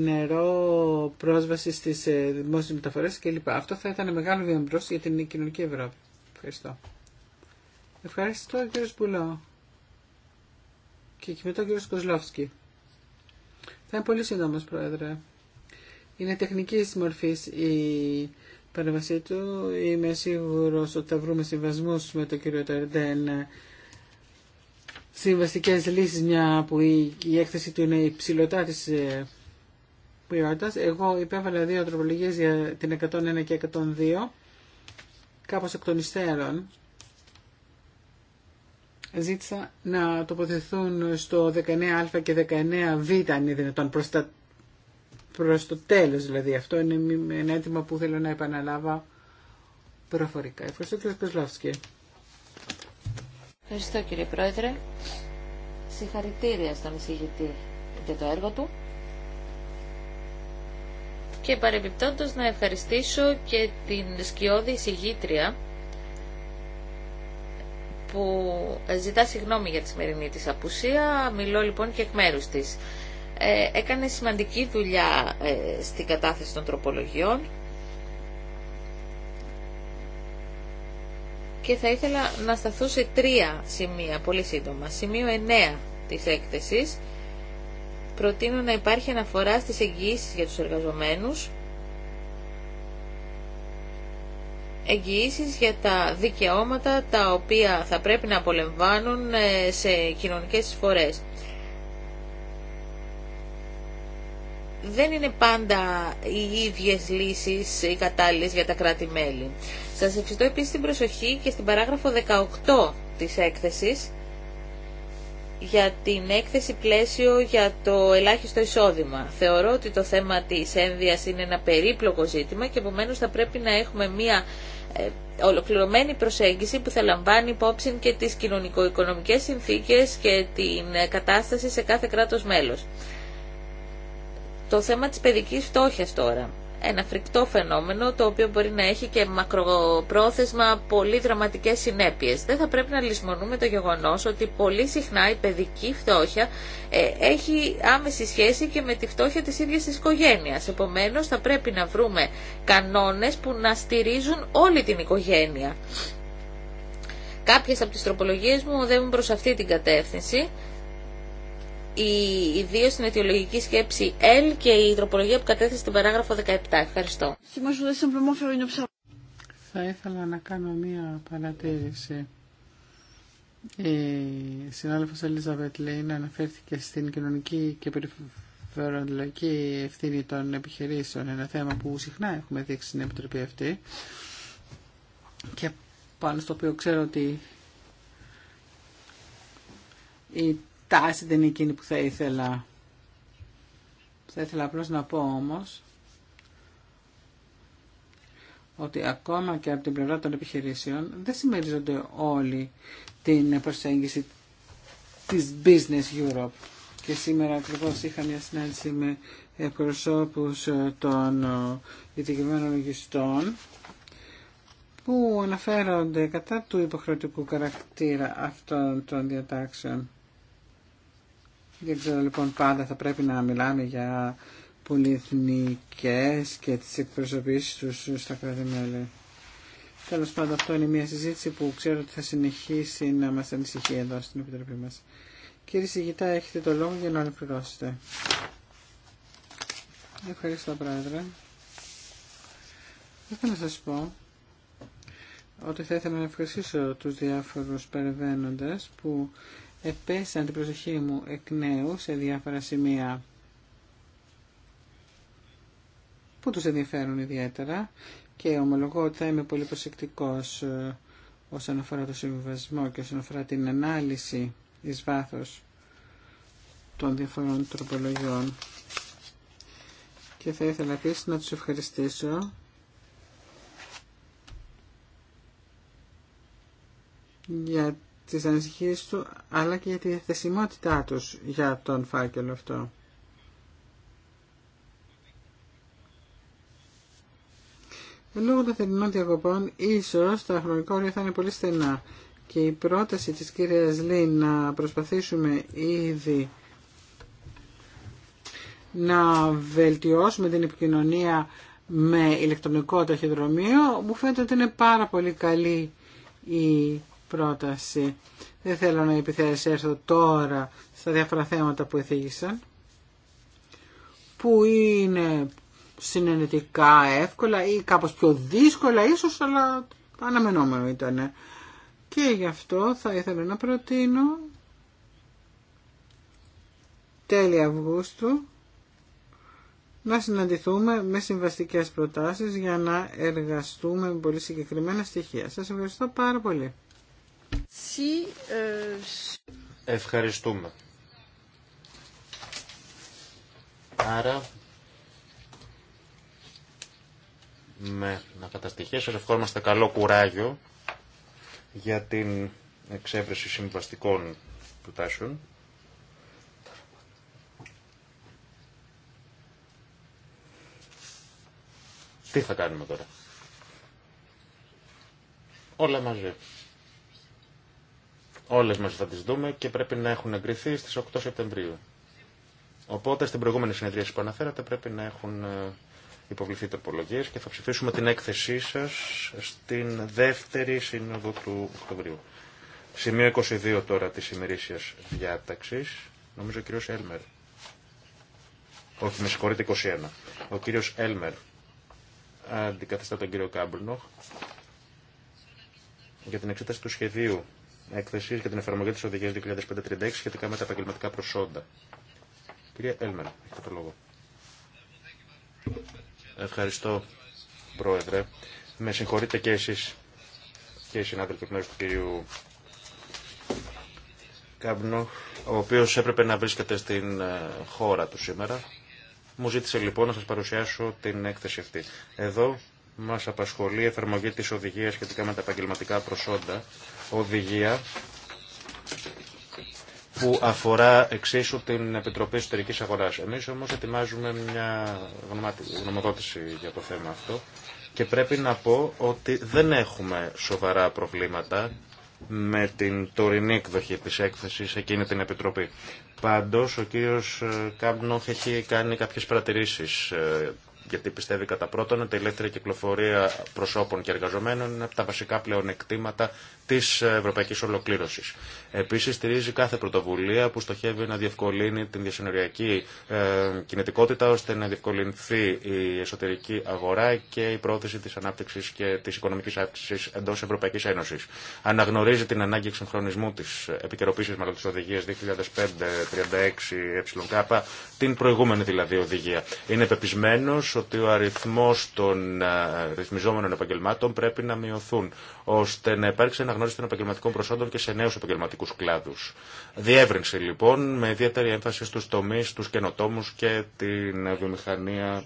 νερό, πρόσβαση στις ε, δημόσιες μεταφορές κλπ. Αυτό θα ήταν μεγάλο βήμα για την κοινωνική Ευρώπη. Ευχαριστώ. Ευχαριστώ κύριο Σπουλό. Και εκεί μετά ο κύριο Κοσλόφσκι. Θα είναι πολύ σύντομο, Πρόεδρε. Είναι τεχνική μορφή η παρεμβασή του. Είμαι σίγουρο ότι θα βρούμε συμβασμού με τον κύριο Τερντέν. συμβαστικέ λύσει μια που η, η έκθεση του είναι υψηλωτά της ε, ποιότητα. Εγώ υπέβαλα δύο τροπολογίε για την 101 και 102 κάπω εκ των υστέρων. Ζήτησα να τοποθεθούν στο 19α και 19β αν είναι δυνατόν προς το τέλος δηλαδή. Αυτό είναι ένα αίτημα που θέλω να επαναλάβω προφορικά. Ευχαριστώ κύριε Κοσλόφσκι. Ευχαριστώ κύριε Πρόεδρε. Συγχαρητήρια στον εισηγητή για το έργο του. Και παρεμπιπτόντως να ευχαριστήσω και την σκιώδη εισηγήτρια που ζητά συγγνώμη για τη σημερινή της απουσία. Μιλώ λοιπόν και εκ μέρους της. Ε, έκανε σημαντική δουλειά ε, στην κατάθεση των τροπολογιών και θα ήθελα να σταθώ σε τρία σημεία, πολύ σύντομα. Σημείο 9 της έκθεσης προτείνω να υπάρχει αναφορά στις εγγυήσεις για τους εργαζομένους εγγυήσεις για τα δικαιώματα τα οποία θα πρέπει να απολεμβάνουν ε, σε κοινωνικές εισφορές. δεν είναι πάντα οι ίδιες λύσεις οι κατάλληλες για τα κράτη-μέλη. Σας ευχαριστώ επίσης την προσοχή και στην παράγραφο 18 της έκθεσης για την έκθεση πλαίσιο για το ελάχιστο εισόδημα. Θεωρώ ότι το θέμα της ένδυας είναι ένα περίπλοκο ζήτημα και επομένως θα πρέπει να έχουμε μία ε, ολοκληρωμένη προσέγγιση που θα λαμβάνει υπόψη και τις κοινωνικο-οικονομικές συνθήκες και την κατάσταση σε κάθε κράτος μέλος. Το θέμα της παιδικής φτώχειας τώρα. Ένα φρικτό φαινόμενο το οποίο μπορεί να έχει και μακροπρόθεσμα πολύ δραματικές συνέπειες. Δεν θα πρέπει να λησμονούμε το γεγονός ότι πολύ συχνά η παιδική φτώχεια ε, έχει άμεση σχέση και με τη φτώχεια της ίδιας της οικογένειας. Επομένως θα πρέπει να βρούμε κανόνες που να στηρίζουν όλη την οικογένεια. Κάποιες από τις τροπολογίες μου οδεύουν προς αυτή την κατεύθυνση η ιδίω στην αιτιολογική σκέψη L και η τροπολογία που κατέθεσε στην παράγραφο 17. Ευχαριστώ. Θα ήθελα να κάνω μία παρατήρηση. Η συνάδελφο Ελίζα να αναφέρθηκε στην κοινωνική και περιφερειακή ευθύνη των επιχειρήσεων. Ένα θέμα που συχνά έχουμε δείξει στην Επιτροπή αυτή και πάνω στο οποίο ξέρω ότι τάση δεν είναι εκείνη που θα ήθελα. Θα ήθελα απλώς να πω όμως ότι ακόμα και από την πλευρά των επιχειρήσεων δεν συμμερίζονται όλοι την προσέγγιση της Business Europe. Και σήμερα ακριβώ είχα μια συνάντηση με προσώπους των ειδικευμένων λογιστών που αναφέρονται κατά του υποχρεωτικού χαρακτήρα αυτών των διατάξεων. Δεν ξέρω λοιπόν πάντα θα πρέπει να μιλάμε για πολυεθνικές και τις εκπροσωπήσεις τους στα κράτη-μέλη. Τέλος πάντων αυτό είναι μια συζήτηση που ξέρω ότι θα συνεχίσει να μας ανησυχεί εδώ στην Επιτροπή μας. Κύριε Σιγητά, έχετε το λόγο για να ολοκληρώσετε. Ευχαριστώ, Πρόεδρε. Θα ήθελα να σας πω ότι θα ήθελα να ευχαριστήσω τους διάφορους περιβαίνοντες που επέσαν την προσοχή μου εκ νέου σε διάφορα σημεία που τους ενδιαφέρουν ιδιαίτερα και ομολογώ ότι θα είμαι πολύ προσεκτικός ε, όσον αφορά το συμβιβασμό και όσον αφορά την ανάλυση εις βάθος των διαφορών τροπολογιών. Και θα ήθελα επίσης να τους ευχαριστήσω για τις ανησυχίες του, αλλά και για τη διαθεσιμότητά τους για τον φάκελο αυτό. Λόγω των θερινών διακοπών, ίσως τα χρονικά όρια θα είναι πολύ στενά και η πρόταση της κυρίας Λίν να προσπαθήσουμε ήδη να βελτιώσουμε την επικοινωνία με ηλεκτρονικό ταχυδρομείο, μου φαίνεται ότι είναι πάρα πολύ καλή η πρόταση. Δεν θέλω να επιθέσω τώρα στα διάφορα θέματα που εθίγησαν, που είναι συνενετικά εύκολα ή κάπως πιο δύσκολα ίσως, αλλά αναμενόμενο ήταν. Και γι' αυτό θα ήθελα να προτείνω τέλη Αυγούστου να συναντηθούμε με συμβαστικές προτάσεις για να εργαστούμε με πολύ συγκεκριμένα στοιχεία. Σας ευχαριστώ πάρα πολύ. Eh, Ευχαριστούμε. Άρα, με να σας ευχόμαστε καλό κουράγιο για την εξέβρεση συμβαστικών προτάσεων. Τι θα κάνουμε τώρα. Όλα μαζί. Όλες μας θα τις δούμε και πρέπει να έχουν εγκριθεί στις 8 Σεπτεμβρίου. Οπότε στην προηγούμενη συνεδρία που αναφέρατε πρέπει να έχουν ε, υποβληθεί τροπολογίες και θα ψηφίσουμε την έκθεσή σας στην δεύτερη σύνοδο του Οκτωβρίου. Σημείο 22 τώρα της ημερήσιας διάταξης, νομίζω ο κύριος Έλμερ. Όχι, με συγχωρείτε, 21. Ο κύριος Έλμερ αντικαθιστά τον κύριο Κάμπλνοχ για την εξέταση του σχεδίου έκθεση για την εφαρμογή τη οδηγία 2536 σχετικά με τα επαγγελματικά προσόντα. Κυρία Έλμερ, έχετε το λόγο. Ευχαριστώ, Πρόεδρε. Με συγχωρείτε και εσείς και οι συνάδελφοι εκ μέρου του κυρίου Κάμπνο, ο οποίος έπρεπε να βρίσκεται στην ε, χώρα του σήμερα. Μου ζήτησε λοιπόν να σας παρουσιάσω την έκθεση αυτή. Εδώ Μα απασχολεί η εφαρμογή τη οδηγία σχετικά με τα επαγγελματικά προσόντα. Οδηγία που αφορά εξίσου την Επιτροπή εσωτερική αγορά. Εμείς όμως ετοιμάζουμε μια γνωμοδότηση για το θέμα αυτό και πρέπει να πω ότι δεν έχουμε σοβαρά προβλήματα με την τωρινή εκδοχή της έκθεσης εκείνη την Επιτροπή. Πάντως ο κύριος ε, Κάμπνοχ έχει κάνει κάποιες παρατηρήσεις ε, γιατί πιστεύει κατά πρώτον ότι η ελεύθερη κυκλοφορία προσώπων και εργαζομένων είναι από τα βασικά πλεονεκτήματα τη ευρωπαϊκή ολοκλήρωση. Επίση, στηρίζει κάθε πρωτοβουλία που στοχεύει να διευκολύνει την διασυνοριακή ε, κινητικότητα ώστε να διευκολυνθεί η εσωτερική αγορά και η πρόθεση τη ανάπτυξη και τη οικονομική αύξηση εντό Ευρωπαϊκή Ένωση. Αναγνωρίζει την ανάγκη εξυγχρονισμού τη επικαιροποίηση μάλλον οδηγία 2005-36 ΕΚ, την προηγούμενη δηλαδή οδηγία. Είναι πεπισμένο ότι ο αριθμός των ε, ρυθμιζόμενων επαγγελμάτων πρέπει να μειωθούν, ώστε να υπάρξει αναγνώριση των επαγγελματικών προσόντων και σε νέους επαγγελματικούς κλάδους. Διεύρυνση λοιπόν, με ιδιαίτερη έμφαση στους τομείς, στους καινοτόμους και την βιομηχανία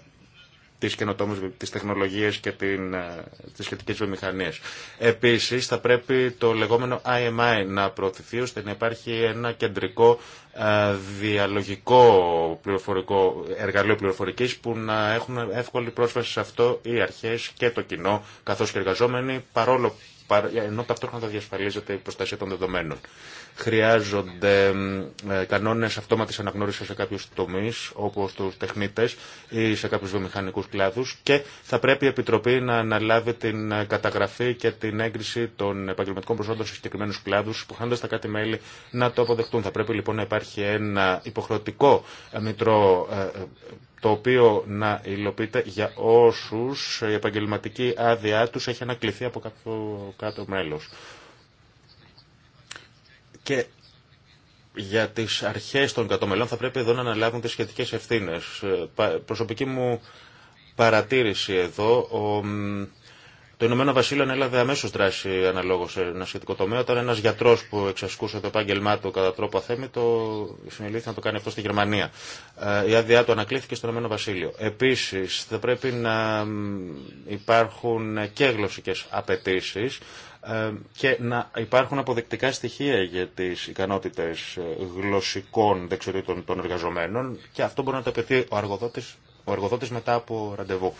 τις καινοτόμες, τις τεχνολογίες και την, ε, τις σχετικές βιομηχανίες. Επίσης θα πρέπει το λεγόμενο IMI να προωθηθεί ώστε να υπάρχει ένα κεντρικό ε, διαλογικό πληροφορικό, εργαλείο πληροφορικής που να έχουν εύκολη πρόσβαση σε αυτό οι αρχές και το κοινό καθώς και εργαζόμενοι παρόλο ενώ ταυτόχρονα θα διασφαλίζεται η προστασία των δεδομένων. Χρειάζονται ε, κανόνε αυτόματη αναγνώριση σε κάποιου τομεί, όπω του τεχνίτε ή σε κάποιου βιομηχανικού κλάδου και θα πρέπει η Επιτροπή να αναλάβει την ε, καταγραφή και την έγκριση των επαγγελματικών προσόντων σε συγκεκριμένου κλάδου, χάνοντα τα κάτι μέλη να το αποδεχτούν. Θα πρέπει λοιπόν να υπάρχει ένα υποχρεωτικό ε, μητρό το οποίο να υλοποιείται για όσους η επαγγελματική άδειά τους έχει ανακληθεί από κάποιο κάτω μέλος. Και για τις αρχές των κατομελών θα πρέπει εδώ να αναλάβουν τις σχετικές ευθύνες. Ε, προσωπική μου παρατήρηση εδώ, ο το Ηνωμένο Βασίλειο ανέλαβε αμέσω δράση αναλόγω σε ένα σχετικό τομέα όταν ένα γιατρό που εξασκούσε το επάγγελμά του κατά τρόπο αθέμητο συνελήφθη να το κάνει αυτό στη Γερμανία. Ε, η άδειά του ανακλήθηκε στο Ηνωμένο Βασίλειο. Επίση θα πρέπει να υπάρχουν και γλωσσικέ απαιτήσει ε, και να υπάρχουν αποδεκτικά στοιχεία για τι ικανότητε ε, γλωσσικών δεξιοτήτων των εργαζομένων και αυτό μπορεί να το απαιτεί ο εργοδότη μετά από ραντεβού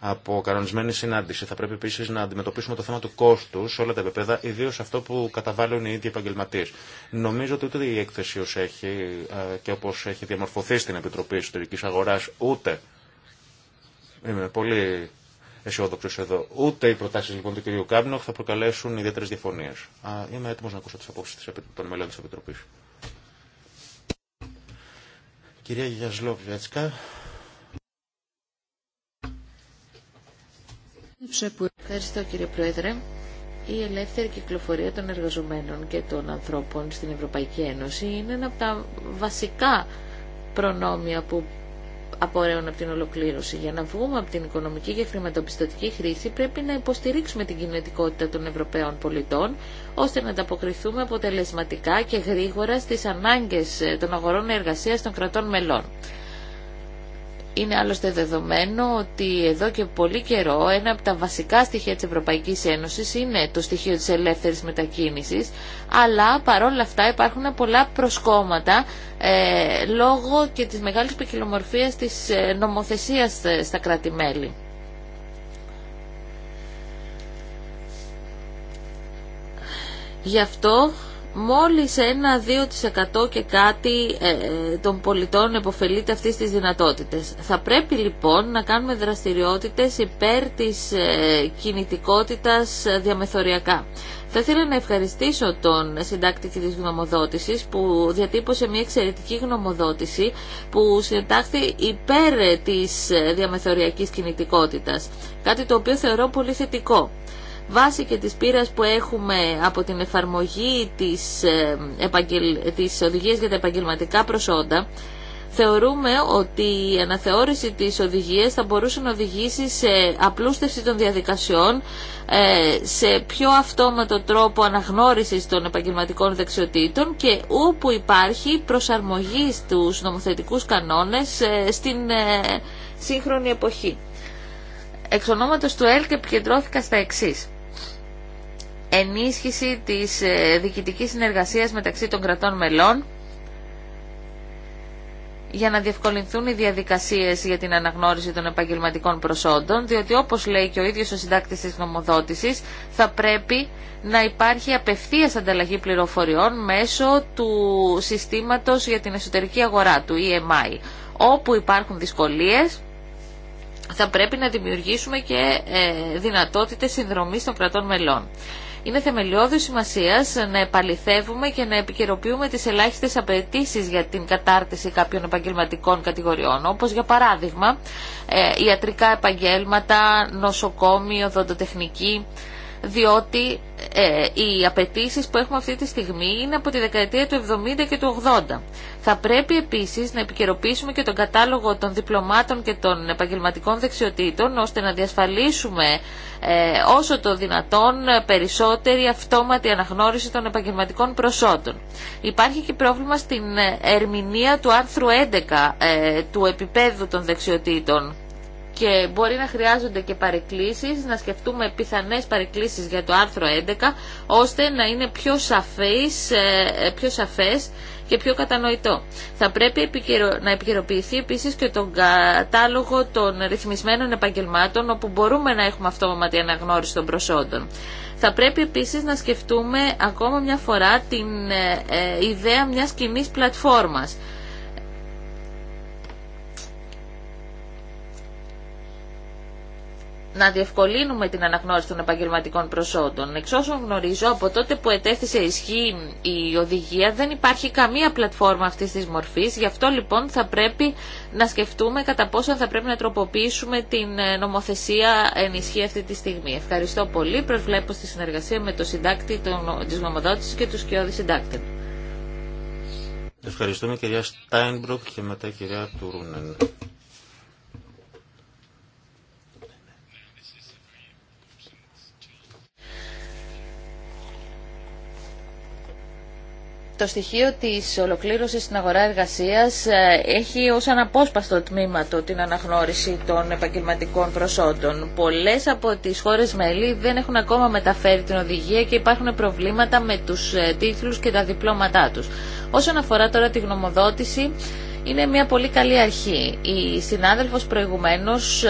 από κανονισμένη συνάντηση. Θα πρέπει επίση να αντιμετωπίσουμε το θέμα του κόστου σε όλα τα επίπεδα, ιδίω αυτό που καταβάλουν οι ίδιοι επαγγελματίε. Νομίζω ότι ούτε η έκθεση ω έχει ε, και όπω έχει διαμορφωθεί στην Επιτροπή Ιστορικής Αγορά, ούτε. Είμαι πολύ αισιόδοξο εδώ. Ούτε οι προτάσει λοιπόν του κ. Κάμπνοχ θα προκαλέσουν ιδιαίτερε διαφωνίε. Είμαι έτοιμο να ακούσω τι απόψει των μελών τη Επιτροπή. Κυρία έτσι. Ευχαριστώ κύριε Πρόεδρε. Η ελεύθερη κυκλοφορία των εργαζομένων και των ανθρώπων στην Ευρωπαϊκή Ένωση είναι ένα από τα βασικά προνόμια που απορρέουν από την ολοκλήρωση. Για να βγούμε από την οικονομική και χρηματοπιστωτική χρήση πρέπει να υποστηρίξουμε την κινητικότητα των Ευρωπαίων πολιτών ώστε να ανταποκριθούμε αποτελεσματικά και γρήγορα στις ανάγκες των αγορών εργασίας των κρατών μελών. Είναι άλλωστε δεδομένο ότι εδώ και πολύ καιρό ένα από τα βασικά στοιχεία της Ευρωπαϊκής Ένωσης είναι το στοιχείο της ελεύθερης μετακίνησης, αλλά παρόλα αυτά υπάρχουν πολλά προσκόμματα ε, λόγω και της μεγάλης ποικιλομορφίας της ε, νομοθεσίας ε, στα κράτη-μέλη. Γι' αυτό μόλις 1-2% και κάτι ε, ε, των πολιτών επωφελείται αυτής της δυνατότητες. Θα πρέπει λοιπόν να κάνουμε δραστηριότητες υπέρ της ε, κινητικότητας διαμεθοριακά. Θα ήθελα να ευχαριστήσω τον συντάκτη της γνωμοδότησης που διατύπωσε μια εξαιρετική γνωμοδότηση που συντάχθη υπέρ της ε, διαμεθοριακής κινητικότητας, κάτι το οποίο θεωρώ πολύ θετικό βάσει και της πείρας που έχουμε από την εφαρμογή της, ε, επαγγελ... της οδηγίας για τα επαγγελματικά προσόντα, θεωρούμε ότι η αναθεώρηση της οδηγίας θα μπορούσε να οδηγήσει σε απλούστευση των διαδικασιών, ε, σε πιο αυτόματο τρόπο αναγνώρισης των επαγγελματικών δεξιοτήτων και όπου υπάρχει προσαρμογή στους νομοθετικούς κανόνες ε, στην σύγχρονη εποχή. Εξ του ΕΛΚ επικεντρώθηκα στα εξής ενίσχυση της ε, διοικητικής συνεργασίας μεταξύ των κρατών μελών για να διευκολυνθούν οι διαδικασίες για την αναγνώριση των επαγγελματικών προσόντων, διότι όπως λέει και ο ίδιος ο συντάκτης της νομοδότησης, θα πρέπει να υπάρχει απευθείας ανταλλαγή πληροφοριών μέσω του συστήματος για την εσωτερική αγορά, του EMI. Όπου υπάρχουν δυσκολίες, θα πρέπει να δημιουργήσουμε και ε, δυνατότητες συνδρομής των κρατών μελών. Είναι θεμελιώδη σημασία να επαληθεύουμε και να επικαιροποιούμε τι ελάχιστε απαιτήσει για την κατάρτιση κάποιων επαγγελματικών κατηγοριών. Όπω για παράδειγμα, ε, ιατρικά επαγγέλματα, νοσοκόμιο, οδοντοτεχνικοί διότι ε, οι απαιτήσει που έχουμε αυτή τη στιγμή είναι από τη δεκαετία του 70 και του 80. Θα πρέπει επίση να επικαιροποιήσουμε και τον κατάλογο των διπλωμάτων και των επαγγελματικών δεξιοτήτων ώστε να διασφαλίσουμε ε, όσο το δυνατόν περισσότερη αυτόματη αναγνώριση των επαγγελματικών προσόντων. Υπάρχει και πρόβλημα στην ε, ερμηνεία του άρθρου 11 ε, του επίπεδου των δεξιοτήτων και μπορεί να χρειάζονται και παρεκκλήσεις, να σκεφτούμε πιθανές παρεκκλήσεις για το άρθρο 11, ώστε να είναι πιο σαφές, ε, ε, πιο σαφές και πιο κατανοητό. Θα πρέπει να επικαιροποιηθεί επίσης και τον κατάλογο των ρυθμισμένων επαγγελμάτων, όπου μπορούμε να έχουμε αυτόματη αναγνώριση των προσόντων. Θα πρέπει επίσης να σκεφτούμε ακόμα μια φορά την ε, ιδέα μιας κοινή πλατφόρμας να διευκολύνουμε την αναγνώριση των επαγγελματικών προσόντων. Εξ όσων γνωρίζω, από τότε που ετέθησε ισχύ η οδηγία δεν υπάρχει καμία πλατφόρμα αυτή τη μορφή. γι' αυτό λοιπόν θα πρέπει να σκεφτούμε κατά πόσο θα πρέπει να τροποποιήσουμε την ε, νομοθεσία εν ισχύ αυτή τη στιγμή. Ευχαριστώ πολύ, προσβλέπω στη συνεργασία με το συντάκτη τη νομοδότησης και τους κοιόδης συντάκτες. Ευχαριστούμε κυρία Στάινμπροκ και μετά κυρία Τουρούνεν. το στοιχείο της ολοκλήρωσης στην αγορά εργασίας ε, έχει ως αναπόσπαστο τμήμα το την αναγνώριση των επαγγελματικών προσόντων. Πολλές από τις χώρες μέλη δεν έχουν ακόμα μεταφέρει την οδηγία και υπάρχουν προβλήματα με τους ε, τίτλους και τα διπλώματά τους. Όσον αφορά τώρα τη γνωμοδότηση, είναι μια πολύ καλή αρχή. Η συνάδελφος προηγουμένως ε,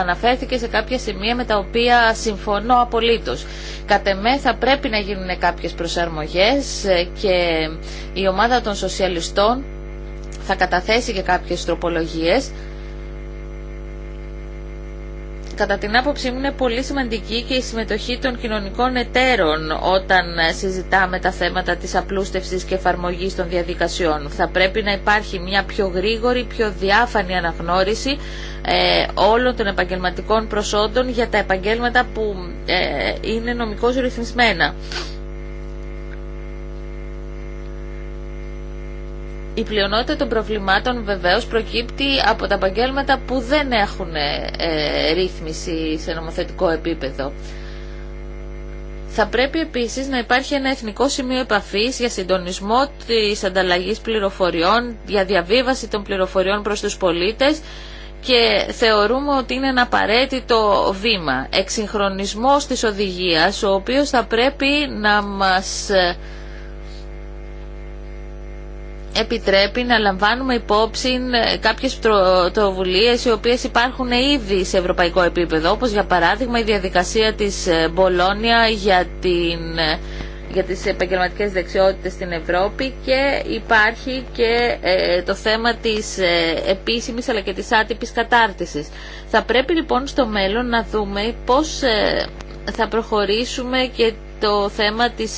αναφέρθηκε σε κάποια σημεία με τα οποία συμφωνώ απολύτως. Κατ' εμέ θα πρέπει να γίνουν κάποιες προσαρμογές ε, και η ομάδα των σοσιαλιστών θα καταθέσει και κάποιες τροπολογίες κατά την άποψή μου είναι πολύ σημαντική και η συμμετοχή των κοινωνικών εταίρων όταν συζητάμε τα θέματα της απλούστευσης και εφαρμογής των διαδικασιών. Θα πρέπει να υπάρχει μια πιο γρήγορη, πιο διάφανη αναγνώριση ε, όλων των επαγγελματικών προσόντων για τα επαγγέλματα που ε, είναι νομικώς ρυθμισμένα. Η πλειονότητα των προβλημάτων βεβαίως προκύπτει από τα επαγγέλματα που δεν έχουν ε, ρύθμιση σε νομοθετικό επίπεδο. Θα πρέπει επίσης να υπάρχει ένα εθνικό σημείο επαφής για συντονισμό της ανταλλαγής πληροφοριών, για διαβίβαση των πληροφοριών προς τους πολίτες και θεωρούμε ότι είναι ένα απαραίτητο βήμα. Εξυγχρονισμός της οδηγίας, ο οποίος θα πρέπει να μας ε, επιτρέπει να λαμβάνουμε υπόψη ε, κάποιες πρωτοβουλίε οι οποίες υπάρχουν ήδη σε ευρωπαϊκό επίπεδο, όπως για παράδειγμα η διαδικασία της ε, Μπολόνια για, την, ε, για τις επαγγελματικές δεξιότητες στην Ευρώπη και υπάρχει και το θέμα της επίσημης αλλά και της άτυπης κατάρτισης. Θα πρέπει λοιπόν στο μέλλον να δούμε πώς θα προχωρήσουμε και το θέμα της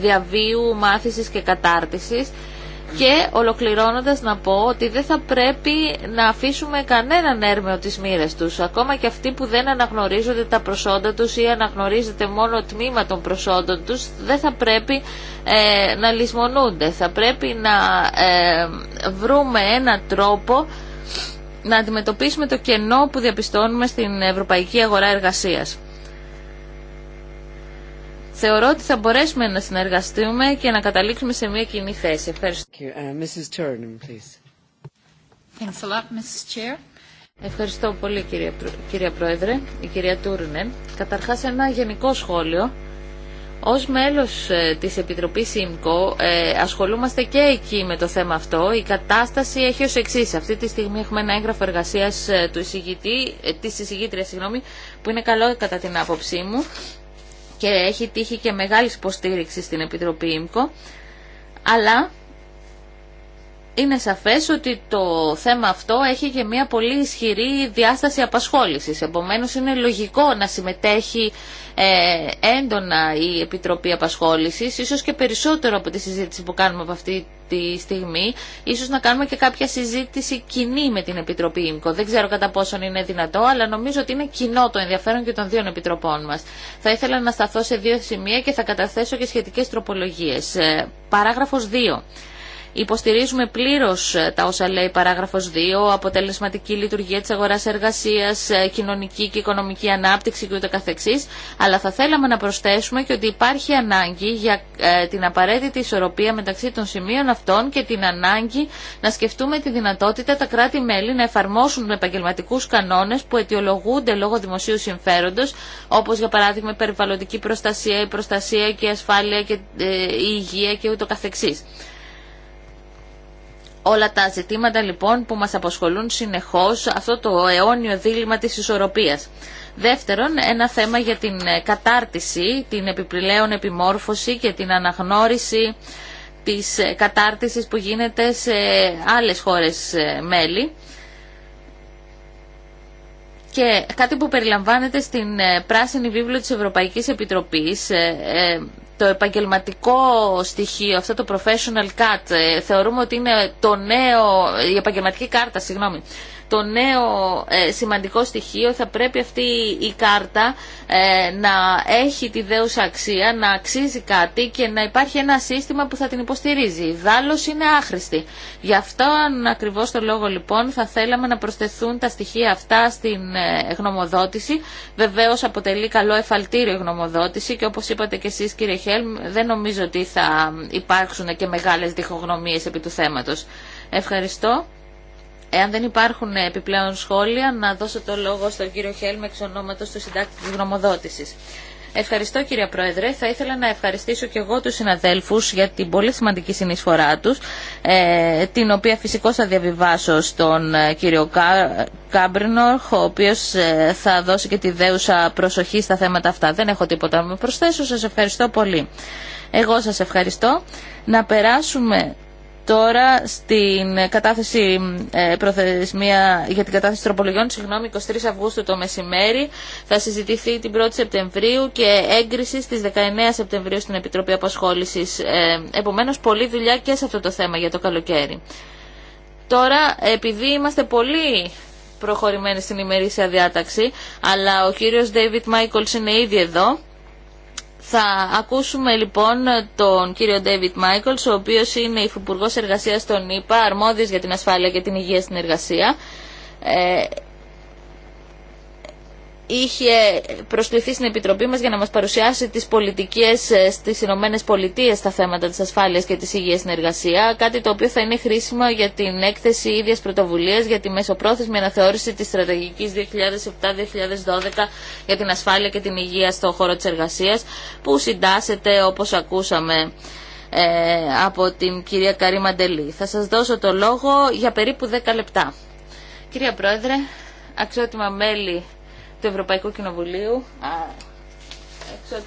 διαβίου μάθησης και κατάρτισης και ολοκληρώνοντας να πω ότι δεν θα πρέπει να αφήσουμε κανέναν έρμεο τις μοίρας τους, ακόμα και αυτοί που δεν αναγνωρίζονται τα προσόντα τους ή αναγνωρίζεται μόνο τμήμα των προσόντων τους, δεν θα πρέπει ε, να λησμονούνται. Θα πρέπει να ε, βρούμε ένα τρόπο να αντιμετωπίσουμε το κενό που διαπιστώνουμε στην ευρωπαϊκή αγορά εργασίας θεωρώ ότι θα μπορέσουμε να συνεργαστούμε και να καταλήξουμε σε μια κοινή θέση. Ευχαριστώ. Uh, Ευχαριστώ πολύ κυρία, κυρία Πρόεδρε, η κυρία Τούρνεν. Καταρχάς ένα γενικό σχόλιο. Ως μέλος ε, της Επιτροπής ΣΥΜΚΟ ε, ασχολούμαστε και εκεί με το θέμα αυτό. Η κατάσταση έχει ως εξή. Αυτή τη στιγμή έχουμε ένα έγγραφο εργασίας ε, του της που είναι καλό κατά την άποψή μου και έχει τύχει και μεγάλη υποστήριξη στην Επιτροπή ΙΜΚΟ, αλλά είναι σαφές ότι το θέμα αυτό έχει και μια πολύ ισχυρή διάσταση απασχόλησης. Επομένως είναι λογικό να συμμετέχει ε, έντονα η Επιτροπή Απασχόλησης, ίσως και περισσότερο από τη συζήτηση που κάνουμε από αυτή τη στιγμή, ίσως να κάνουμε και κάποια συζήτηση κοινή με την Επιτροπή ΙΜΚΟ. Δεν ξέρω κατά πόσον είναι δυνατό, αλλά νομίζω ότι είναι κοινό το ενδιαφέρον και των δύο επιτροπών μας. Θα ήθελα να σταθώ σε δύο σημεία και θα καταθέσω και σχετικές τροπολογίες. Ε, παράγραφος 2. Υποστηρίζουμε πλήρω ε, τα όσα λέει παράγραφο 2, αποτελεσματική λειτουργία τη αγορά εργασία, ε, κοινωνική και οικονομική ανάπτυξη κ.ο.κ. αλλά θα θέλαμε να προσθέσουμε και ότι υπάρχει ανάγκη για ε, την απαραίτητη ισορροπία μεταξύ των σημείων αυτών και την ανάγκη να σκεφτούμε τη δυνατότητα τα κράτη-μέλη να εφαρμόσουν με επαγγελματικού κανόνε που αιτιολογούνται λόγω δημοσίου συμφέροντος, όπω για παράδειγμα περιβαλλοντική προστασία, η προστασία και η ασφάλεια και η υγεία και όλα τα ζητήματα λοιπόν που μας αποσχολούν συνεχώς αυτό το αιώνιο δίλημα της ισορροπίας. Δεύτερον, ένα θέμα για την ε, κατάρτιση, την επιπλέον επιμόρφωση και την αναγνώριση της ε, κατάρτισης που γίνεται σε άλλες χώρες ε, μέλη και κάτι που περιλαμβάνεται στην Πράσινη Βίβλο της Ευρωπαϊκής Επιτροπής το επαγγελματικό στοιχείο, αυτό το professional cut, ε, θεωρούμε ότι είναι το νέο, η επαγγελματική κάρτα, συγγνώμη, το νέο ε, σημαντικό στοιχείο θα πρέπει αυτή η κάρτα ε, να έχει τη δέουσα αξία, να αξίζει κάτι και να υπάρχει ένα σύστημα που θα την υποστηρίζει. Δάλλος είναι άχρηστη. Γι' αυτό ακριβώς το λόγο λοιπόν θα θέλαμε να προσθεθούν τα στοιχεία αυτά στην ε, γνωμοδότηση. Βεβαίως αποτελεί καλό εφαλτήριο γνωμοδότηση και όπως είπατε και εσείς κύριε Χέλμ δεν νομίζω ότι θα υπάρξουν και μεγάλες διχογνωμίες επί του θέματος. Ευχαριστώ. Εάν δεν υπάρχουν επιπλέον σχόλια, να δώσω το λόγο στον κύριο Χέλμ εξ ονόματος του συντάκτη της γνωμοδότησης. Ευχαριστώ κύριε Πρόεδρε. Θα ήθελα να ευχαριστήσω και εγώ τους συναδέλφους για την πολύ σημαντική συνεισφορά τους, ε, την οποία φυσικώς θα διαβιβάσω στον ε, κύριο Κάμπρινορχ, ο οποίος ε, θα δώσει και τη δέουσα προσοχή στα θέματα αυτά. Δεν έχω τίποτα να προσθέσω. Σας ευχαριστώ πολύ. Εγώ σας ευχαριστώ. Να περάσουμε Τώρα στην κατάθεση ε, προθεσμία για την κατάθεση τροπολογιών, συγγνώμη, 23 Αυγούστου το μεσημέρι, θα συζητηθεί την 1η Σεπτεμβρίου και έγκριση στις 19 Σεπτεμβρίου στην Επιτροπή Απασχόλησης. Ε, επομένως, πολλή δουλειά και σε αυτό το θέμα για το καλοκαίρι. Τώρα, επειδή είμαστε πολύ προχωρημένοι στην ημερήσια διάταξη, αλλά ο κύριος David Michaels είναι ήδη εδώ, θα ακούσουμε λοιπόν τον κύριο Ντέιβιτ Μάικολς, ο οποίος είναι υφυπουργός εργασίας των ΗΠΑ, αρμόδιος για την ασφάλεια και την υγεία στην εργασία. Ε, είχε προσκληθεί στην Επιτροπή μας για να μας παρουσιάσει τις πολιτικές ε, στις Ηνωμένε Πολιτείε στα θέματα της ασφάλειας και της υγείας στην εργασία, κάτι το οποίο θα είναι χρήσιμο για την έκθεση ίδιας πρωτοβουλίας για τη μεσοπρόθεσμη αναθεώρηση της στρατηγικής 2007-2012 για την ασφάλεια και την υγεία στον χώρο της εργασίας, που συντάσσεται όπως ακούσαμε ε, από την κυρία Καρή Μαντελή. Θα σας δώσω το λόγο για περίπου 10 λεπτά. Κυρία Πρόεδρε, αξιότιμα μέλη του Ευρωπαϊκού Κοινοβουλίου,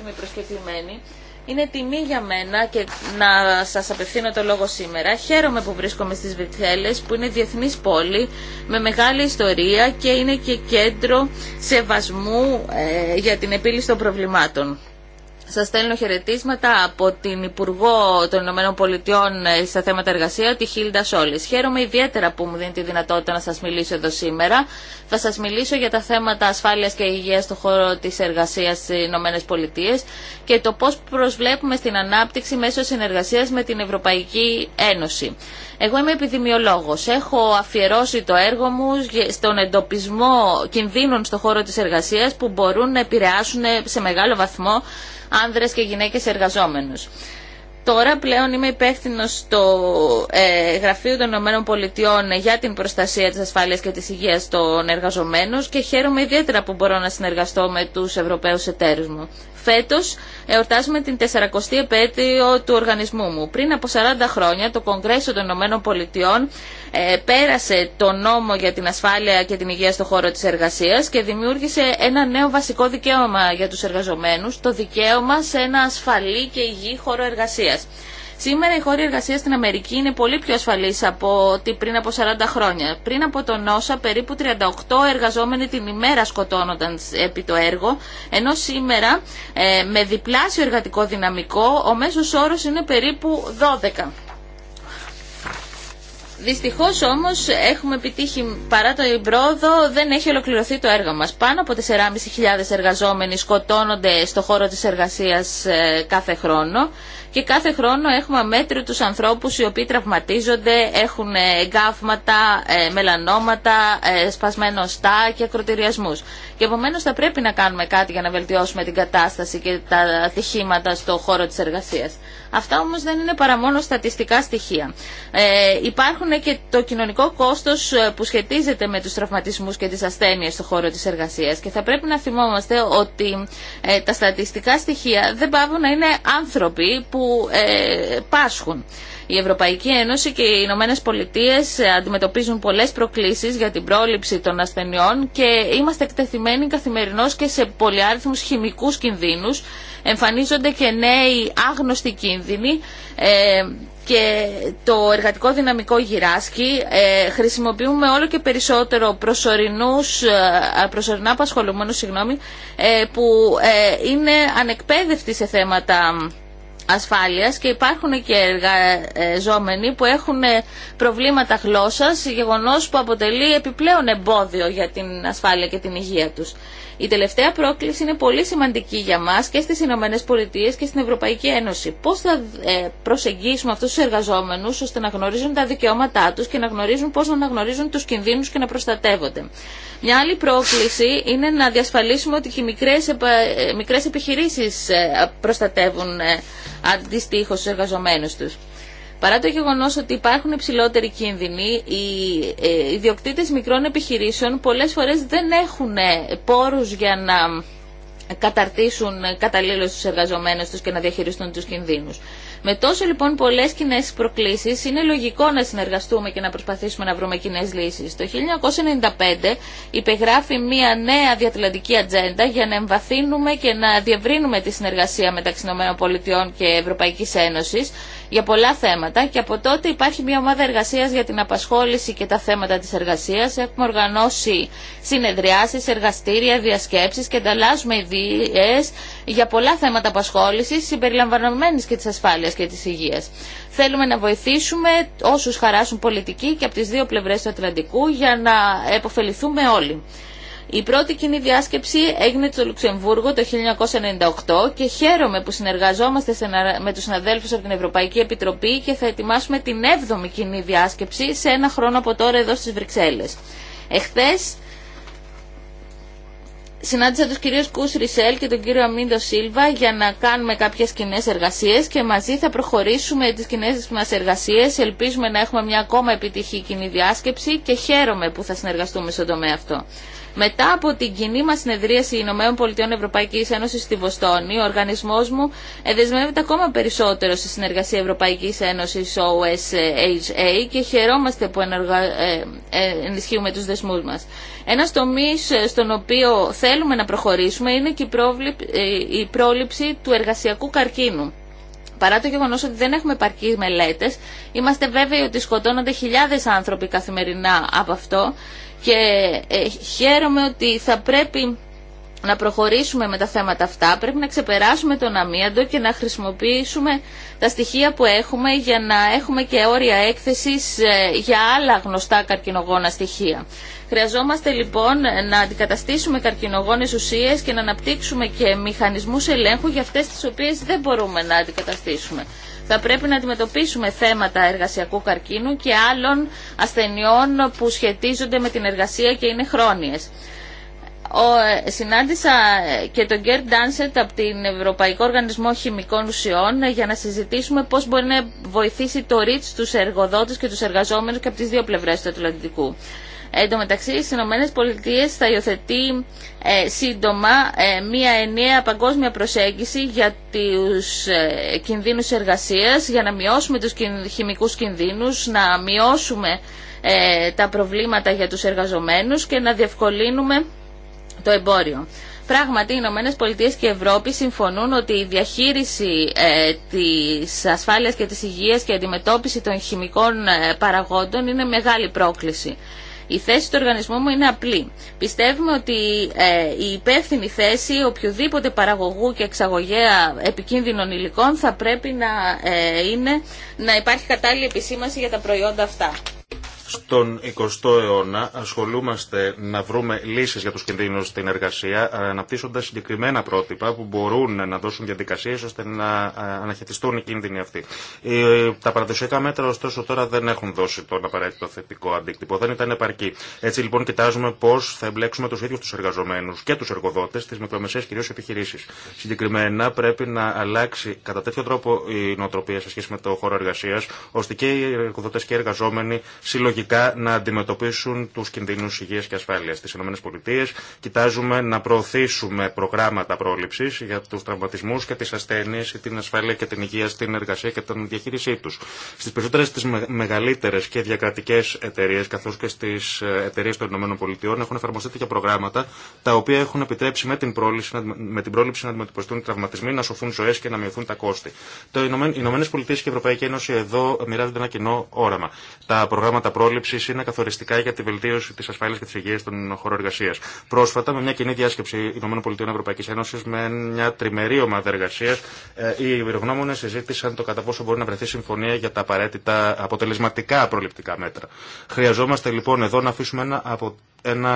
με προσκεκλημένοι. Είναι τιμή για μένα και να σας απευθύνω το λόγο σήμερα. Χαίρομαι που βρίσκομαι στις Βρυξέλλε, που είναι διεθνής πόλη με μεγάλη ιστορία και είναι και κέντρο σεβασμού ε, για την επίλυση των προβλημάτων. Σας στέλνω χαιρετίσματα από την Υπουργό των Ηνωμένων Πολιτειών ε, στα θέματα εργασία, τη Χίλντα Σόλη. Χαίρομαι ιδιαίτερα που μου δίνει τη δυνατότητα να σας μιλήσω εδώ σήμερα. Θα σας μιλήσω για τα θέματα ασφάλειας και υγείας στον χώρο της εργασίας στις Ηνωμένε Πολιτείε και το πώς προσβλέπουμε στην ανάπτυξη μέσω συνεργασίας με την Ευρωπαϊκή Ένωση. Εγώ είμαι επιδημιολόγος. Έχω αφιερώσει το έργο μου στον εντοπισμό κινδύνων στον χώρο της εργασίας που μπορούν να επηρεάσουν σε μεγάλο βαθμό άνδρες και γυναίκες εργαζόμενους. Τώρα πλέον είμαι υπεύθυνο στο ε, Γραφείο των Ηνωμένων Πολιτειών για την προστασία της ασφάλειας και της υγείας των εργαζομένων και χαίρομαι ιδιαίτερα που μπορώ να συνεργαστώ με τους Ευρωπαίους εταίρους μου. Φέτος εορτάζουμε την 40η επέτειο του οργανισμού μου. Πριν από 40 χρόνια το Κογκρέσο των Ηνωμένων Πολιτειών ε, πέρασε το νόμο για την ασφάλεια και την υγεία στον χώρο της εργασίας και δημιούργησε ένα νέο βασικό δικαίωμα για τους εργαζομένους, το δικαίωμα σε ένα ασφαλή και υγιή χώρο εργασίας. Σήμερα η χώρη εργασία στην Αμερική είναι πολύ πιο ασφαλής από ότι πριν από 40 χρόνια. Πριν από τον Όσα, περίπου 38 εργαζόμενοι την ημέρα σκοτώνονταν επί το έργο, ενώ σήμερα ε, με διπλάσιο εργατικό δυναμικό ο μέσο όρο είναι περίπου 12. Δυστυχώς όμως έχουμε επιτύχει παρά το πρόοδο, δεν έχει ολοκληρωθεί το έργο μα. Πάνω από 4.500 εργαζόμενοι σκοτώνονται στο χώρο της εργασίας ε, κάθε χρόνο και κάθε χρόνο έχουμε αμέτρου τους ανθρώπους οι οποίοι τραυματίζονται, έχουν ε, εγκάφματα, ε, μελανόματα, ε, σπασμένο στά και ακροτηριασμούς. Και επομένω θα πρέπει να κάνουμε κάτι για να βελτιώσουμε την κατάσταση και τα ατυχήματα στο χώρο της εργασίας. Αυτά όμως δεν είναι παρά μόνο στατιστικά στοιχεία. Ε, υπάρχουν και το κοινωνικό κόστος ε, που σχετίζεται με τους τραυματισμούς και τις ασθένειες στον χώρο της εργασίας και θα πρέπει να θυμόμαστε ότι ε, τα στατιστικά στοιχεία δεν πάβουν να είναι άνθρωποι που πάσχουν. Η Ευρωπαϊκή Ένωση και οι Ηνωμένε Πολιτείε αντιμετωπίζουν πολλέ προκλήσει για την πρόληψη των ασθενειών και είμαστε εκτεθειμένοι καθημερινώ και σε πολυάριθμου χημικού κινδύνου. Εμφανίζονται και νέοι άγνωστοι κίνδυνοι. Ε, και το εργατικό δυναμικό γυράσκει. Ε, χρησιμοποιούμε όλο και περισσότερο προσωρινούς, ε, προσωρινά απασχολούμενους ε, που είναι ανεκπαίδευτοι σε θέματα ασφάλειας και υπάρχουν και εργαζόμενοι ε, που έχουν ε, προβλήματα γλώσσας, γεγονός που αποτελεί επιπλέον εμπόδιο για την ασφάλεια και την υγεία τους. Η τελευταία πρόκληση είναι πολύ σημαντική για μας και στις Ηνωμένε Πολιτείε και στην Ευρωπαϊκή Ένωση. Πώς θα ε, προσεγγίσουμε αυτούς τους εργαζόμενους ώστε να γνωρίζουν τα δικαιώματά τους και να γνωρίζουν πώς να αναγνωρίζουν τους κινδύνους και να προστατεύονται. Μια άλλη πρόκληση είναι να διασφαλίσουμε ότι και οι μικρές, ε, μικρές επιχειρήσεις ε, προστατεύουν αντιστοίχω τους εργαζομένους τους. Παρά το γεγονό ότι υπάρχουν υψηλότεροι κίνδυνοι, οι ε, ιδιοκτήτε μικρών επιχειρήσεων πολλέ φορέ δεν έχουν ε, πόρου για να καταρτήσουν ε, καταλήλω του εργαζομένου του και να διαχειριστούν του κινδύνου. Με τόσο λοιπόν πολλέ κοινέ προκλήσει, είναι λογικό να συνεργαστούμε και να προσπαθήσουμε να βρούμε κοινέ λύσει. Το 1995 υπεγράφει μια νέα διατλαντική ατζέντα για να εμβαθύνουμε και να διευρύνουμε τη συνεργασία μεταξύ ΗΠΑ και Ευρωπαϊκή Ένωση για πολλά θέματα και από τότε υπάρχει μια ομάδα εργασίας για την απασχόληση και τα θέματα της εργασίας. Έχουμε οργανώσει συνεδριάσεις, εργαστήρια, διασκέψεις και ανταλλάσσουμε ιδέες για πολλά θέματα απασχόλησης συμπεριλαμβανομένης και της ασφάλειας και της υγείας. Θέλουμε να βοηθήσουμε όσους χαράσουν πολιτική και από τις δύο πλευρές του Ατλαντικού για να επωφεληθούμε όλοι. Η πρώτη κοινή διάσκεψη έγινε στο Λουξεμβούργο το 1998 και χαίρομαι που συνεργαζόμαστε με τους συναδέλφους από την Ευρωπαϊκή Επιτροπή και θα ετοιμάσουμε την 7η κοινή διάσκεψη σε ένα χρόνο από τώρα εδώ στις Βρυξέλλες. Εχθές συνάντησα τους κυρίους Κούς Ρισελ και τον κύριο Αμίντο Σίλβα για να κάνουμε κάποιες κοινέ εργασίες και μαζί θα προχωρήσουμε τις κοινέ μας εργασίες. Ελπίζουμε να έχουμε μια ακόμα επιτυχή κοινή διάσκεψη και χαίρομαι που θα συνεργαστούμε στον τομέα αυτό. Μετά από την κοινή μα συνεδρίαση Ηνωμένων Πολιτειών Ευρωπαϊκή Ένωση στη Βοστόνη, ο οργανισμό μου εδεσμεύεται ακόμα περισσότερο στη συνεργασία Ευρωπαϊκή Ένωση OSHA και χαιρόμαστε που ε, ε, ενισχύουμε του δεσμού μα. Ένα τομεί ε, στον οποίο θέλουμε να προχωρήσουμε είναι και η πρόληψη του εργασιακού καρκίνου. Παρά το γεγονό ότι δεν έχουμε επαρκεί μελέτε, είμαστε βέβαιοι ότι σκοτώνονται χιλιάδε άνθρωποι καθημερινά από αυτό και ε, χαίρομαι ότι θα πρέπει να προχωρήσουμε με τα θέματα αυτά. Πρέπει να ξεπεράσουμε τον αμίαντο και να χρησιμοποιήσουμε τα στοιχεία που έχουμε για να έχουμε και όρια έκθεσης ε, για άλλα γνωστά καρκινογόνα στοιχεία. Χρειαζόμαστε λοιπόν να αντικαταστήσουμε καρκινογόνες ουσίες και να αναπτύξουμε και μηχανισμούς ελέγχου για αυτές τις οποίες δεν μπορούμε να αντικαταστήσουμε θα πρέπει να αντιμετωπίσουμε θέματα εργασιακού καρκίνου και άλλων ασθενειών που σχετίζονται με την εργασία και είναι χρόνιες. Ε, συνάντησα ε, και τον Γκέρ Ντάνσετ από την Ευρωπαϊκό Οργανισμό Χημικών Ουσιών ε, για να συζητήσουμε πώς μπορεί να βοηθήσει το ριτς τους εργοδότες και τους εργαζόμενους και από τις δύο πλευρές του Ατλαντικού. Εν τω μεταξύ, στι ΗΠΑ θα υιοθετεί ε, σύντομα ε, μία ενιαία παγκόσμια προσέγγιση για τους ε, κινδύνους εργασίας, για να μειώσουμε τους χημικούς κινδύνους, να μειώσουμε ε, τα προβλήματα για τους εργαζομένους και να διευκολύνουμε το εμπόριο. Πράγματι, οι ΗΠΑ και η Ευρώπη συμφωνούν ότι η διαχείριση της ασφάλειας και της υγείας και η αντιμετώπιση των χημικών παραγόντων είναι μεγάλη πρόκληση. Η θέση του οργανισμού μου είναι απλή. Πιστεύουμε ότι ε, η υπεύθυνη θέση οποιοδήποτε παραγωγού και εξαγωγέα επικίνδυνων υλικών θα πρέπει να ε, είναι να υπάρχει κατάλληλη επισήμαση για τα προϊόντα αυτά. Στον 20ο αιώνα ασχολούμαστε να βρούμε λύσεις για τους κινδύνους στην εργασία, αναπτύσσοντας συγκεκριμένα πρότυπα που μπορούν να δώσουν διαδικασίες ώστε να ε, αναχαιτιστούν οι κίνδυνοι αυτοί. Ε, τα παραδοσιακά μέτρα ωστόσο τώρα δεν έχουν δώσει τον απαραίτητο θετικό αντίκτυπο, δεν ήταν επαρκή. Έτσι λοιπόν κοιτάζουμε πώς θα εμπλέξουμε τους ίδιους τους εργαζομένους και τους εργοδότες, στις μικρομεσαίες κυρίως επιχειρήσεις. Συγκεκριμένα πρέπει να αλλάξει κατά τέτοιο τρόπο η νοοτροπία σε σχέση με το χώρο εργασίας, ώστε και οι εργοδότες και οι εργαζόμενοι συλλογικά να αντιμετωπίσουν του κινδύνου υγεία και ασφάλεια. Στι ΗΠΑ κοιτάζουμε να προωθήσουμε προγράμματα πρόληψη για του τραυματισμού και τι ασθένειε, την ασφάλεια και την υγεία στην εργασία και την διαχείρισή του. Στι περισσότερε τι μεγαλύτερε και διακρατικέ εταιρείε, καθώ και στι ε, εταιρείε των ΗΠΑ, έχουν εφαρμοστεί τέτοια προγράμματα τα οποία έχουν επιτρέψει με την πρόληψη, με την πρόληψη να αντιμετωπιστούν οι τραυματισμοί, να σωθούν ζωέ και να μειωθούν τα κόστη. Το ΗΠΑ και η Ευρωπαϊκή Ένωση εδώ μοιράζονται ένα κοινό όραμα. Τα προγράμματα πρόληψη πρόληψη είναι καθοριστικά για τη βελτίωση τη ασφάλεια και τη υγεία των χώρων εργασία. Πρόσφατα, με μια κοινή διάσκεψη ΗΠΑ με μια τριμερή ομάδα εργασία, ε, οι ευρωγνώμονε συζήτησαν το κατά πόσο μπορεί να βρεθεί συμφωνία για τα απαραίτητα αποτελεσματικά προληπτικά μέτρα. Χρειαζόμαστε λοιπόν εδώ να αφήσουμε ένα, από, ένα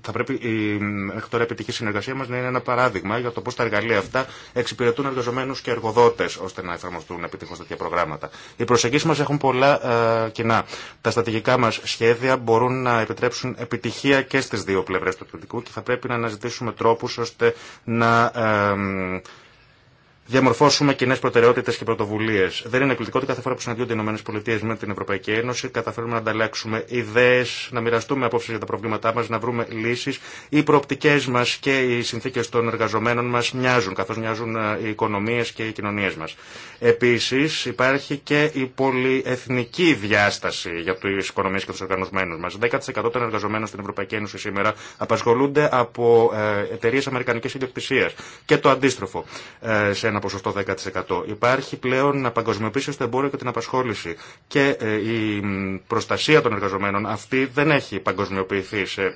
θα πρέπει η μέχρι τώρα επιτυχή συνεργασία μα να είναι ένα παράδειγμα για το πώ τα εργαλεία αυτά εξυπηρετούν εργαζομένου και εργοδότε ώστε να εφαρμοστούν επιτυχώ τέτοια προγράμματα. Οι προσεγγίσει μα έχουν πολλά α, ε, κοινά. Τα στατηγικά δικά μας σχέδια μπορούν να επιτρέψουν επιτυχία και στις δύο πλευρές του Ατλαντικού και θα πρέπει να αναζητήσουμε τρόπους ώστε να ε, διαμορφώσουμε κοινέ προτεραιότητε και πρωτοβουλίε. Δεν είναι εκπληκτικό ότι κάθε φορά που συναντιούνται οι ΗΠΑ με την Ευρωπαϊκή Ένωση καταφέρουμε να ανταλλάξουμε ιδέε, να μοιραστούμε απόψει για τα προβλήματά μα, να βρούμε λύσει. Οι προοπτικέ μα και οι συνθήκε των εργαζομένων μα μοιάζουν, καθώ μοιάζουν ε, οι οικονομίε και οι κοινωνίε μα. Επίση, υπάρχει και η πολυεθνική διάσταση για τι οικονομίε και του εργαζομένου μα. 10% των εργαζομένων στην Ευρωπαϊκή Ένωση σήμερα απασχολούνται από ε, εταιρείε Αμερικανική ιδιοκτησία και το αντίστροφο ε, σε ένα ποσοστό 10%. Υπάρχει πλέον παγκοσμιοποίηση στο εμπόριο και την απασχόληση. Και ε, η προστασία των εργαζομένων αυτή δεν έχει παγκοσμιοποιηθεί σε,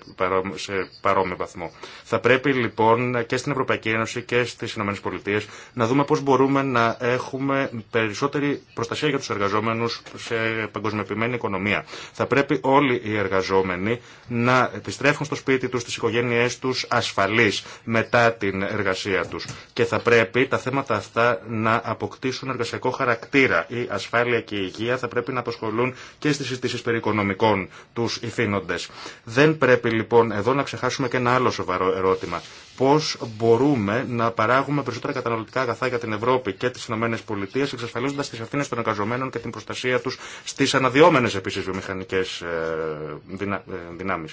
παρόμοιο βαθμό. Θα πρέπει λοιπόν και στην Ευρωπαϊκή Ένωση και στι ΗΠΑ να δούμε πώ μπορούμε να έχουμε περισσότερη προστασία για του εργαζόμενου σε παγκοσμιοποιημένη οικονομία. Θα πρέπει όλοι οι εργαζόμενοι να επιστρέφουν στο σπίτι του, στι οικογένειέ του ασφαλεί μετά την εργασία του. Και θα πρέπει τα θέματα θέματα αυτά να αποκτήσουν εργασιακό χαρακτήρα. Η ασφάλεια και η υγεία θα πρέπει να απασχολούν και στι συζητήσει περί οικονομικών του ηθήνοντε. Δεν πρέπει λοιπόν εδώ να ξεχάσουμε και ένα άλλο σοβαρό ερώτημα. Πώ μπορούμε να παράγουμε περισσότερα καταναλωτικά αγαθά για την Ευρώπη και τι ΗΠΑ, εξασφαλίζοντα τι ευθύνε των εργαζομένων και την προστασία του στι αναδυόμενε επίση βιομηχανικέ ε, ε, δυνάμει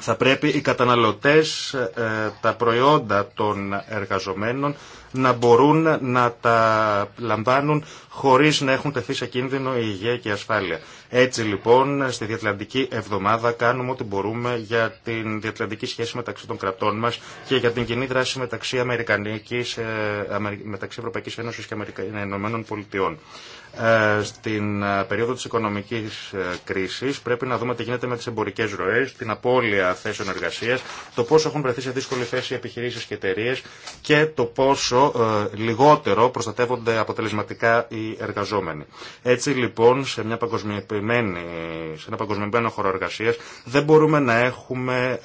θα πρέπει οι καταναλωτές, ε, τα προϊόντα των εργαζομένων να μπορούν να τα λαμβάνουν χωρίς να έχουν τεθεί σε κίνδυνο η υγεία και η ασφάλεια. Έτσι λοιπόν στη Διατλαντική Εβδομάδα κάνουμε ό,τι μπορούμε για την διατλαντική σχέση μεταξύ των κρατών μας και για την κοινή δράση μεταξύ, Αμερικανικής, ε, μεταξύ Ευρωπαϊκής Ένωσης και Ηνωμένων Πολιτειών. Ε, στην ε, περίοδο της οικονομικής ε, κρίσης πρέπει να δούμε τι γίνεται με τις εμπορικές ροές, την απώλεια θέσεων εργασίας, το πόσο έχουν βρεθεί σε δύσκολη θέση επιχειρήσεις και εταιρείε και το πόσο λιγότερο προστατεύονται αποτελεσματικά οι εργαζόμενοι. Έτσι λοιπόν σε, μια σε ένα παγκοσμιοποιημένο χώρο εργασίας δεν μπορούμε να έχουμε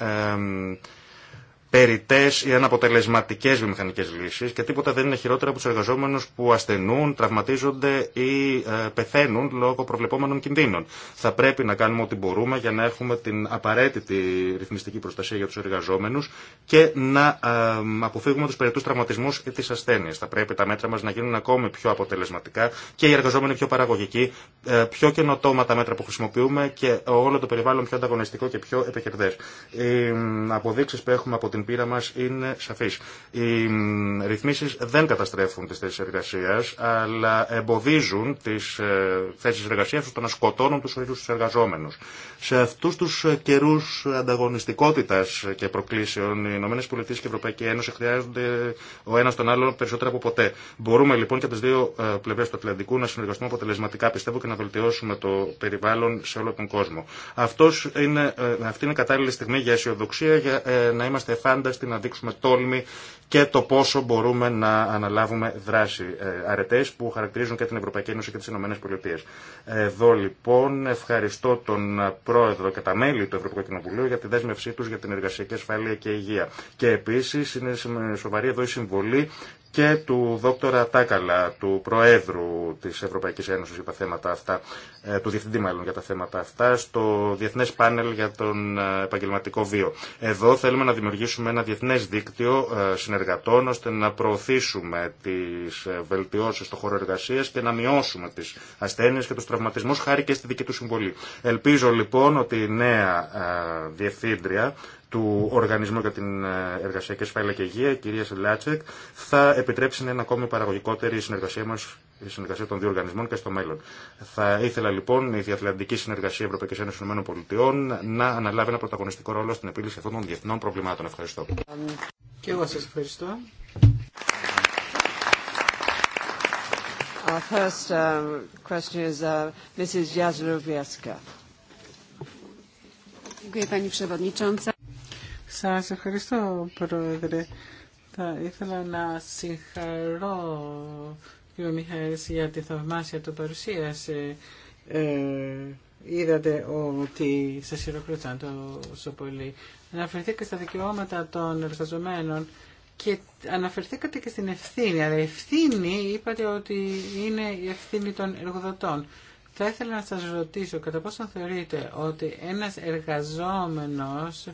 περιτέ ή αναποτελεσματικέ βιομηχανικέ λύσει και τίποτα δεν είναι χειρότερο από του εργαζόμενου που ασθενούν, τραυματίζονται ή ε, πεθαίνουν λόγω προβλεπόμενων κινδύνων. Θα πρέπει να κάνουμε ό,τι μπορούμε για να έχουμε την απαραίτητη ρυθμιστική προστασία για του εργαζόμενου και να ε, αποφύγουμε του περιττού τραυματισμού ή τι ασθένειε. Θα πρέπει τα μέτρα μα να γίνουν ακόμη πιο αποτελεσματικά και οι εργαζόμενοι πιο παραγωγικοί, ε, πιο καινοτόμα τα μέτρα που χρησιμοποιούμε και όλο το περιβάλλον πιο ανταγωνιστικό και πιο επικερδέ. Οι αποδείξει που έχουμε από την πείρα μα είναι σαφή. Οι ρυθμίσει δεν καταστρέφουν τι θέσει εργασία, αλλά εμποδίζουν τι ε, θέσει εργασία ώστε να σκοτώνουν του ίδιου του εργαζόμενου. Σε αυτού του καιρού ανταγωνιστικότητα και προκλήσεων, οι ΗΠΑ και η Ευρωπαϊκή χρειάζονται ο ένα τον άλλον περισσότερο από ποτέ. Μπορούμε λοιπόν και από τι δύο ε, πλευρέ του Ατλαντικού να συνεργαστούμε αποτελεσματικά, πιστεύω, και να βελτιώσουμε το περιβάλλον σε όλο τον κόσμο. Αυτός είναι, ε, αυτή είναι κατάλληλη στιγμή για αισιοδοξία, για να είμαστε φάνταστη, να δείξουμε τόλμη και το πόσο μπορούμε να αναλάβουμε δράση. Ε, αρετές που χαρακτηρίζουν και την Ευρωπαϊκή Ένωση και τι Ηνωμένες Πολιτείες. Εδώ λοιπόν ευχαριστώ τον Πρόεδρο και τα μέλη του Ευρωπαϊκού Κοινοβουλίου για τη δέσμευσή του για την εργασιακή ασφάλεια και υγεία. Και επίσης είναι σοβαρή εδώ η συμβολή και του δόκτωρα Τάκαλα, του Προέδρου της Ευρωπαϊκής Ένωσης για τα θέματα αυτά, ε, του Διευθυντή μάλλον για τα θέματα αυτά, στο Διεθνές Πάνελ για τον ε, Επαγγελματικό Βίο. Εδώ θέλουμε να δημιουργήσουμε ένα διεθνές δίκτυο ε, συνεργατών, ώστε να προωθήσουμε τις βελτιώσεις στο χώρο εργασίας και να μειώσουμε τις ασθένειες και τους τραυματισμούς χάρη και στη δική του συμβολή. Ελπίζω λοιπόν ότι η νέα διευθύντρια του Οργανισμού για την ε, Εργασία και Ασφάλεια και Υγεία, κυρία Λάτσεκ, θα επιτρέψει να είναι ακόμη παραγωγικότερη η συνεργασία μα, η συνεργασία των δύο οργανισμών και στο μέλλον. Θα ήθελα λοιπόν η Διατλαντική Συνεργασία Ευρωπαϊκή Ένωση Πολιτειών να αναλάβει ένα πρωταγωνιστικό ρόλο στην επίλυση αυτών των διεθνών προβλημάτων. Ευχαριστώ. Και εγώ σα ευχαριστώ. Our first uh, question is uh, Mrs. Pani Przewodnicząca. Σας ευχαριστώ, Πρόεδρε. Θα ήθελα να συγχαρώ κύριο Μιχαήλ, για τη θαυμάσια του παρουσίαση. Ε, είδατε ότι σας χειροκρότησαν τόσο πολύ. και στα δικαιώματα των εργαζομένων και αναφερθήκατε και στην ευθύνη. Αλλά η ευθύνη είπατε ότι είναι η ευθύνη των εργοδοτών. Θα ήθελα να σας ρωτήσω κατά πόσο θεωρείτε ότι ένας εργαζόμενος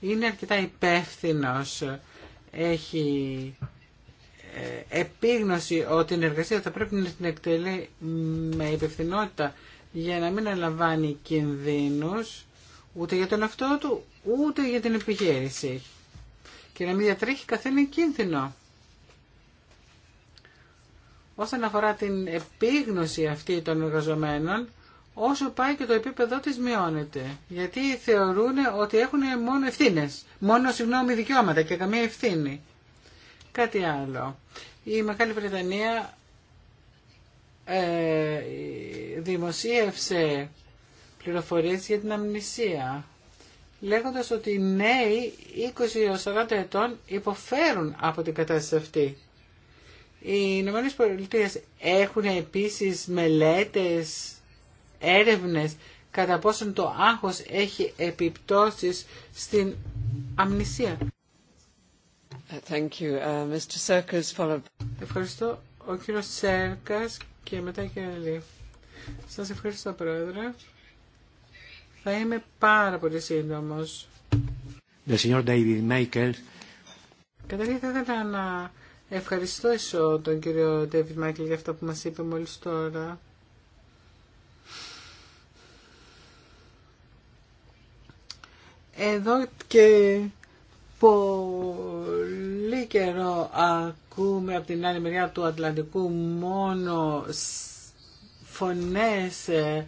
είναι αρκετά υπεύθυνο, έχει ε, επίγνωση ότι η εργασία θα πρέπει να την εκτελεί με υπευθυνότητα για να μην αναλαμβάνει κινδύνους ούτε για τον αυτό του ούτε για την επιχείρηση και να μην διατρέχει καθένα κίνδυνο. Όσον αφορά την επίγνωση αυτή των εργαζομένων, όσο πάει και το επίπεδο της μειώνεται. Γιατί θεωρούν ότι έχουν μόνο ευθύνε, μόνο συγγνώμη δικαιώματα και καμία ευθύνη. Κάτι άλλο. Η Μεγάλη Βρετανία ε, δημοσίευσε πληροφορίες για την αμνησία λέγοντας ότι οι νέοι 20-40 ετών υποφέρουν από την κατάσταση αυτή. Οι Ηνωμένες Πολιτείες έχουν επίσης μελέτες έρευνες κατά πόσον το άγχος έχει επιπτώσεις στην αμνησία. Thank you. Uh, Mr. follow... Ευχαριστώ. Ο κύριος Σέρκας και μετά η κυρία Σας ευχαριστώ, Πρόεδρε. Θα είμαι πάρα πολύ σύντομος. The David Michael. Καταρχήν θα ήθελα να ευχαριστήσω τον κύριο David Michael για αυτό που μας είπε μόλις τώρα. Εδώ και πολύ καιρό ακούμε από την άλλη μεριά του Ατλαντικού μόνο φωνές ε,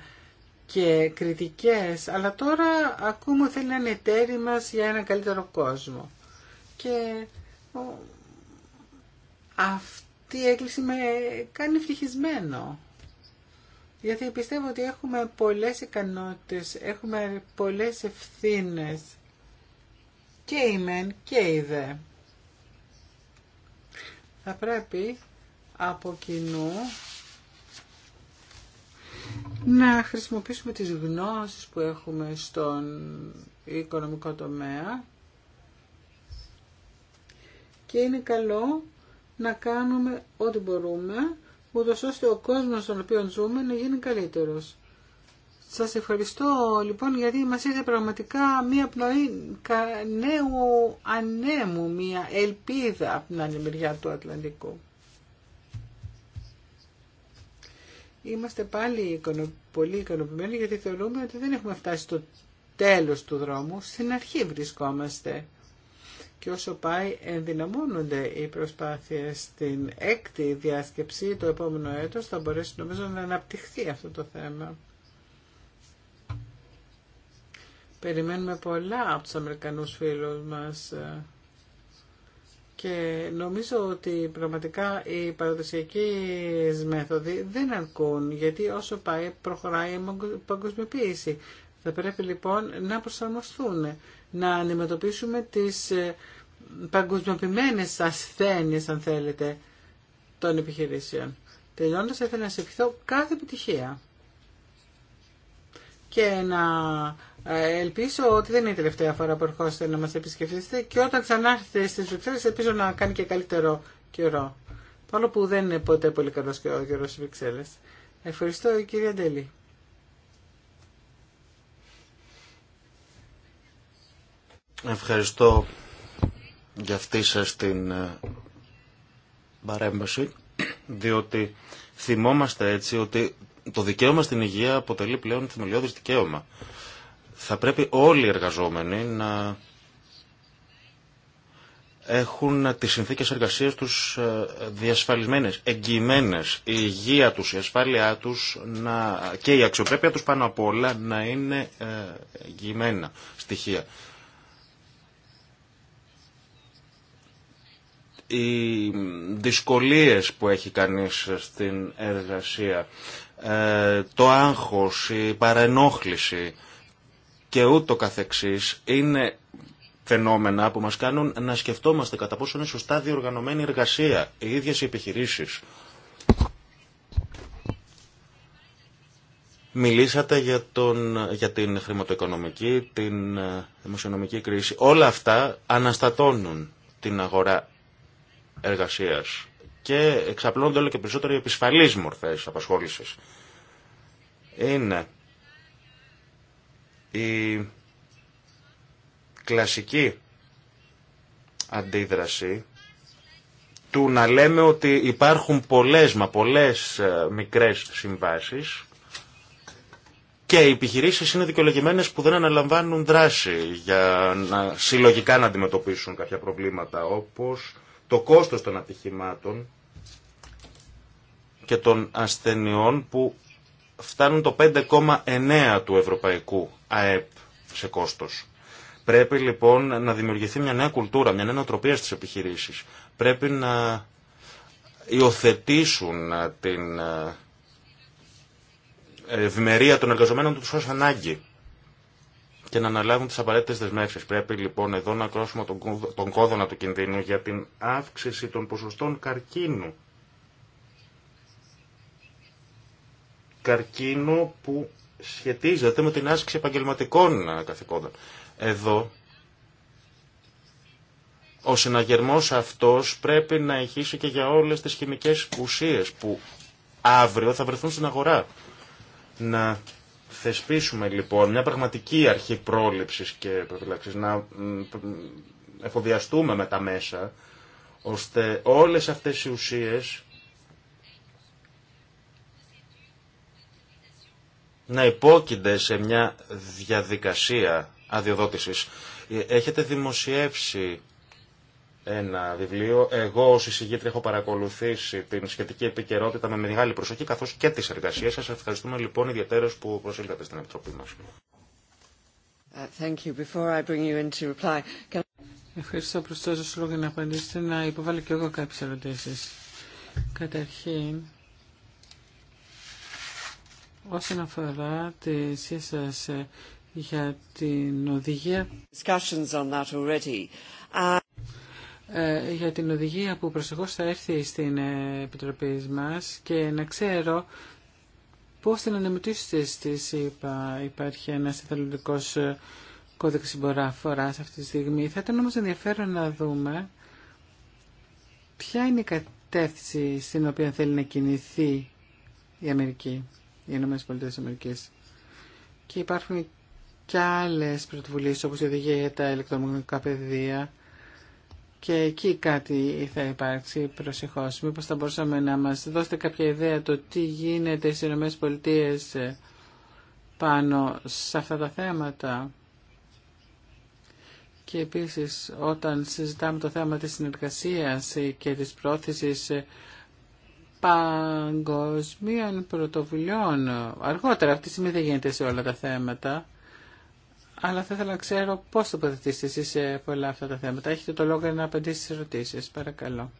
και κριτικές, αλλά τώρα ακούμε ότι θέλει να είναι εταίροι μας για ένα καλύτερο κόσμο. Και αυτή η έκκληση με κάνει ευτυχισμένο γιατί πιστεύω ότι έχουμε πολλές ικανότητες, έχουμε πολλές ευθύνες και η μεν και η δε. Θα πρέπει από κοινού να χρησιμοποιήσουμε τις γνώσεις που έχουμε στον οικονομικό τομέα και είναι καλό να κάνουμε ό,τι μπορούμε ούτως ώστε ο κόσμος στον οποίο ζούμε να γίνει καλύτερος. Σας ευχαριστώ λοιπόν γιατί μας είδε πραγματικά μία πνοή νέου ανέμου, μία ελπίδα από την άλλη μεριά του Ατλαντικού. Είμαστε πάλι πολύ ικανοποιημένοι γιατί θεωρούμε ότι δεν έχουμε φτάσει στο τέλος του δρόμου, στην αρχή βρισκόμαστε και όσο πάει ενδυναμώνονται οι προσπάθειες στην έκτη διάσκεψη το επόμενο έτος θα μπορέσει νομίζω να αναπτυχθεί αυτό το θέμα. Περιμένουμε πολλά από τους Αμερικανούς φίλους μας και νομίζω ότι πραγματικά οι παραδοσιακοί μέθοδοι δεν αρκούν γιατί όσο πάει προχωράει η παγκοσμιοποίηση. Θα πρέπει λοιπόν να προσαρμοστούν να αντιμετωπίσουμε τις ε, παγκοσμιοποιημένες ασθένειες, αν θέλετε, των επιχειρήσεων. Τελειώντας, θα ήθελα να σε ευχηθώ κάθε επιτυχία και να ε, ελπίσω ότι δεν είναι η τελευταία φορά που ερχόσαστε να μας επισκεφτείτε και όταν ξανάρθετε στις Βρυξέλλες ελπίζω να κάνει και καλύτερο καιρό. Παρόλο που δεν είναι ποτέ πολύ καλός και ο καιρός στις Βρυξέλλες. Ευχαριστώ κυρία Ντέλη. Ευχαριστώ για αυτή σας την ε, παρέμβαση, διότι θυμόμαστε έτσι ότι το δικαίωμα στην υγεία αποτελεί πλέον θεμελιώδης δικαίωμα. Θα πρέπει όλοι οι εργαζόμενοι να έχουν τις συνθήκες εργασίας τους ε, διασφαλισμένες, εγγυημένες, η υγεία τους, η ασφάλειά τους να... και η αξιοπρέπεια τους πάνω απ' όλα να είναι ε, εγγυημένα στοιχεία. οι δυσκολίες που έχει κανείς στην εργασία, ε, το άγχος, η παρενόχληση και ούτω καθεξής είναι φαινόμενα που μας κάνουν να σκεφτόμαστε κατά πόσο είναι σωστά διοργανωμένη η εργασία, οι ίδιες οι επιχειρήσεις. Μιλήσατε για, τον, για την χρηματοοικονομική, την ε, δημοσιονομική κρίση. Όλα αυτά αναστατώνουν την αγορά και εξαπλώνονται όλο και περισσότερο οι επισφαλεί μορφές απασχόλησης. Είναι η κλασική αντίδραση του να λέμε ότι υπάρχουν πολλές μα πολλές ε, μικρές συμβάσεις και οι επιχειρήσεις είναι δικαιολογημένες που δεν αναλαμβάνουν δράση για να συλλογικά να αντιμετωπίσουν κάποια προβλήματα όπως το κόστος των ατυχημάτων και των ασθενειών που φτάνουν το 5,9 του ευρωπαϊκού ΑΕΠ σε κόστος. Πρέπει λοιπόν να δημιουργηθεί μια νέα κουλτούρα, μια νέα νοοτροπία στις επιχειρήσεις. Πρέπει να υιοθετήσουν ε, την ε, ευημερία των εργαζομένων του ως ανάγκη και να αναλάβουν τι απαραίτητε δεσμεύσει. Πρέπει λοιπόν εδώ να κρόσουμε τον κόδωνα του κινδύνου για την αύξηση των ποσοστών καρκίνου. Καρκίνο που σχετίζεται με την άσκηση επαγγελματικών ε, καθηκόντων. Εδώ ο συναγερμός αυτός πρέπει να ηχήσει και για όλες τις χημικές ουσίες που αύριο θα βρεθούν στην αγορά. Να θεσπίσουμε λοιπόν μια πραγματική αρχή πρόληψης και προφυλαξής, να εφοδιαστούμε με τα μέσα, ώστε όλες αυτές οι ουσίες να υπόκεινται σε μια διαδικασία αδειοδότησης. Ε, έχετε δημοσιεύσει ένα βιβλίο. Εγώ ως εισηγήτρια έχω παρακολουθήσει την σχετική επικαιρότητα με μεγάλη προσοχή καθώς και τις εργασίες σας. Ευχαριστούμε λοιπόν ιδιαιτέρως που προσήλθατε στην Επιτροπή μας. Uh, Ευχαριστώ. Προς τόσο, σου για να απαντήσετε να υποβάλω και εγώ κάποιες ερωτήσεις. Καταρχήν, όσον αφορά τη σχέση ε, για την οδηγία... Ε, για την οδηγία που προσεχώς θα έρθει στην ε, Επιτροπή μας και να ξέρω πώς την αναμετήσετε στις είπα, υπάρχει ένας εθελοντικός ε, κώδικα συμποράφορας αυτή τη στιγμή. Θα ήταν όμως ενδιαφέρον να δούμε ποια είναι η κατεύθυνση στην οποία θέλει να κινηθεί η Αμερική, οι Ηνωμένες Πολιτείες Αμερικής. Και υπάρχουν και άλλες πρωτοβουλίες όπως η οδηγία για τα ηλεκτρομαγνητικά πεδία, και εκεί κάτι θα υπάρξει προσεχώς. Μήπως θα μπορούσαμε να μας δώσετε κάποια ιδέα το τι γίνεται στις ΗΠΑ ε, πάνω σε αυτά τα θέματα. Και επίσης όταν συζητάμε το θέμα της συνεργασίας ε, και της πρόθεσης ε, παγκοσμίων πρωτοβουλειών, αργότερα αυτή τη στιγμή δεν γίνεται σε όλα τα θέματα, αλλά θα ήθελα να ξέρω πώς τοποθετήσετε εσείς σε πολλά αυτά τα θέματα. Έχετε το λόγο να απαντήσετε στι ερωτήσει. Παρακαλώ.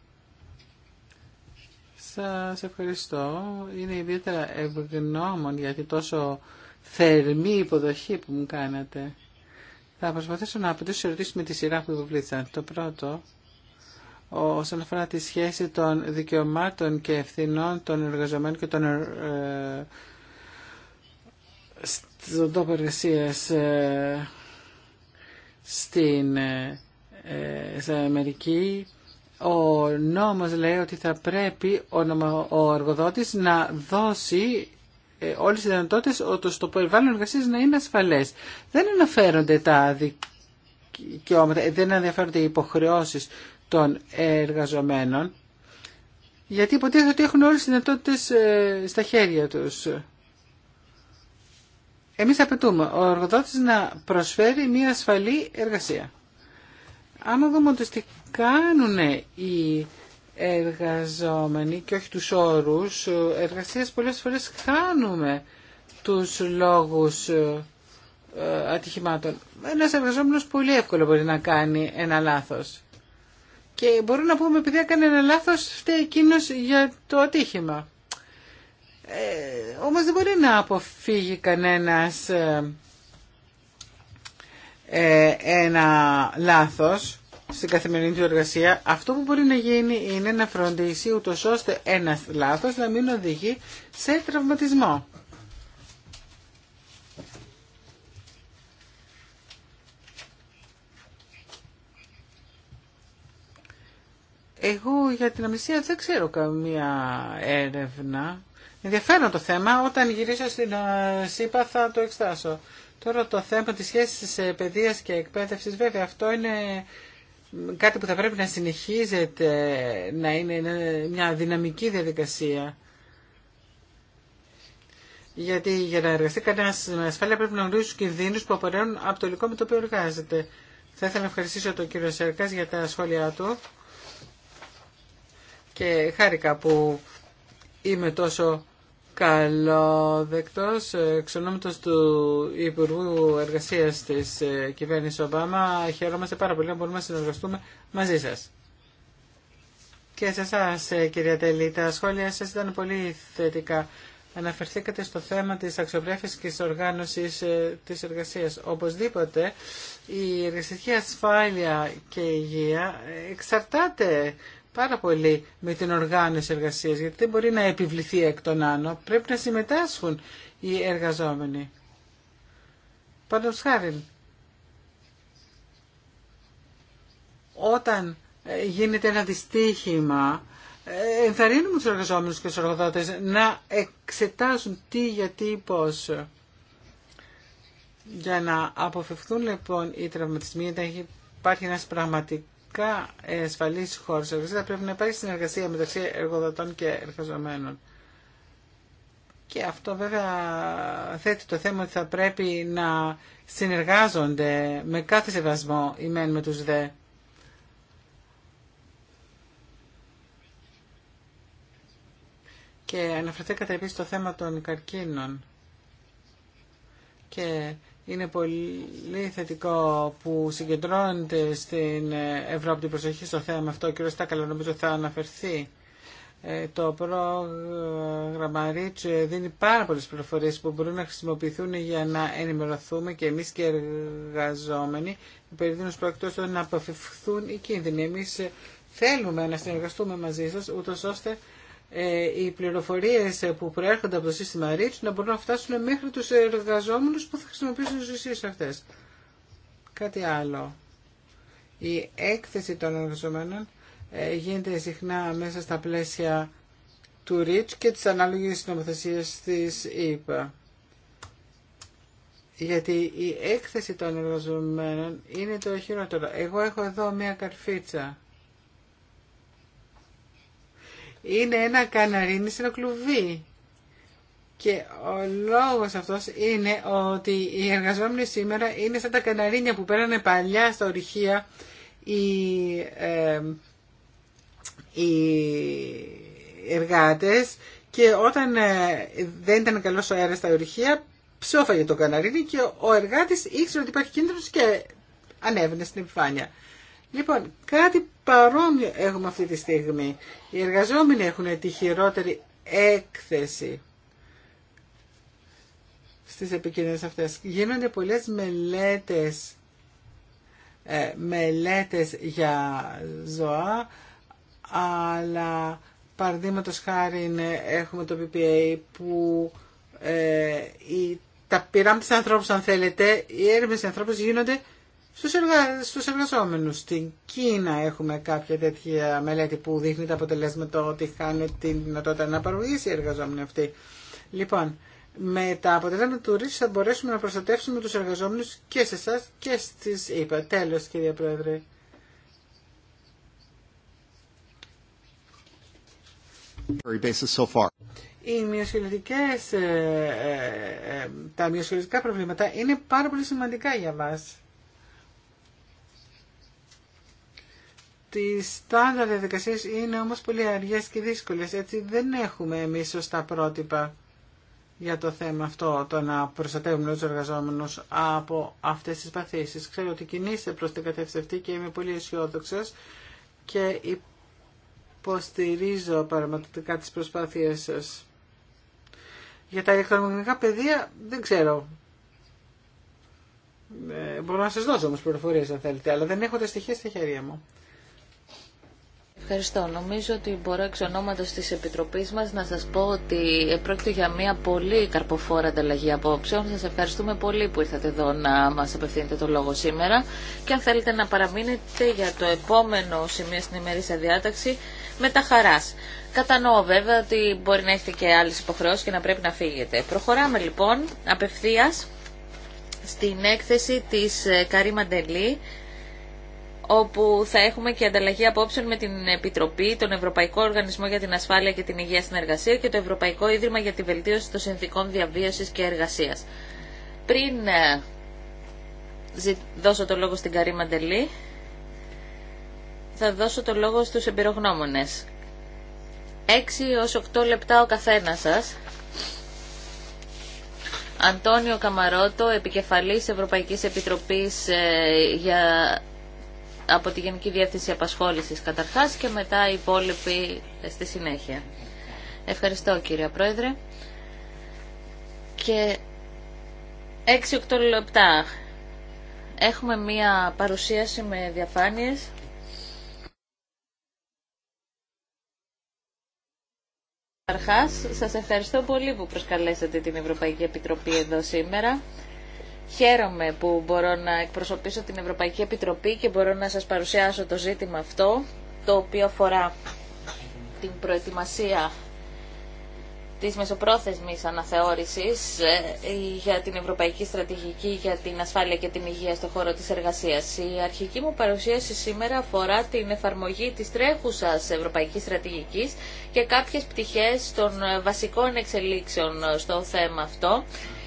Σα ευχαριστώ. Είναι ιδιαίτερα ευγνώμων γιατί τόσο θερμή υποδοχή που μου κάνατε. Θα προσπαθήσω να απαντήσω σε ερωτήσει με τη σειρά που υποβλήθησαν. Το πρώτο, όσον αφορά τη σχέση των δικαιωμάτων και ευθυνών των εργαζομένων και των ε, στον τόπο ε, ε, ε, στην Αμερική ο νόμος λέει ότι θα πρέπει ο, ο εργοδότης να δώσει ε, όλες τις δυνατότητες ότι το περιβάλλον εργασίας να είναι ασφαλές. Δεν αναφέρονται τα δικαιώματα, δεν αναφέρονται οι υποχρεώσεις των εργαζομένων γιατί υποτίθεται ότι έχουν όλες τις δυνατότητες στα χέρια τους. Εμείς απαιτούμε ο εργοδότης να προσφέρει μια ασφαλή εργασία. Αν δούμε ότι τι κάνουν οι εργαζόμενοι και όχι τους όρους εργασίας, πολλές φορές χάνουμε τους λόγους ε, ατυχημάτων. Ένας εργαζόμενος πολύ εύκολο μπορεί να κάνει ένα λάθος. Και μπορούμε να πούμε επειδή έκανε ένα λάθος φταίει εκείνος για το ατύχημα. Ε, όμως δεν μπορεί να αποφύγει κανένας ε, ε, ένα λάθος στην καθημερινή του εργασία. Αυτό που μπορεί να γίνει είναι να φροντίσει ούτως ώστε ένας λάθος να μην οδηγεί σε τραυματισμό. Εγώ για την αμνησία δεν ξέρω καμία έρευνα. Ενδιαφέρον το θέμα. Όταν γυρίσω στην ΣΥΠΑ θα το εξτάσω. Τώρα το θέμα της σχέσης παιδείας και εκπαίδευσης, βέβαια αυτό είναι κάτι που θα πρέπει να συνεχίζεται, να είναι μια δυναμική διαδικασία. Γιατί για να εργαστεί κανένα με ασφάλεια πρέπει να γνωρίζει του κινδύνου που απορρέουν από το υλικό με το οποίο εργάζεται. Θα ήθελα να ευχαριστήσω τον κύριο Σέρκα για τα σχόλιά του και χάρηκα που είμαι τόσο Καλό δεκτό. Ε, Ξενόμητος του Υπουργού Εργασίας της ε, κυβέρνησης Ομπάμα, χαιρόμαστε πάρα πολύ να μπορούμε να συνεργαστούμε μαζί σας. Και σε εσά, ε, κυρία Τελή, τα σχόλια σα ήταν πολύ θετικά. Αναφερθήκατε στο θέμα της αξιοπρέφησης και της οργάνωσης της εργασίας. Οπωσδήποτε, η εργασιακή ασφάλεια και η υγεία εξαρτάται πάρα πολύ με την οργάνωση εργασίας, γιατί δεν μπορεί να επιβληθεί εκ των άνω. Πρέπει να συμμετάσχουν οι εργαζόμενοι. Πάντως χάρη, όταν ε, γίνεται ένα δυστύχημα, ε, ενθαρρύνουμε τους εργαζόμενους και τους εργοδότες να εξετάζουν τι, γιατί, πώς. Για να αποφευθούν λοιπόν οι τραυματισμοί, υπάρχει ένας πραγματικός Ειδικά ασφαλείς χώρους εργασίας θα πρέπει να υπάρχει συνεργασία μεταξύ εργοδοτών και εργαζομένων. Και αυτό βέβαια θέτει το θέμα ότι θα πρέπει να συνεργάζονται με κάθε σεβασμό οι μεν με τους δε. Και αναφερθήκατε επίσης στο θέμα των καρκίνων. Και είναι πολύ θετικό που συγκεντρώνεται στην Ευρώπη την προσοχή στο θέμα αυτό. Ο κ. Στάκαλα νομίζω θα αναφερθεί. Ε, το πρόγραμμα REACH δίνει πάρα πολλές πληροφορίες που μπορούν να χρησιμοποιηθούν για να ενημερωθούμε και εμείς και εργαζόμενοι. Περί τίνος προεκτός να αποφευχθούν οι κίνδυνοι. Εμείς θέλουμε να συνεργαστούμε μαζί σας, ούτως ώστε ε, οι πληροφορίες ε, που προέρχονται από το σύστημα REACH να μπορούν να φτάσουν μέχρι τους εργαζόμενους που θα χρησιμοποιήσουν τις ουσίες αυτές. Κάτι άλλο. Η έκθεση των εργαζομένων ε, γίνεται συχνά μέσα στα πλαίσια του REACH και της ανάλογης νομοθεσίας της ΕΠΑ. Γιατί η έκθεση των εργαζομένων είναι το χειρότερο. Εγώ έχω εδώ μία καρφίτσα είναι ένα καναρίνι σε ένα κλουβί. Και ο λόγος αυτός είναι ότι οι εργαζόμενοι σήμερα είναι σαν τα καναρίνια που πέρανε παλιά στα ορυχεία οι, ε, εργάτες και όταν ε, δεν ήταν καλός ο αέρας στα ορυχεία ψόφαγε το καναρίνι και ο εργάτης ήξερε ότι υπάρχει κίνδυνος και ανέβαινε στην επιφάνεια. Λοιπόν, κάτι παρόμοιο έχουμε αυτή τη στιγμή. Οι εργαζόμενοι έχουν τη χειρότερη έκθεση στις επικοινωνίες αυτές. Γίνονται πολλές μελέτες, ε, μελέτες για ζωά, αλλά παραδείγματο χάρη έχουμε το PPA που ε, η, τα πειράματα ανθρώπους αν θέλετε, οι έρευνες ανθρώπους γίνονται στους, εργα... στους εργαζόμενους στην Κίνα έχουμε κάποια τέτοια μελέτη που δείχνει τα αποτελέσματα ότι χάνεται τη δυνατότητα να παρουργήσει οι εργαζόμενοι αυτοί. Λοιπόν, με τα αποτελέσματα του θα μπορέσουμε να προστατεύσουμε τους εργαζόμενους και σε εσά και στις είπα Τέλος κυρία Πρόεδρε. Οι ε, ε, ε, τα μειοσχελετικά προβλήματα είναι πάρα πολύ σημαντικά για μας. Τι στάνταρ διαδικασίε είναι όμω πολύ αργέ και δύσκολε. Έτσι δεν έχουμε εμεί σωστά πρότυπα για το θέμα αυτό, το να προστατεύουμε του εργαζόμενου από αυτέ τι παθήσεις. Ξέρω ότι κινείστε προ την κατεύθυνση αυτή και είμαι πολύ αισιόδοξο και υποστηρίζω πραγματικά τι προσπάθειές σα. Για τα ηλεκτρομαγνητικά πεδία δεν ξέρω. Ε, μπορώ να σα δώσω όμω πληροφορίε, αν θέλετε, αλλά δεν έχω τα στοιχεία στα χέρια μου. Ευχαριστώ. Νομίζω ότι μπορώ εξ ονόματος της Επιτροπής μας να σας πω ότι πρόκειται για μια πολύ καρποφόρα ανταλλαγή απόψεων. Σας ευχαριστούμε πολύ που ήρθατε εδώ να μας απευθύνετε το λόγο σήμερα και αν θέλετε να παραμείνετε για το επόμενο σημείο στην ημερήσια διάταξη με τα χαράς. Κατανοώ βέβαια ότι μπορεί να έχετε και άλλες υποχρεώσεις και να πρέπει να φύγετε. Προχωράμε λοιπόν απευθείας στην έκθεση της ε, Καρή Μαντελή όπου θα έχουμε και ανταλλαγή απόψεων με την Επιτροπή, τον Ευρωπαϊκό Οργανισμό για την Ασφάλεια και την Υγεία στην Εργασία και το Ευρωπαϊκό Ίδρυμα για τη Βελτίωση των Συνθήκων Διαβίωσης και Εργασίας. Πριν ε, δώσω το λόγο στην Καρή Μαντελή, θα δώσω το λόγο στους εμπειρογνώμονες. Έξι ως 8 λεπτά ο καθένας σας. Αντώνιο Καμαρότο, επικεφαλής Ευρωπαϊκής Επιτροπής ε, για από τη Γενική Διεύθυνση Απασχόλησης καταρχάς και μετά οι υπόλοιποι στη συνέχεια. Ευχαριστώ κύριε Πρόεδρε. Και 6-8 λεπτά. Έχουμε μία παρουσίαση με διαφάνειες. Καταρχάς, σας ευχαριστώ πολύ που προσκαλέσατε την Ευρωπαϊκή Επιτροπή εδώ σήμερα. Χαίρομαι που μπορώ να εκπροσωπήσω την Ευρωπαϊκή Επιτροπή και μπορώ να σας παρουσιάσω το ζήτημα αυτό, το οποίο αφορά την προετοιμασία της μεσοπρόθεσμης αναθεώρησης ε, για την Ευρωπαϊκή Στρατηγική για την Ασφάλεια και την Υγεία στον χώρο της εργασίας. Η αρχική μου παρουσίαση σήμερα αφορά την εφαρμογή της τρέχουσας Ευρωπαϊκής Στρατηγικής και κάποιες πτυχές των βασικών εξελίξεων στο θέμα αυτό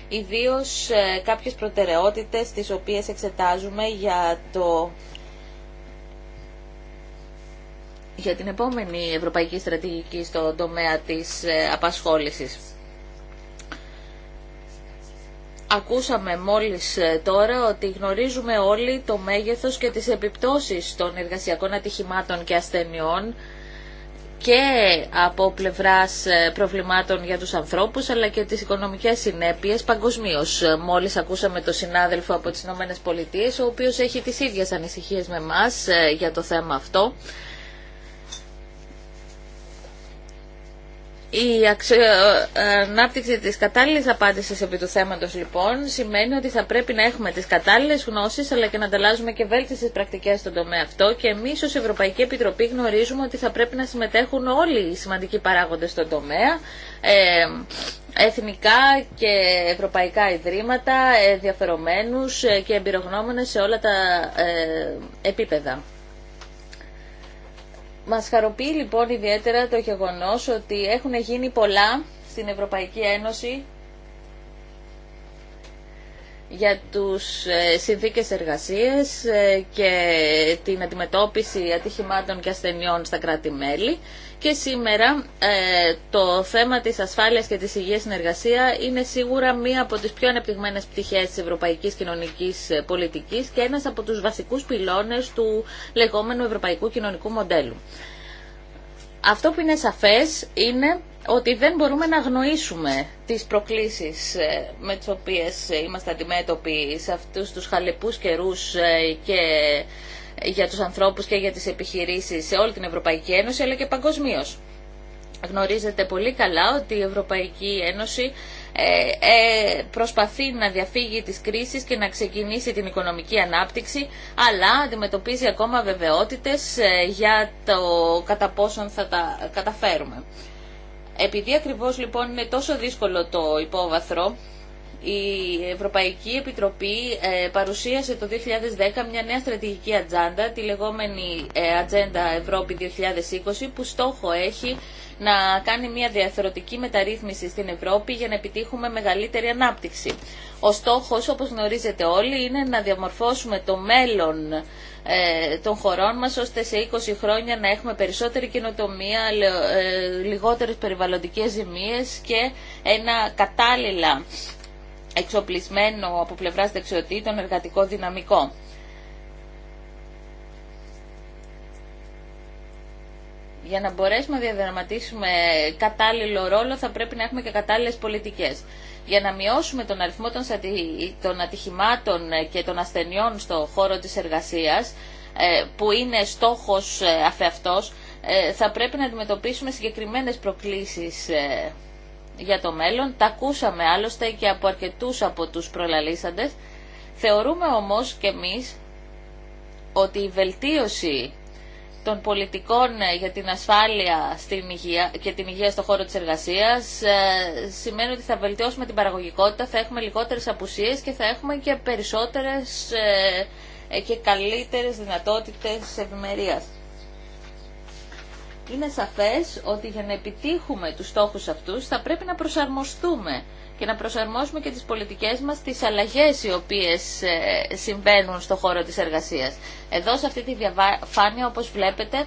ιδίως ε, κάποιες προτεραιότητες τις οποίες εξετάζουμε για το για την επόμενη ευρωπαϊκή στρατηγική στον τομέα της ε, απασχόλησης. Ακούσαμε μόλις ε, τώρα ότι γνωρίζουμε όλοι το μέγεθος και τις επιπτώσεις των εργασιακών ατυχημάτων και ασθενειών και από πλευράς ε, προβλημάτων για τους ανθρώπους αλλά και τις οικονομικές συνέπειες παγκοσμίω. Μόλις ακούσαμε τον συνάδελφο από τις Ηνωμένες Πολιτείες ο οποίος έχει τις ίδιες ανησυχίες με μας ε, για το θέμα αυτό. Η ανάπτυξη της κατάλληλης απάντησης επί του θέματος λοιπόν σημαίνει ότι θα πρέπει να έχουμε τις κατάλληλες γνώσεις αλλά και να ανταλλάζουμε και βέλτιστες πρακτικές στον τομέα αυτό και εμείς ως Ευρωπαϊκή Επιτροπή γνωρίζουμε ότι θα πρέπει να συμμετέχουν όλοι οι σημαντικοί παράγοντες στον τομέα ε, εθνικά και ευρωπαϊκά ιδρύματα, ενδιαφερομένους ε, και εμπειρογνώμονες σε όλα τα ε, επίπεδα. Μας χαροποιεί λοιπόν ιδιαίτερα το γεγονός ότι έχουν γίνει πολλά στην Ευρωπαϊκή Ένωση για τους ε, συνθήκες εργασίες ε, και την αντιμετώπιση ατυχημάτων και ασθενειών στα κράτη-μέλη και σήμερα ε, το θέμα της ασφάλειας και της υγείας στην εργασία είναι σίγουρα μία από τις πιο ανεπτυγμένες πτυχές της ευρωπαϊκής κοινωνικής πολιτικής και ένας από τους βασικούς πυλώνες του λεγόμενου ευρωπαϊκού κοινωνικού μοντέλου. Αυτό που είναι σαφές είναι ότι δεν μπορούμε να γνωρίσουμε τις προκλήσεις ε, με τις οποίες ε, είμαστε αντιμέτωποι σε αυτούς τους χαλεπούς καιρούς ε, και για τους ανθρώπους και για τις επιχειρήσεις σε όλη την Ευρωπαϊκή Ένωση αλλά και παγκοσμίως. Γνωρίζετε πολύ καλά ότι η Ευρωπαϊκή Ένωση ε, ε, προσπαθεί να διαφύγει της κρίσης και να ξεκινήσει την οικονομική ανάπτυξη, αλλά αντιμετωπίζει ακόμα βεβαιότητες ε, για το κατά πόσον θα τα καταφέρουμε. Επειδή ακριβώς λοιπόν είναι τόσο δύσκολο το υπόβαθρο, η Ευρωπαϊκή Επιτροπή ε, παρουσίασε το 2010 μια νέα στρατηγική ατζάντα, τη λεγόμενη ε, Ατζέντα Ευρώπη 2020, που στόχο έχει να κάνει μια διαθερωτική μεταρρύθμιση στην Ευρώπη για να επιτύχουμε μεγαλύτερη ανάπτυξη. Ο στόχος, όπως γνωρίζετε όλοι, είναι να διαμορφώσουμε το μέλλον ε, των χωρών μας ώστε σε 20 χρόνια να έχουμε περισσότερη καινοτομία, λιγότερες περιβαλλοντικές ζημίες και ένα κατάλληλα εξοπλισμένο από πλευράς δεξιοτήτων εργατικό δυναμικό. Για να μπορέσουμε να διαδραματίσουμε κατάλληλο ρόλο θα πρέπει να έχουμε και κατάλληλες πολιτικές. Για να μειώσουμε τον αριθμό των ατυχημάτων και των ασθενειών στο χώρο της εργασίας, ε, που είναι στόχος ε, αφεαυτός, ε, θα πρέπει να αντιμετωπίσουμε συγκεκριμένες προκλήσεις για το μέλλον. Τα ακούσαμε άλλωστε και από αρκετούς από τους προλαλήσαντες. Θεωρούμε όμως και εμείς ότι η βελτίωση των πολιτικών ε, για την ασφάλεια στην υγεία και την υγεία στον χώρο της εργασίας ε, σημαίνει ότι θα βελτιώσουμε την παραγωγικότητα, θα έχουμε λιγότερες απουσίες και θα έχουμε και περισσότερες ε, και καλύτερες δυνατότητες ευημερίας είναι σαφές ότι για να επιτύχουμε τους στόχους αυτούς θα πρέπει να προσαρμοστούμε και να προσαρμόσουμε και τις πολιτικές μας τις αλλαγές οι οποίες ε, συμβαίνουν στο χώρο της εργασίας. Εδώ σε αυτή τη διαφάνεια όπως βλέπετε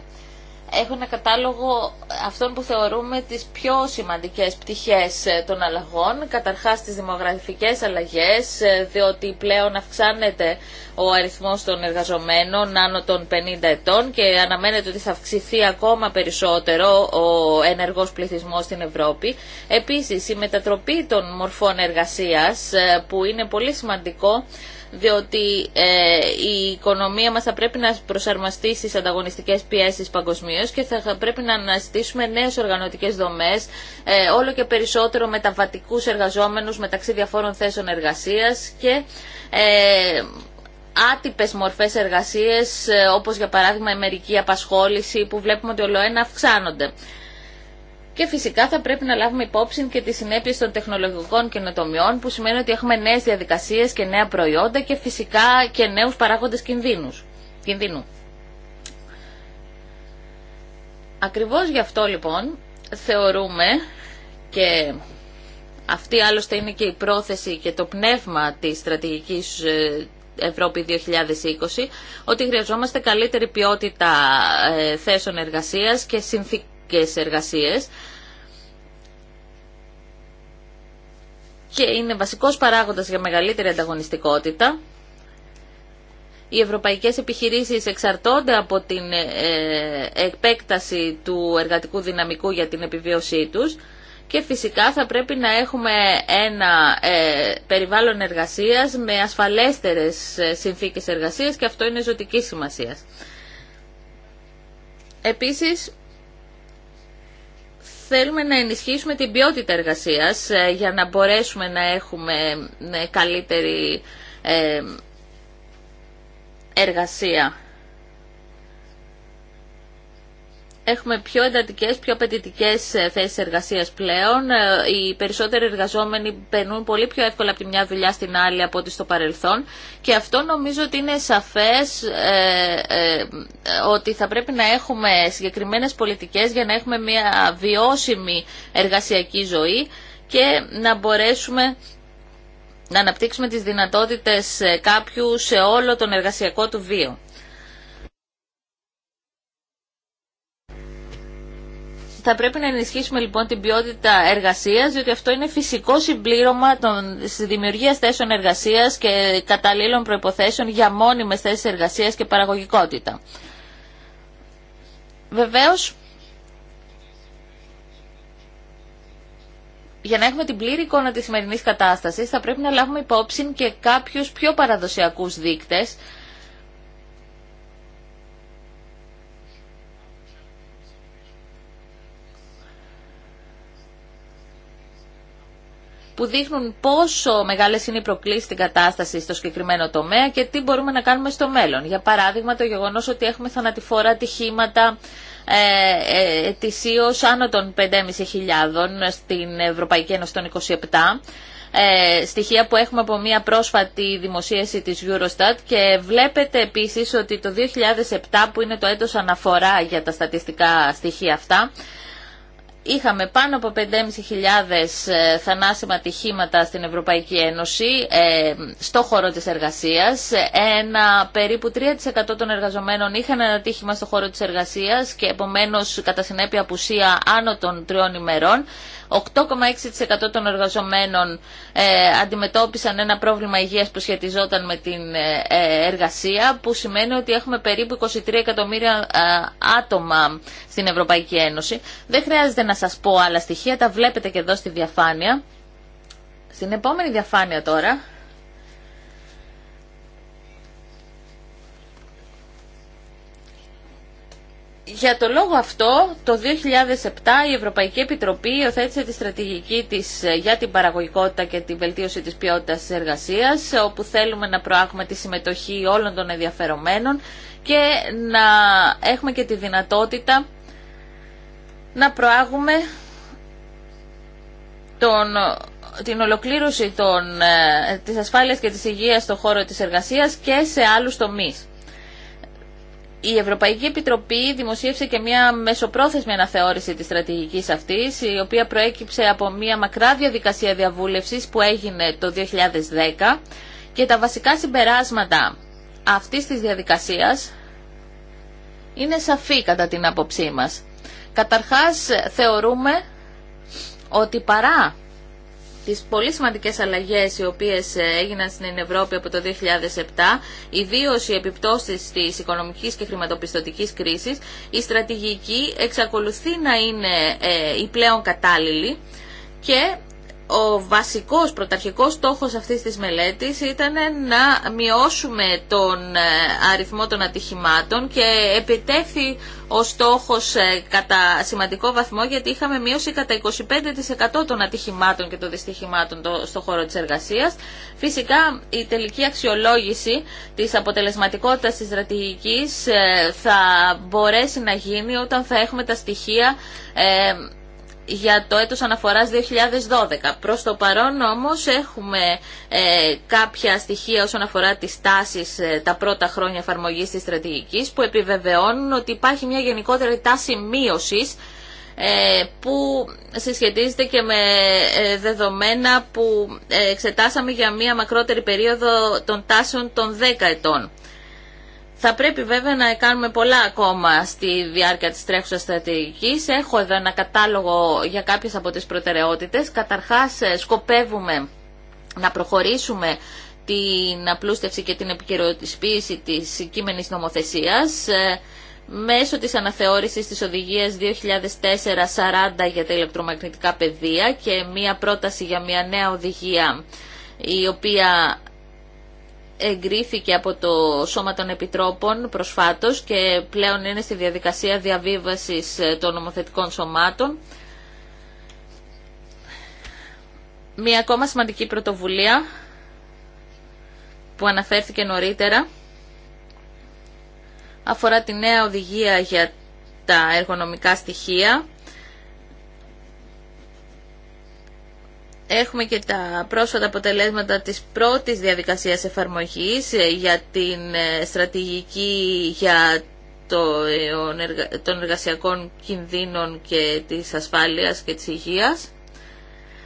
έχω ένα κατάλογο αυτών που θεωρούμε τις πιο σημαντικές πτυχές ε, των αλλαγών. Καταρχάς τις δημογραφικές αλλαγές, ε, διότι πλέον αυξάνεται ο αριθμός των εργαζομένων άνω των 50 ετών και αναμένεται ότι θα αυξηθεί ακόμα περισσότερο ο ενεργός πληθυσμός στην Ευρώπη. Επίσης, η μετατροπή των μορφών εργασίας, ε, που είναι πολύ σημαντικό διότι ε, η οικονομία μας θα πρέπει να προσαρμοστεί στις ανταγωνιστικές πιέσεις παγκοσμίω και θα πρέπει να αναζητήσουμε νέες οργανωτικές δομές, ε, όλο και περισσότερο μεταβατικούς εργαζόμενους μεταξύ διαφόρων θέσεων εργασίας και ε, άτυπες μορφές εργασίες, ε, όπως για παράδειγμα η μερική απασχόληση που βλέπουμε ότι ολοένα αυξάνονται. Και φυσικά θα πρέπει να λάβουμε υπόψη και τις συνέπειες των τεχνολογικών καινοτομιών που σημαίνει ότι έχουμε νέες διαδικασίες και νέα προϊόντα και φυσικά και νέους παράγοντες κινδύνου. Ακριβώς γι' αυτό λοιπόν θεωρούμε και αυτή άλλωστε είναι και η πρόθεση και το πνεύμα της στρατηγικής ε, Ευρώπη 2020 ότι χρειαζόμαστε καλύτερη ποιότητα ε, θέσεων εργασίας και συνθήκες εργασίες και είναι βασικός παράγοντας για μεγαλύτερη ανταγωνιστικότητα. Οι ευρωπαϊκές επιχειρήσεις εξαρτώνται από την ε, επέκταση του εργατικού δυναμικού για την επιβίωσή τους και φυσικά θα πρέπει να έχουμε ένα ε, περιβάλλον εργασίας με ασφαλέστερες ε, συνθήκες εργασίας και αυτό είναι ζωτική σημασία. Επίσης, θέλουμε να ενισχύσουμε την ποιότητα εργασίας ε, για να μπορέσουμε να έχουμε ε, καλύτερη ε, εργασία. Έχουμε πιο εντατικές, πιο απαιτητικέ ε, θέσει εργασία πλέον. Ε, οι περισσότεροι εργαζόμενοι περνούν πολύ πιο εύκολα από τη μια δουλειά στην άλλη από ό,τι στο παρελθόν. Και αυτό νομίζω ότι είναι σαφές ε, ε ότι θα πρέπει να έχουμε συγκεκριμένε πολιτικές για να έχουμε μια βιώσιμη εργασιακή ζωή και να μπορέσουμε να αναπτύξουμε τις δυνατότητες κάποιου σε όλο τον εργασιακό του βίο. Θα πρέπει να ενισχύσουμε λοιπόν την ποιότητα εργασία, διότι αυτό είναι φυσικό συμπλήρωμα τη δημιουργία θέσεων εργασία και καταλήλων προποθέσεων για μόνιμε θέσει εργασία και παραγωγικότητα. Βεβαίω, για να έχουμε την πλήρη εικόνα της σημερινή κατάστασης θα πρέπει να λάβουμε υπόψη και κάποιου πιο παραδοσιακού δείκτες που δείχνουν πόσο μεγάλες είναι οι προκλήσεις στην κατάσταση στο συγκεκριμένο τομέα και τι μπορούμε να κάνουμε στο μέλλον. Για παράδειγμα το γεγονός ότι έχουμε θανατηφόρα ατυχήματα ε, ε ετησίως άνω των 5.500 στην Ευρωπαϊκή Ένωση των 27 ε, στοιχεία που έχουμε από μια πρόσφατη δημοσίευση της Eurostat και βλέπετε επίσης ότι το 2007 που είναι το έτος αναφορά για τα στατιστικά στοιχεία αυτά Είχαμε πάνω από 5.500 ε, θανάσιμα ατυχήματα στην Ευρωπαϊκή Ένωση ε, στο χώρο της εργασίας. Ένα περίπου 3% των εργαζομένων είχαν ένα ατύχημα στο χώρο της εργασίας και επομένως κατά συνέπεια απουσία άνω των τριών ημερών. 8,6% των εργαζομένων ε, αντιμετώπισαν ένα πρόβλημα υγείας που σχετιζόταν με την ε, ε, εργασία, που σημαίνει ότι έχουμε περίπου 23 εκατομμύρια άτομα στην Ευρωπαϊκή Ένωση. Δεν χρειάζεται να σας πω άλλα στοιχεία, τα βλέπετε και εδώ στη διαφάνεια. Στην επόμενη διαφάνεια τώρα για το λόγο αυτό, το 2007 η Ευρωπαϊκή Επιτροπή υιοθέτησε τη στρατηγική της ε, για την παραγωγικότητα και τη βελτίωση της ποιότητας της εργασίας, όπου θέλουμε να προάγουμε τη συμμετοχή όλων των ενδιαφερομένων και να έχουμε και τη δυνατότητα να προάγουμε τον την ολοκλήρωση των, ε, της ασφάλειας και της υγείας στον χώρο της εργασίας και σε άλλους τομείς η Ευρωπαϊκή Επιτροπή δημοσίευσε και μια μεσοπρόθεσμη αναθεώρηση της στρατηγικής αυτής, η οποία προέκυψε από μια μακρά διαδικασία διαβούλευσης που έγινε το 2010 και τα βασικά συμπεράσματα αυτής της διαδικασίας είναι σαφή κατά την άποψή μας. Καταρχάς θεωρούμε ότι παρά τις πολύ σημαντικές αλλαγές οι οποίες ε, έγιναν στην Ευρώπη από το 2007, ιδίως οι επιπτώσεις της οικονομικής και χρηματοπιστωτικής κρίσης, η στρατηγική εξακολουθεί να είναι ε, η πλέον κατάλληλη και ο βασικός πρωταρχικός στόχος αυτής της μελέτης ήταν να μειώσουμε τον ε, αριθμό των ατυχημάτων και επιτέθη ο στόχος ε, κατά σημαντικό βαθμό γιατί είχαμε μείωση κατά 25% των ατυχημάτων και των δυστυχημάτων στον χώρο της εργασίας. Φυσικά η τελική αξιολόγηση της αποτελεσματικότητας της στρατηγικής ε, θα μπορέσει να γίνει όταν θα έχουμε τα στοιχεία για το έτος αναφοράς 2012. Προς το παρόν όμως έχουμε ε, κάποια στοιχεία όσον αφορά τις τάσεις ε, τα πρώτα χρόνια εφαρμογής της στρατηγικής που επιβεβαιώνουν ότι υπάρχει μια γενικότερη τάση μείωσης ε, που συσχετίζεται και με ε, δεδομένα που εξετάσαμε για μια μακρότερη περίοδο των τάσεων των 10 ετών. Θα πρέπει βέβαια να κάνουμε πολλά ακόμα στη διάρκεια της τρέχουσας στρατηγικής. Έχω εδώ ένα κατάλογο για κάποιες από τις προτεραιότητες. Καταρχάς ε, σκοπεύουμε να προχωρήσουμε την απλούστευση και την επικαιροτησποίηση της κείμενης νομοθεσίας ε, μέσω της αναθεώρησης της οδηγίας 2004-40 για τα ηλεκτρομαγνητικά πεδία και μία πρόταση για μία νέα οδηγία η οποία εγκρίθηκε από το Σώμα των Επιτρόπων προσφάτως και πλέον είναι στη διαδικασία διαβίβασης ε, των νομοθετικών σωμάτων. Μία ακόμα σημαντική πρωτοβουλία που αναφέρθηκε νωρίτερα αφορά τη νέα οδηγία για τα εργονομικά στοιχεία Έχουμε και τα πρόσφατα αποτελέσματα της πρώτης διαδικασίας εφαρμογής ε, για την ε, στρατηγική για ε, των εργασιακών κινδύνων και της ασφάλειας και της υγείας.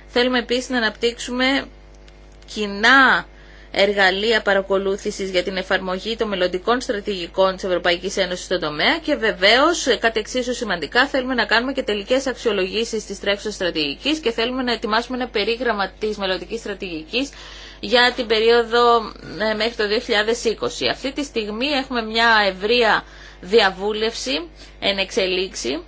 Θέλουμε επίσης να αναπτύξουμε κοινά εργαλεία παρακολούθησης για την εφαρμογή των μελλοντικών στρατηγικών της Ευρωπαϊκής Ένωσης στον τομέα και βεβαίως ε, κατ' εξίσου σημαντικά θέλουμε να κάνουμε και τελικές αξιολογήσεις της τρέχουσας στρατηγικής και θέλουμε να ετοιμάσουμε ένα περίγραμμα της μελλοντικής στρατηγικής για την περίοδο ε, μέχρι το 2020. Αυτή τη στιγμή έχουμε μια ευρεία διαβούλευση εν εξελίξη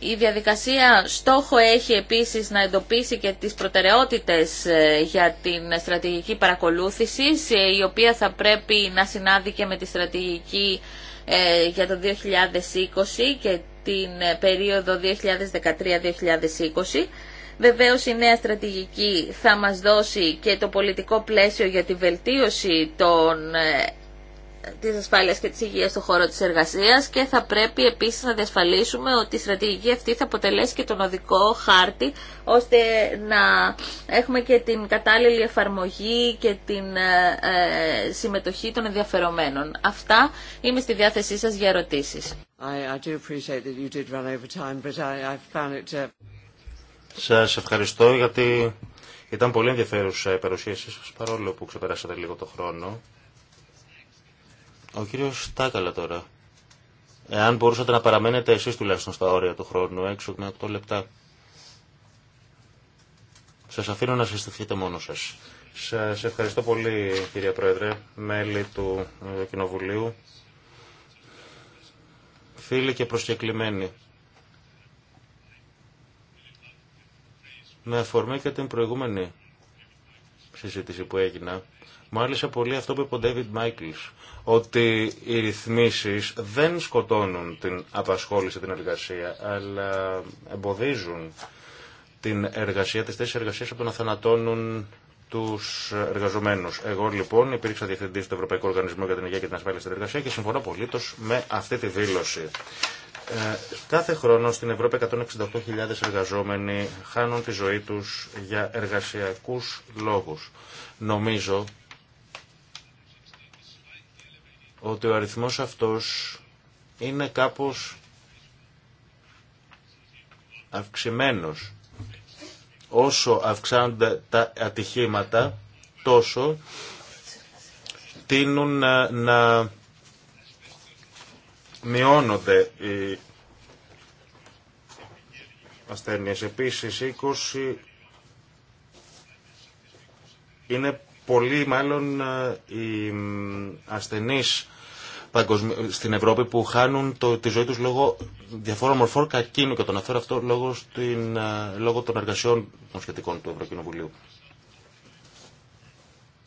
η διαδικασία στόχο έχει επίσης να εντοπίσει και τις προτεραιότητες ε, για την στρατηγική παρακολούθηση, ε, η οποία θα πρέπει να συνάδει και με τη στρατηγική ε, για το 2020 και την περίοδο 2013-2020. Βεβαίως η νέα στρατηγική θα μας δώσει και το πολιτικό πλαίσιο για τη βελτίωση των της ασφάλειας και της υγείας στον χώρο της εργασίας και θα πρέπει επίσης να διασφαλίσουμε ότι η στρατηγική αυτή θα αποτελέσει και τον οδικό χάρτη ώστε να έχουμε και την κατάλληλη εφαρμογή και την ε, ε, συμμετοχή των ενδιαφερομένων. Αυτά είμαι στη διάθεσή σας για ερωτήσεις. Σας ευχαριστώ γιατί ήταν πολύ ενδιαφέρουσα η παρουσίασή σας παρόλο που ξεπεράσατε λίγο το χρόνο. Ο κύριο Στάκαλα τώρα. Εάν μπορούσατε να παραμένετε εσεί τουλάχιστον στα όρια του χρόνου, έξω με 8 λεπτά. Σα αφήνω να συστηθείτε μόνο σα. Σα ευχαριστώ πολύ κύριε Πρόεδρε, μέλη του ε, Κοινοβουλίου, φίλοι και προσκεκλημένοι. Με αφορμή και την προηγούμενη συζήτηση που έγινα, μου πολύ αυτό που είπε ο Ντέβιντ Μάικλς ότι οι ρυθμίσεις δεν σκοτώνουν την απασχόληση, την εργασία, αλλά εμποδίζουν την εργασία, τις θέσεις εργασίας από το να θανατώνουν του εργαζομένου. Εγώ λοιπόν υπήρξα διευθυντή του Ευρωπαϊκού Οργανισμού για την Υγεία και την Ασφάλεια στην Εργασία και συμφωνώ πολύ με αυτή τη δήλωση. Ε, κάθε χρόνο στην Ευρώπη 168.000 εργαζόμενοι χάνουν τη ζωή τους για εργασιακούς λόγους. Νομίζω ότι ο αριθμός αυτός είναι κάπως αυξημένος. Όσο αυξάνονται τα ατυχήματα, τόσο τείνουν να, να μειώνονται οι ασθένειες. Επίσης, 20 είναι Πολλοί μάλλον ε, οι ασθενείς στην Ευρώπη που χάνουν το, τη ζωή τους λόγω διαφόρων μορφών καρκίνου και τον αναφέρω αυτό λόγω, ε, λόγω των εργασιών των σχετικών του Ευρωκοινοβουλίου.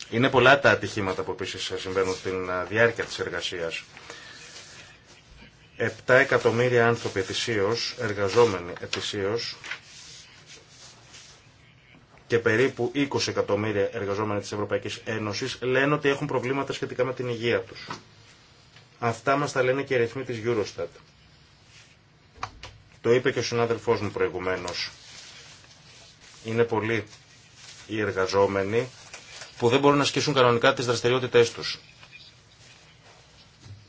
Είναι πολλά τα ατυχήματα που επίση συμβαίνουν στην ε, διάρκεια της εργασίας. Επτά εκατομμύρια άνθρωποι ετησίως, εργαζόμενοι ετησίως, και περίπου 20 εκατομμύρια εργαζόμενοι της Ευρωπαϊκής Ένωσης λένε ότι έχουν προβλήματα σχετικά με την υγεία τους. Αυτά μας τα λένε και οι ρυθμοί της Eurostat. Το είπε και ο συνάδελφός μου προηγουμένως. Είναι πολλοί οι εργαζόμενοι που δεν μπορούν να ασκήσουν κανονικά τις δραστηριότητές τους.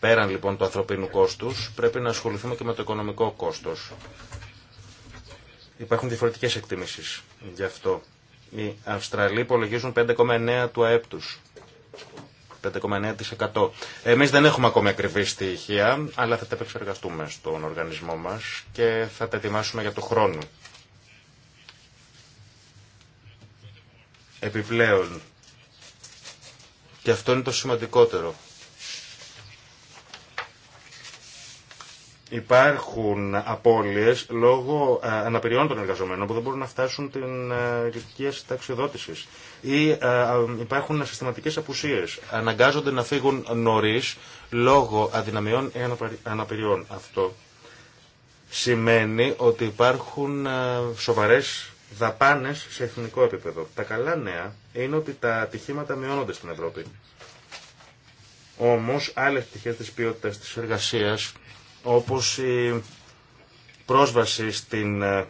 Πέραν λοιπόν του ανθρωπίνου κόστους, πρέπει να ασχοληθούμε και με το οικονομικό κόστος. Υπάρχουν διαφορετικές εκτιμήσεις γι' αυτό. Οι Αυστραλοί υπολογίζουν 5,9 του ΑΕΠ τους. 5,9%. Εμείς δεν έχουμε ακόμη ακριβή στοιχεία, αλλά θα τα επεξεργαστούμε στον οργανισμό μας και θα τα ετοιμάσουμε για το χρόνο. Επιπλέον, και αυτό είναι το σημαντικότερο, υπάρχουν απώλειες λόγω ε, αναπηριών των εργαζομένων που δεν μπορούν να φτάσουν την ε, ηλικία συνταξιοδότησης ή ε, υπάρχουν συστηματικές απουσίες. Αναγκάζονται να φύγουν νωρίς λόγω αδυναμιών ή αναπηριών. Αυτό σημαίνει ότι υπάρχουν σοβαρές δαπάνες σε εθνικό επίπεδο. Τα καλά νέα είναι ότι τα ατυχήματα μειώνονται στην Ευρώπη. Όμως άλλες πτυχές της ποιότητας της εργασίας όπως η πρόσβαση στην ε,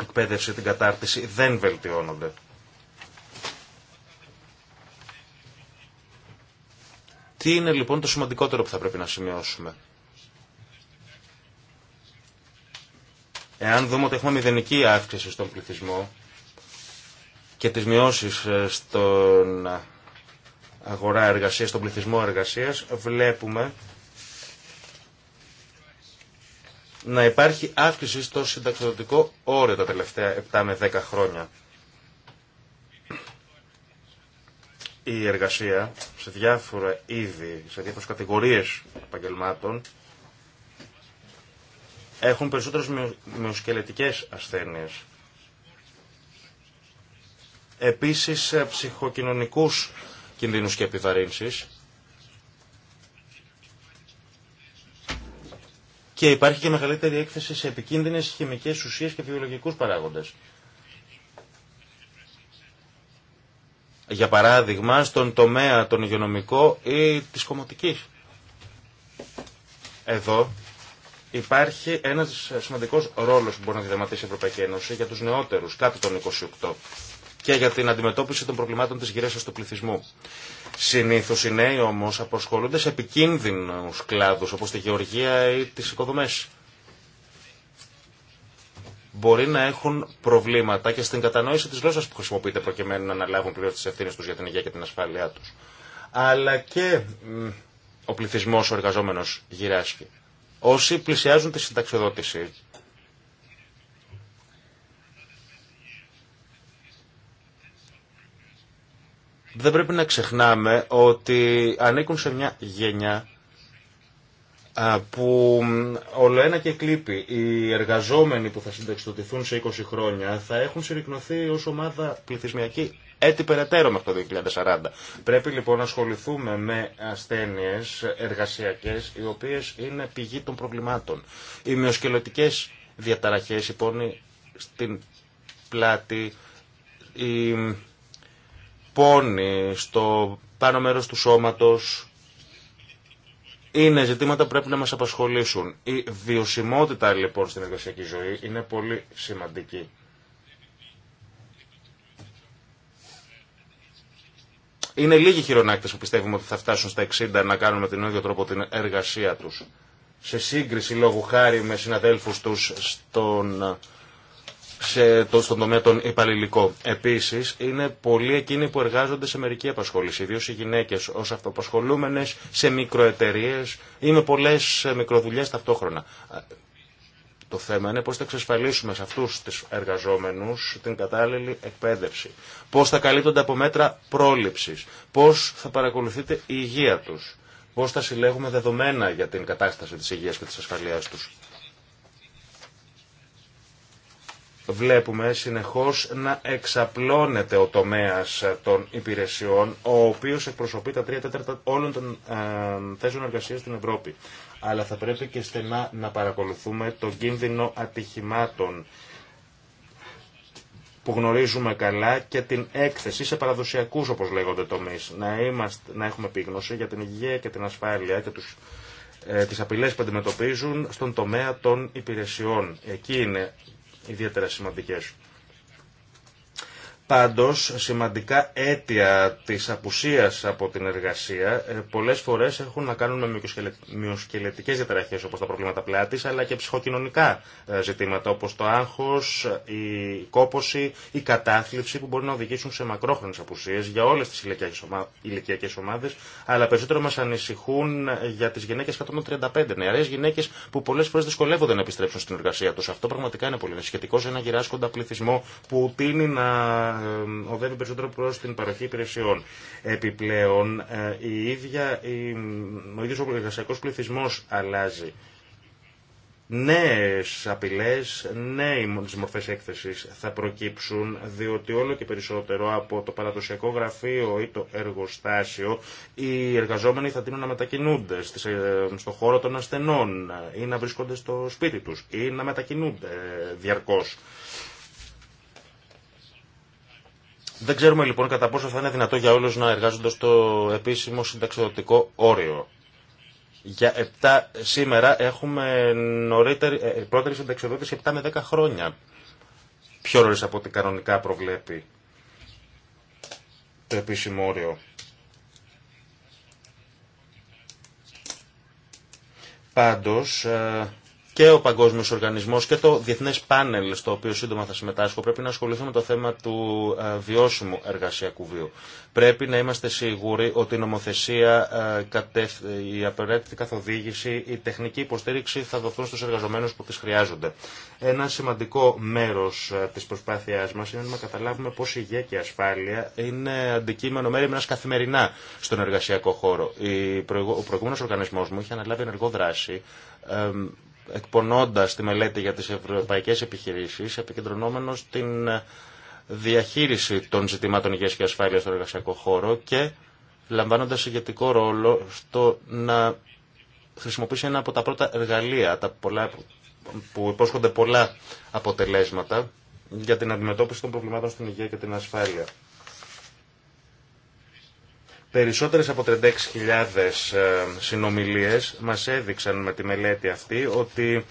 εκπαίδευση, την κατάρτιση δεν βελτιώνονται. Τι είναι λοιπόν το σημαντικότερο που θα πρέπει να σημειώσουμε. Εάν δούμε ότι έχουμε μηδενική αύξηση στον πληθυσμό και τις μειώσεις ε, στον αγορά εργασίας, στον πληθυσμό εργασίας, βλέπουμε να υπάρχει αύξηση στο συνταξιδοτικό όριο τα τελευταία 7 με 10 χρόνια. Η εργασία σε διάφορα είδη, σε διάφορες κατηγορίες επαγγελμάτων έχουν περισσότερες μειοσκελετικές ασθένειες. Επίσης ψυχοκοινωνικούς κινδύνους και επιβαρύνσεις και υπάρχει και μεγαλύτερη έκθεση σε επικίνδυνες χημικές ουσίες και βιολογικού παράγοντες. Για παράδειγμα, στον τομέα τον υγειονομικών ή της κομματικής. Εδώ υπάρχει ένας σημαντικός ρόλος που μπορεί να διδεματίσει η τη κομμωτικη εδω υπαρχει ενας σημαντικος ρολος που μπορει να διαδραματίσει η ευρωπαικη ενωση για τους νεότερους, κάτω των 28 και για την αντιμετώπιση των προβλημάτων της γυρέσας του πληθυσμού. Συνήθω οι νέοι όμως αποσχολούνται σε επικίνδυνου κλάδου όπως τη γεωργία ή τι οικοδομές. Μπορεί να έχουν προβλήματα και στην κατανόηση της γλώσσα που χρησιμοποιείται προκειμένου να αναλάβουν πλήρω τις ευθύνε τους για την υγεία και την ασφάλειά τους. Αλλά και ο πληθυσμό ο γυράσκει. Όσοι πλησιάζουν τη συνταξιοδότηση δεν πρέπει να ξεχνάμε ότι ανήκουν σε μια γενιά που όλο ένα και κλείπει. Οι εργαζόμενοι που θα συνταξιδοτηθούν σε 20 χρόνια θα έχουν συρρυκνωθεί ως ομάδα πληθυσμιακή έτη περαιτέρω μέχρι το 2040. Πρέπει λοιπόν να ασχοληθούμε με ασθένειες εργασιακές οι οποίες είναι πηγή των προβλημάτων. Οι μειοσκελωτικές διαταραχές, υπόνοι στην πλάτη, πόνοι στο πάνω μέρος του σώματος, είναι ζητήματα που πρέπει να μας απασχολήσουν. Η βιωσιμότητα λοιπόν στην εργασιακή ζωή είναι πολύ σημαντική. Είναι λίγοι χειρονάκτες που πιστεύουμε ότι θα φτάσουν στα 60 να κάνουν με την ίδιο τρόπο την εργασία τους. Σε σύγκριση λόγου χάρη με συναδέλφους τους στον σε, το, στον τομέα των υπαλληλικών. Επίση, είναι πολλοί εκείνοι που εργάζονται σε μερική απασχόληση, ιδίω οι γυναίκε ω αυτοπασχολούμενε, σε μικροεταιρείε ή με πολλέ ε, μικροδουλειέ ταυτόχρονα. Το θέμα είναι πώ θα εξασφαλίσουμε σε αυτού του εργαζόμενου την κατάλληλη εκπαίδευση. Πώ θα καλύπτονται από μέτρα πρόληψη. Πώ θα παρακολουθείται η υγεία του. Πώ θα συλλέγουμε δεδομένα για την κατάσταση τη υγεία και τη ασφαλεία του. βλέπουμε συνεχώς να εξαπλώνεται ο τομέας των υπηρεσιών, ο οποίος εκπροσωπεί τα τρία τέταρτα όλων των ε, θέσεων εργασίας στην Ευρώπη. Αλλά θα πρέπει και στενά να παρακολουθούμε τον κίνδυνο ατυχημάτων που γνωρίζουμε καλά και την έκθεση σε παραδοσιακούς όπως λέγονται τομείς. Να, είμαστε, να έχουμε επίγνωση για την υγεία και την ασφάλεια και τους ε, τις απειλές που αντιμετωπίζουν στον τομέα των υπηρεσιών. Εκεί είναι ιδιαίτερα σημαντικές. Πάντως, σημαντικά αίτια της απουσίας από την εργασία ε, πολλές φορές έχουν να κάνουν με μειοσκελετικές διαταραχές όπως τα προβλήματα πλάτης, αλλά και ψυχοκοινωνικά ε, ζητήματα όπως το άγχος, η κόποση, η κατάθλιψη που μπορεί να οδηγήσουν σε μακρόχρονες απουσίες για όλες τις ηλικιακές ομάδες, αλλά περισσότερο μας ανησυχούν ε, για τις γυναίκες 135, νεαρές γυναίκες που πολλές φορές δυσκολεύονται να επιστρέψουν στην εργασία τους. Αυτό πραγματικά είναι πολύ σχετικό σε ένα γυράσκοντα πληθυσμό που τίνει να ε, οδεύει περισσότερο προ την παροχή υπηρεσιών. Επιπλέον, ε, η ίδια, η, ο ίδιο ο εργασιακό πληθυσμό αλλάζει. Νέε απειλέ, νέε μορφέ έκθεση θα προκύψουν, διότι όλο και περισσότερο από το παραδοσιακό γραφείο ή το εργοστάσιο οι εργαζόμενοι θα τείνουν να μετακινούνται ε, στον χώρο των ασθενών ή να βρίσκονται στο σπίτι του ή να μετακινούνται διαρκώ. Δεν ξέρουμε λοιπόν κατά πόσο θα είναι δυνατό για όλους να εργάζονται στο επίσημο συνταξιδοτικό όριο. Για 7 σήμερα έχουμε νωρίτερη, ε, πρώτερη συνταξιδότηση 7 με 10 χρόνια. Πιο νωρίς από ό,τι κανονικά προβλέπει το επίσημο όριο. Πάντως, ε, και ο Παγκόσμιος Οργανισμός και το Διεθνές Πάνελ στο οποίο σύντομα θα συμμετάσχω πρέπει να ασχοληθούμε με το θέμα του ε, βιώσιμου εργασιακού βίου. Πρέπει να είμαστε σίγουροι ότι η νομοθεσία, ε, η απαραίτητη καθοδήγηση, η τεχνική υποστήριξη θα δοθούν στους εργαζομένους που τις χρειάζονται. Ένα σημαντικό μέρος ε, της προσπάθειάς μας είναι να καταλάβουμε πώς η υγεία και η ασφάλεια είναι αντικείμενο μέρη καθημερινά στον εργασιακό χώρο. Ο προηγούμενος οργανισμός μου είχε αναλάβει ενεργό δράση εκπονώντας τη μελέτη για τις ευρωπαϊκές επιχειρήσεις, επικεντρωνόμενο στην διαχείριση των ζητημάτων υγείας και ασφάλειας στον εργασιακό χώρο και λαμβάνοντας ηγετικό ρόλο στο να χρησιμοποιήσει ένα από τα πρώτα εργαλεία τα πολλά, που υπόσχονται πολλά αποτελέσματα για την αντιμετώπιση των προβλημάτων στην υγεία και την ασφάλεια. Περισσότερες από 36.000 ε, συνομιλίες μας έδειξαν με τη μελέτη αυτή ότι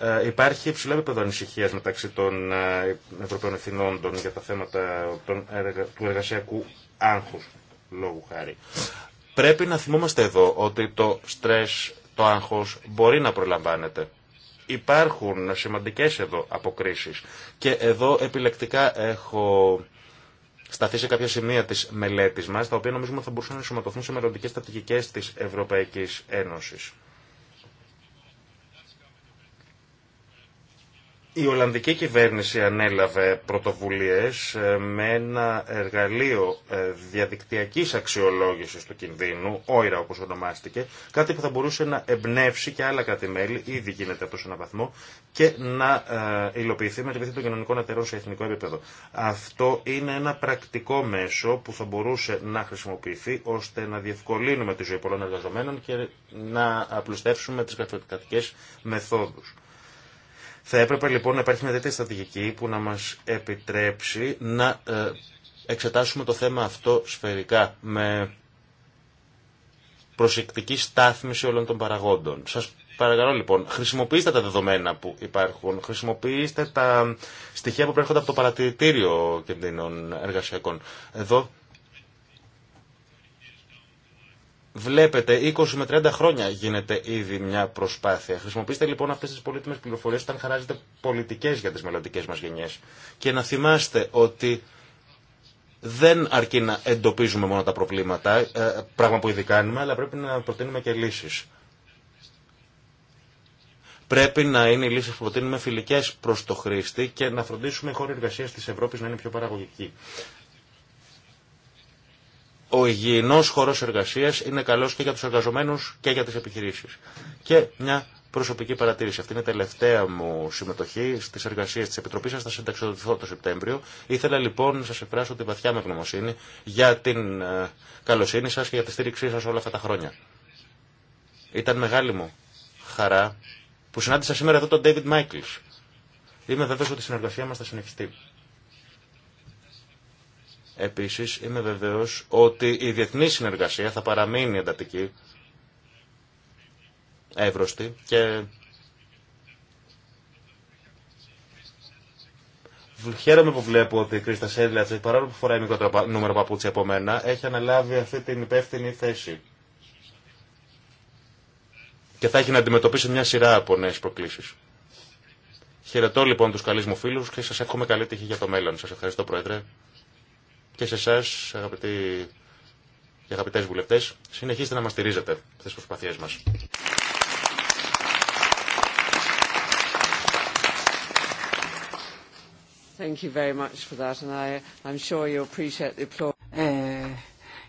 ε, υπάρχει υψηλό επίπεδο ανησυχία μεταξύ των ε, Ευρωπαίων Εθνών για τα θέματα του εργασιακού άγχους, λόγου χάρη. Πρέπει να θυμόμαστε εδώ ότι το στρες, το άγχος μπορεί να προλαμβάνεται. Υπάρχουν σημαντικές εδώ αποκρίσεις και εδώ επιλεκτικά έχω σταθεί σε κάποια σημεία της μελέτης μας, τα οποία νομίζουμε θα μπορούσαν να ενσωματωθούν σε μελλοντικές στρατηγικές της Ευρωπαϊκής Ένωσης. Η Ολλανδική κυβέρνηση ανέλαβε πρωτοβουλίες ε, με ένα εργαλείο ε, διαδικτυακής αξιολόγησης του κινδύνου, όιρα όπως ονομάστηκε, κάτι που θα μπορούσε να εμπνεύσει και άλλα κατημέλη, ήδη γίνεται αυτό σε έναν βαθμό, και να ε, υλοποιηθεί με τη βοήθεια των κοινωνικών εταιρών σε εθνικό επίπεδο. Αυτό είναι ένα πρακτικό μέσο που θα μπορούσε να χρησιμοποιηθεί ώστε να διευκολύνουμε τη ζωή πολλών εργαζομένων και να απλουστεύσουμε τις καθοδικατικές μεθόδους θα έπρεπε λοιπόν να υπάρχει μια τέτοια στρατηγική που να μας επιτρέψει να ε, εξετάσουμε το θέμα αυτό σφαιρικά με προσεκτική στάθμιση όλων των παραγόντων. Σας παρακαλώ λοιπόν, χρησιμοποιήστε τα δεδομένα που υπάρχουν, χρησιμοποιήστε τα στοιχεία που προέρχονται από το παρατηρητήριο κινδύνων εργασιακών. Εδώ Βλέπετε, 20 με 30 χρόνια γίνεται ήδη μια προσπάθεια. Χρησιμοποιήστε λοιπόν αυτέ τι πολύτιμε πληροφορίε όταν χαράζετε πολιτικέ για τι μελλοντικέ μα γενιέ. Και να θυμάστε ότι δεν αρκεί να εντοπίζουμε μόνο τα προβλήματα, ε, πράγμα που ήδη κάνουμε, αλλά πρέπει να προτείνουμε και λύσει. Πρέπει να είναι οι λύσει που προτείνουμε φιλικέ προ το χρήστη και να φροντίσουμε οι χώροι εργασία τη Ευρώπη να είναι πιο παραγωγικοί ο υγιεινό χώρο εργασία είναι καλό και για του εργαζόμενου και για τι επιχειρήσει. Και μια προσωπική παρατήρηση. Αυτή είναι η τελευταία μου συμμετοχή στι εργασίες τη Επιτροπή σα Θα συνταξιδοτηθώ το Σεπτέμβριο. Ήθελα λοιπόν να σα εκφράσω τη βαθιά μου γνωμοσύνη για την ε, καλοσύνη σα και για τη στήριξή σα όλα αυτά τα χρόνια. Ήταν μεγάλη μου χαρά που συνάντησα σήμερα εδώ τον David Michaels. Είμαι βέβαιος ότι η συνεργασία μας θα συνεχιστεί. Επίσης είμαι βεβαίως ότι η διεθνή συνεργασία θα παραμείνει εντατική, εύρωστη και Χαίρομαι που βλέπω ότι η Κρίστα Σέντλατσε, παρόλο που φοράει μικρότερο νούμερο παπούτσια από μένα, έχει αναλάβει αυτή την υπεύθυνη θέση. Και θα έχει να αντιμετωπίσει μια σειρά από νέε προκλήσει. Χαιρετώ λοιπόν του καλεί μου φίλου και σα εύχομαι καλή τύχη για το μέλλον. Σα ευχαριστώ, Πρόεδρε και σε εσά, αγαπητοί και αγαπητέ βουλευτέ, συνεχίστε να μα στηρίζετε στι προσπαθίε μα.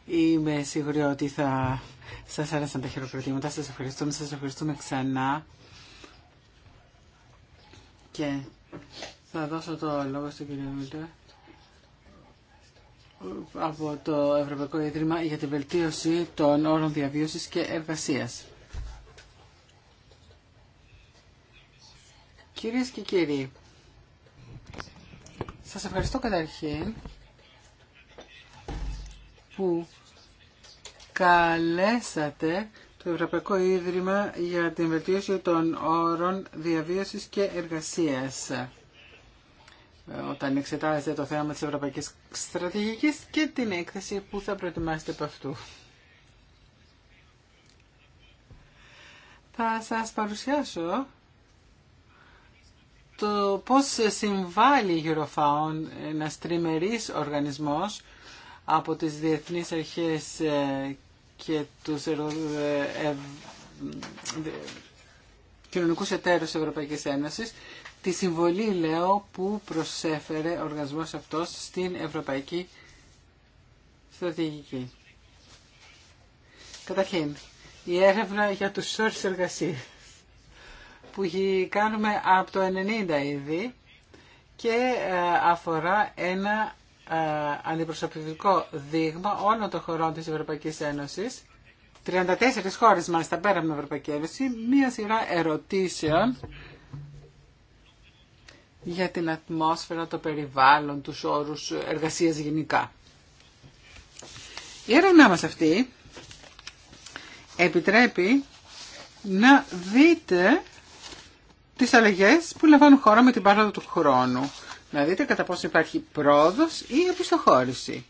είμαι σίγουρη ότι θα σας άρεσαν τα χειροκροτήματα. Σας ευχαριστούμε, σας ευχαριστούμε ξανά. Και θα δώσω το λόγο στον κύριο Μίλτερ από το Ευρωπαϊκό Ίδρυμα για την βελτίωση των όρων διαβίωσης και εργασίας. Κυρίες και κύριοι, σας ευχαριστώ καταρχήν που καλέσατε το Ευρωπαϊκό Ίδρυμα για την βελτίωση των όρων διαβίωσης και εργασίας όταν εξετάζετε το θέμα της Ευρωπαϊκής Στρατηγικής και την έκθεση που θα προετοιμάσετε από αυτού. Θα σας παρουσιάσω το πώς συμβάλλει η Eurofound, ένας τριμερής οργανισμός από τις διεθνείς αρχές ε, και τους ε, ε, κοινωνικούς εταίρους της Ευρωπαϊκής Ένωσης τη συμβολή, λέω, που προσέφερε ο οργανισμός αυτός στην Ευρωπαϊκή Στρατηγική. Καταρχήν, η έρευνα για τους σώρους εργασία. που κάνουμε από το 90 ήδη και ε, αφορά ένα ε, αντιπροσωπευτικό δείγμα όλων των χωρών της Ευρωπαϊκής Ένωσης 34 χώρες μάλιστα πέρα από την Ευρωπαϊκή Ένωση, μία σειρά ερωτήσεων για την ατμόσφαιρα, το περιβάλλον, τους όρους εργασίας γενικά. Η έρευνά μας αυτή επιτρέπει να δείτε τις αλλαγές που λαμβάνουν χώρα με την πάροδο του χρόνου. Να δείτε κατά πόσο υπάρχει πρόοδος ή επιστοχώρηση.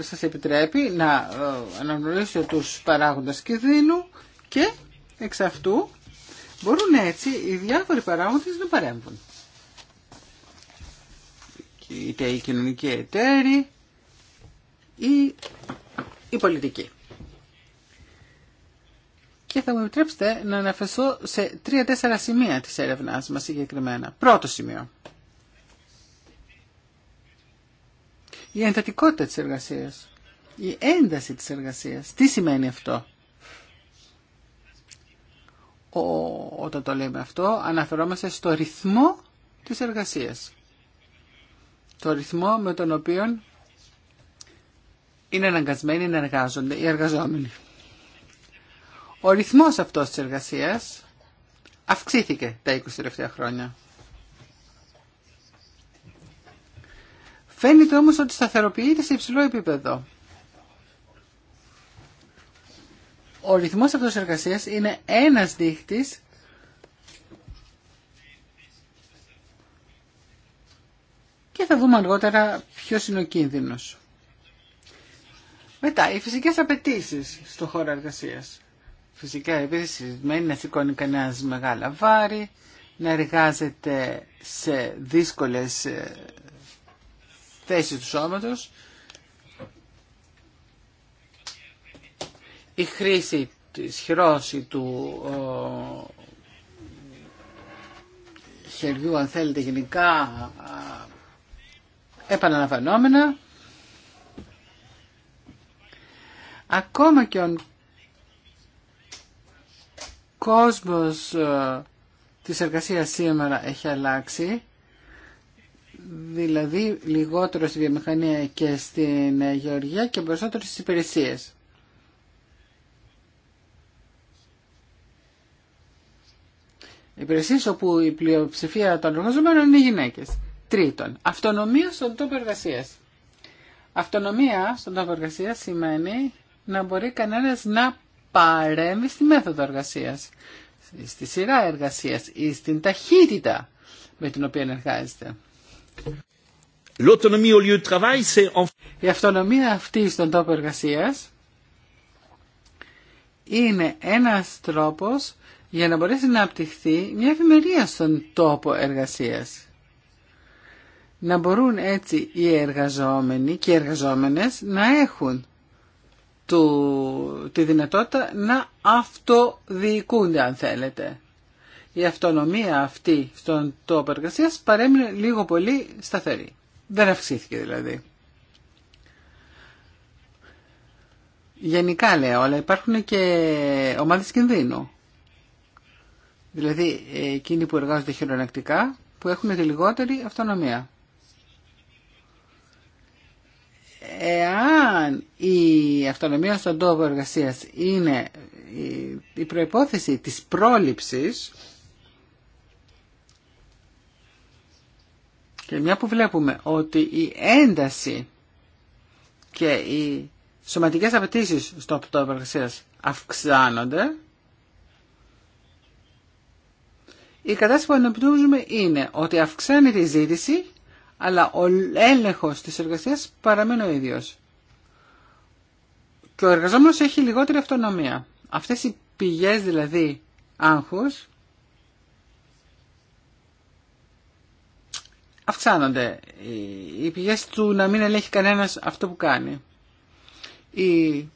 Σας επιτρέπει να ε, αναγνωρίσετε τους παράγοντες κινδύνου και εξ αυτού Μπορούν έτσι οι διάφοροι παράγοντες να παρέμβουν. Είτε οι κοινωνικοί εταίροι ή η οι πολιτικοί. Και θα μου επιτρέψετε να αναφερθώ σε τρία-τέσσερα σημεία της έρευνάς μας συγκεκριμένα. Πρώτο σημείο. Η εντατικότητα της εργασίας. Η ένταση της εργασίας. Τι σημαίνει αυτό όταν το λέμε αυτό, αναφερόμαστε στο ρυθμό της εργασίας. Το ρυθμό με τον οποίο είναι αναγκασμένοι να εργάζονται οι εργαζόμενοι. Ο ρυθμός αυτός της εργασίας αυξήθηκε τα 20 τελευταία χρόνια. Φαίνεται όμως ότι σταθεροποιείται σε υψηλό επίπεδο. Ο ρυθμός αυτός της εργασίας είναι ένας δείχτης και θα δούμε αργότερα ποιος είναι ο κίνδυνος. Μετά, οι φυσικές απαιτήσει στο χώρο εργασίας. Φυσικά, επίσης, σημαίνει να σηκώνει κανένα μεγάλα βάρη, να εργάζεται σε δύσκολες ε, θέσεις του σώματος, η χρήση της χρώση του χεριού αν θέλετε γενικά επαναλαμβανόμενα ακόμα και ο κόσμος της εργασίας σήμερα έχει αλλάξει δηλαδή λιγότερο στη βιομηχανία και στην γεωργία και περισσότερο στις υπηρεσίες. υπηρεσίε όπου η πλειοψηφία των εργαζομένων είναι γυναίκε. Τρίτον, αυτονομία στον τόπο εργασία. Αυτονομία στον τόπο εργασία σημαίνει να μπορεί κανένα να παρέμβει στη μέθοδο εργασία, στη σειρά εργασίας ή στην ταχύτητα με την οποία εργάζεται. Η αυτονομία αυτή στον τόπο εργασία είναι ένα τρόπο για να μπορέσει να απτυχθεί μια ευημερία στον τόπο εργασίας. Να μπορούν έτσι οι εργαζόμενοι και οι εργαζόμενες να έχουν τη δυνατότητα να αυτοδιοικούνται αν θέλετε. Η αυτονομία αυτή στον τόπο εργασίας παρέμεινε λίγο πολύ σταθερή. Δεν αυξήθηκε δηλαδή. Γενικά λέω, αλλά υπάρχουν και ομάδες κινδύνου. Δηλαδή ε, εκείνοι που εργάζονται χειρονακτικά που έχουν τη λιγότερη αυτονομία. Εάν η αυτονομία στον τόπο εργασία είναι ε, η προϋπόθεση της πρόληψης και μια που βλέπουμε ότι η ένταση και οι σωματικές απαιτήσει στον τόπο εργασία αυξάνονται Η κατάσταση που αντιμετωπίζουμε είναι ότι αυξάνεται η ζήτηση, αλλά ο έλεγχος της εργασίας παραμένει ο ίδιος. Και ο εργαζόμενος έχει λιγότερη αυτονομία. Αυτές οι πηγές δηλαδή άγχους αυξάνονται. Οι πηγές του να μην ελέγχει κανένας αυτό που κάνει. Οι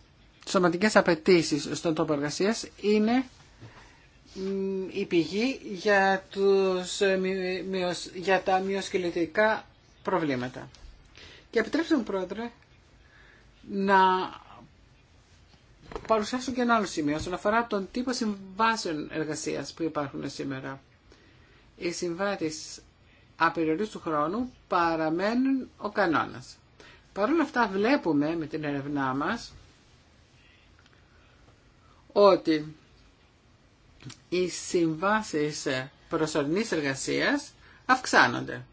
σωματικές απαιτήσεις στον τόπο εργασία είναι η πηγή για, τους, για τα μειοσκελετικά προβλήματα. Και επιτρέψτε μου, Πρόεδρε, να παρουσιάσω και ένα άλλο σημείο όσον αφορά τον τύπο συμβάσεων εργασίας που υπάρχουν σήμερα. Οι συμβάσεις απεριορίστου χρόνου παραμένουν ο κανόνας. Παρ' όλα αυτά βλέπουμε με την ερευνά μας ότι οι συμβάσεις προσωρινής εργασίας αυξάνονται.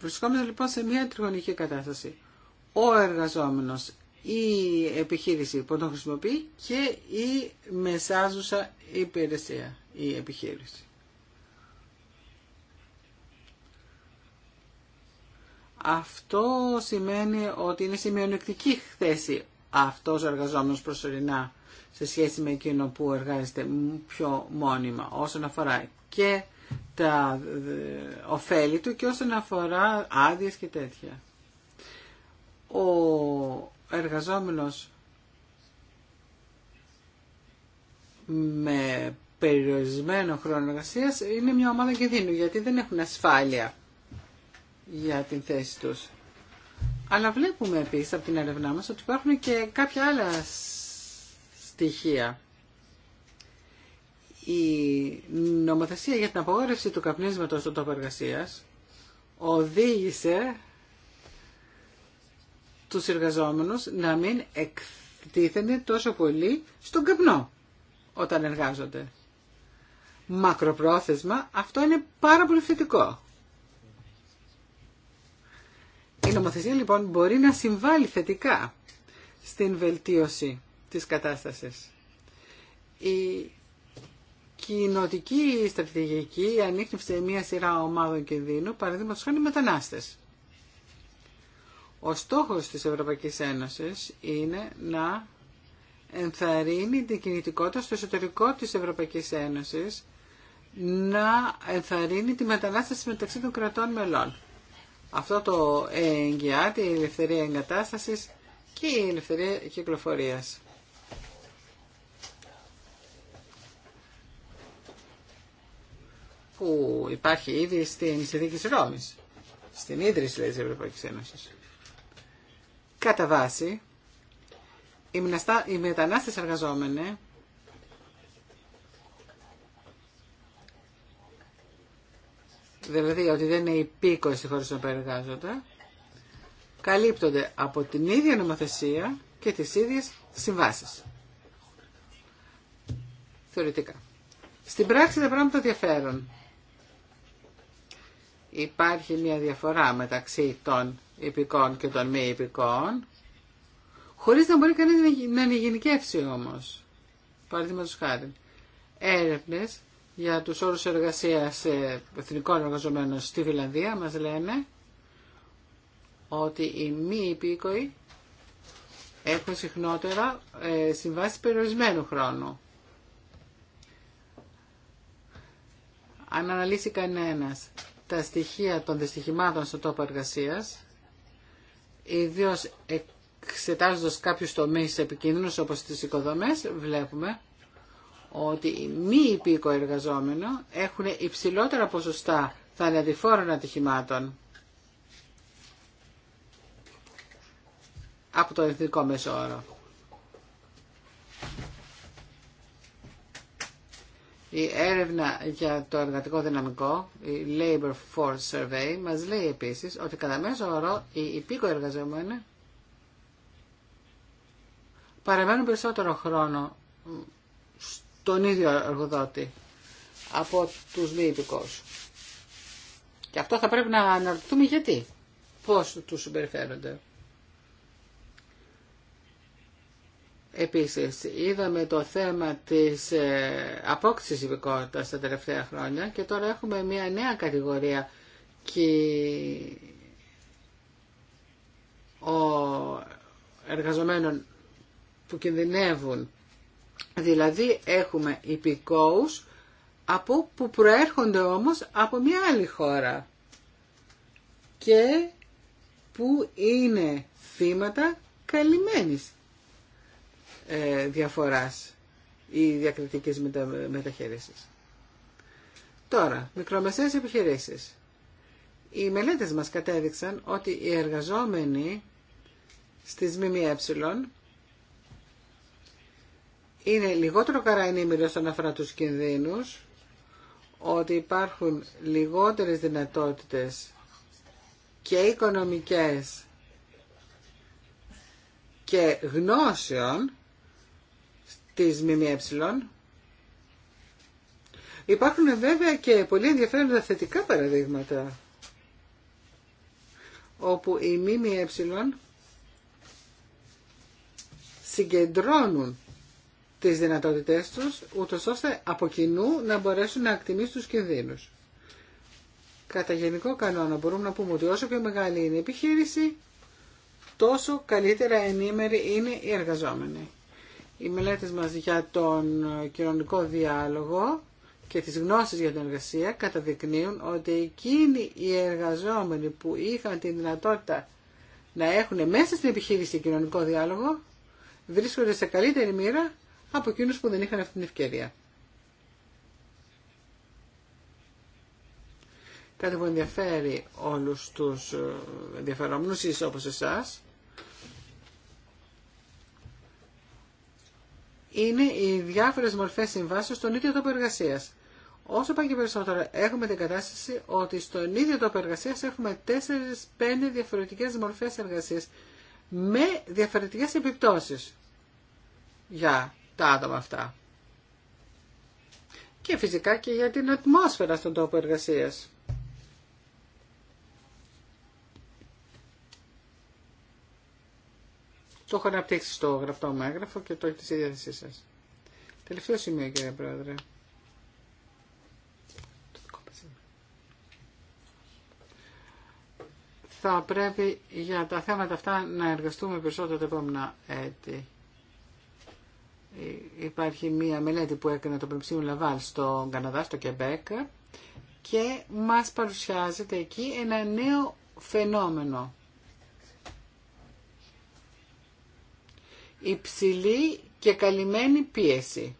Βρισκόμαστε λοιπόν σε μια τριγωνική κατάσταση. Ο εργαζόμενος, η επιχείρηση που τον χρησιμοποιεί και η μεσάζουσα υπηρεσία, η επιχείρηση. Αυτό σημαίνει ότι είναι σημειονεκτική θέση αυτός ο εργαζόμενος προσωρινά σε σχέση με εκείνο που εργάζεται πιο μόνιμα όσον αφορά και τα ε, ωφέλη του και όσον αφορά άδειες και τέτοια. Ο εργαζόμενος με περιορισμένο χρόνο εργασία είναι μια ομάδα κινδύνου γιατί δεν έχουν ασφάλεια για την θέση τους. Αλλά βλέπουμε επίσης από την έρευνά μας ότι υπάρχουν και κάποια άλλα στοιχεία. Η νομοθεσία για την απογόρευση του καπνίσματος στον τόπο εργασίας οδήγησε τους εργαζόμενους να μην εκτίθενται τόσο πολύ στον καπνό όταν εργάζονται. Μακροπρόθεσμα αυτό είναι πάρα πολύ θετικό. Η νομοθεσία λοιπόν μπορεί να συμβάλλει θετικά στην βελτίωση της κατάστασης. Η κοινοτική στρατηγική ανείχνευσε μια σειρά ομάδων κινδύνου, παραδείγματος χάνει μετανάστες. Ο στόχος της Ευρωπαϊκής Ένωσης είναι να ενθαρρύνει την κινητικότητα στο εσωτερικό της Ευρωπαϊκής Ένωσης, να ενθαρρύνει τη μετανάσταση μεταξύ των κρατών μελών. Αυτό το εγγυάται η ελευθερία εγκατάστασης και η ελευθερία κυκλοφορίας. που υπάρχει ήδη στην συνθήκη της Ρώμης, στην ίδρυση δηλαδή, της Ευρωπαϊκής Ένωσης. Κατά βάση, οι μετανάστες εργαζόμενοι δηλαδή ότι δεν είναι υπήκοοι στη χώρα που εργάζονται, καλύπτονται από την ίδια νομοθεσία και τις ίδιες συμβάσεις. Θεωρητικά. Στην πράξη τα πράγματα διαφέρουν υπάρχει μια διαφορά μεταξύ των υπηκών και των μη υπηκών, χωρίς να μπορεί κανείς να ανηγενικεύσει όμως. Παραδείγματος χάρη. Έρευνες για τους όρους εργασίας ε, εθνικών εργαζομένων στη Φιλανδία μας λένε ότι οι μη υπήκοοι έχουν συχνότερα ε, συμβάσει περιορισμένου χρόνου. Αν αναλύσει κανένας τα στοιχεία των δυστυχημάτων στο τόπο εργασία, ιδίω εξετάζοντας κάποιου τομεί επικίνδυνου όπως τι οικοδομέ, βλέπουμε ότι οι μη υπήκοοι εργαζόμενοι έχουν υψηλότερα ποσοστά θανατηφόρων ατυχημάτων από το εθνικό μέσο όρο. Η έρευνα για το εργατικό δυναμικό, η Labor Force Survey, μας λέει επίσης ότι κατά μέσο όρο οι υπήκοοι εργαζόμενοι παραμένουν περισσότερο χρόνο στον ίδιο εργοδότη από τους μη υπηκούς. Και αυτό θα πρέπει να αναρωτηθούμε γιατί, πώς τους συμπεριφέρονται. Επίσης, είδαμε το θέμα της ε, απόκτησης υπηκότητας τα τελευταία χρόνια και τώρα έχουμε μια νέα κατηγορία και ο εργαζομένων που κινδυνεύουν. Δηλαδή έχουμε υπηκόους από που προέρχονται όμως από μια άλλη χώρα και που είναι θύματα καλυμμένης ε, διαφοράς ή διακριτικής μετα, Τώρα, μικρομεσαίες επιχειρήσεις. Οι μελέτες μας κατέδειξαν ότι οι εργαζόμενοι στις ΜΜΕ είναι λιγότερο καρά ενήμεροι όσον αφορά τους κινδύνους, ότι υπάρχουν λιγότερες δυνατότητες και οικονομικές και γνώσεων της ΜΜΕ. Υπάρχουν βέβαια και πολύ ενδιαφέροντα θετικά παραδείγματα όπου οι ΜΜΕ συγκεντρώνουν τις δυνατότητές τους, ούτως ώστε από κοινού να μπορέσουν να ακτιμήσουν τους κινδύνους. Κατά γενικό κανόνα μπορούμε να πούμε ότι όσο πιο μεγάλη είναι η επιχείρηση, τόσο καλύτερα ενήμεροι είναι οι εργαζόμενοι οι μελέτες μας για τον κοινωνικό διάλογο και τις γνώσεις για την εργασία καταδεικνύουν ότι εκείνοι οι εργαζόμενοι που είχαν την δυνατότητα να έχουν μέσα στην επιχείρηση κοινωνικό διάλογο βρίσκονται σε καλύτερη μοίρα από εκείνου που δεν είχαν αυτή την ευκαιρία. Κάτι που ενδιαφέρει όλους τους ε, ενδιαφερόμενους, εσείς όπως εσάς, είναι οι διάφορες μορφές συμβάσεων στον ίδιο τόπο εργασία. Όσο πάει και περισσότερο έχουμε την κατάσταση ότι στον ίδιο τόπο εργασία έχουμε 4-5 διαφορετικές μορφές εργασίας με διαφορετικές επιπτώσεις για τα άτομα αυτά. Και φυσικά και για την ατμόσφαιρα στον τόπο εργασίας. Το έχω αναπτύξει στο γραφτό μου έγγραφο και το έχετε στη διάθεσή σα. Τελευταίο σημείο κύριε Πρόεδρε. Θα πρέπει για τα θέματα αυτά να εργαστούμε περισσότερο τα επόμενα έτη. Ε, υπάρχει μία μελέτη που έκανε το Πνευσίου Λαβάλ στο Καναδά, στο Κεμπέκ και μας παρουσιάζεται εκεί ένα νέο φαινόμενο υψηλή και καλυμμένη πίεση.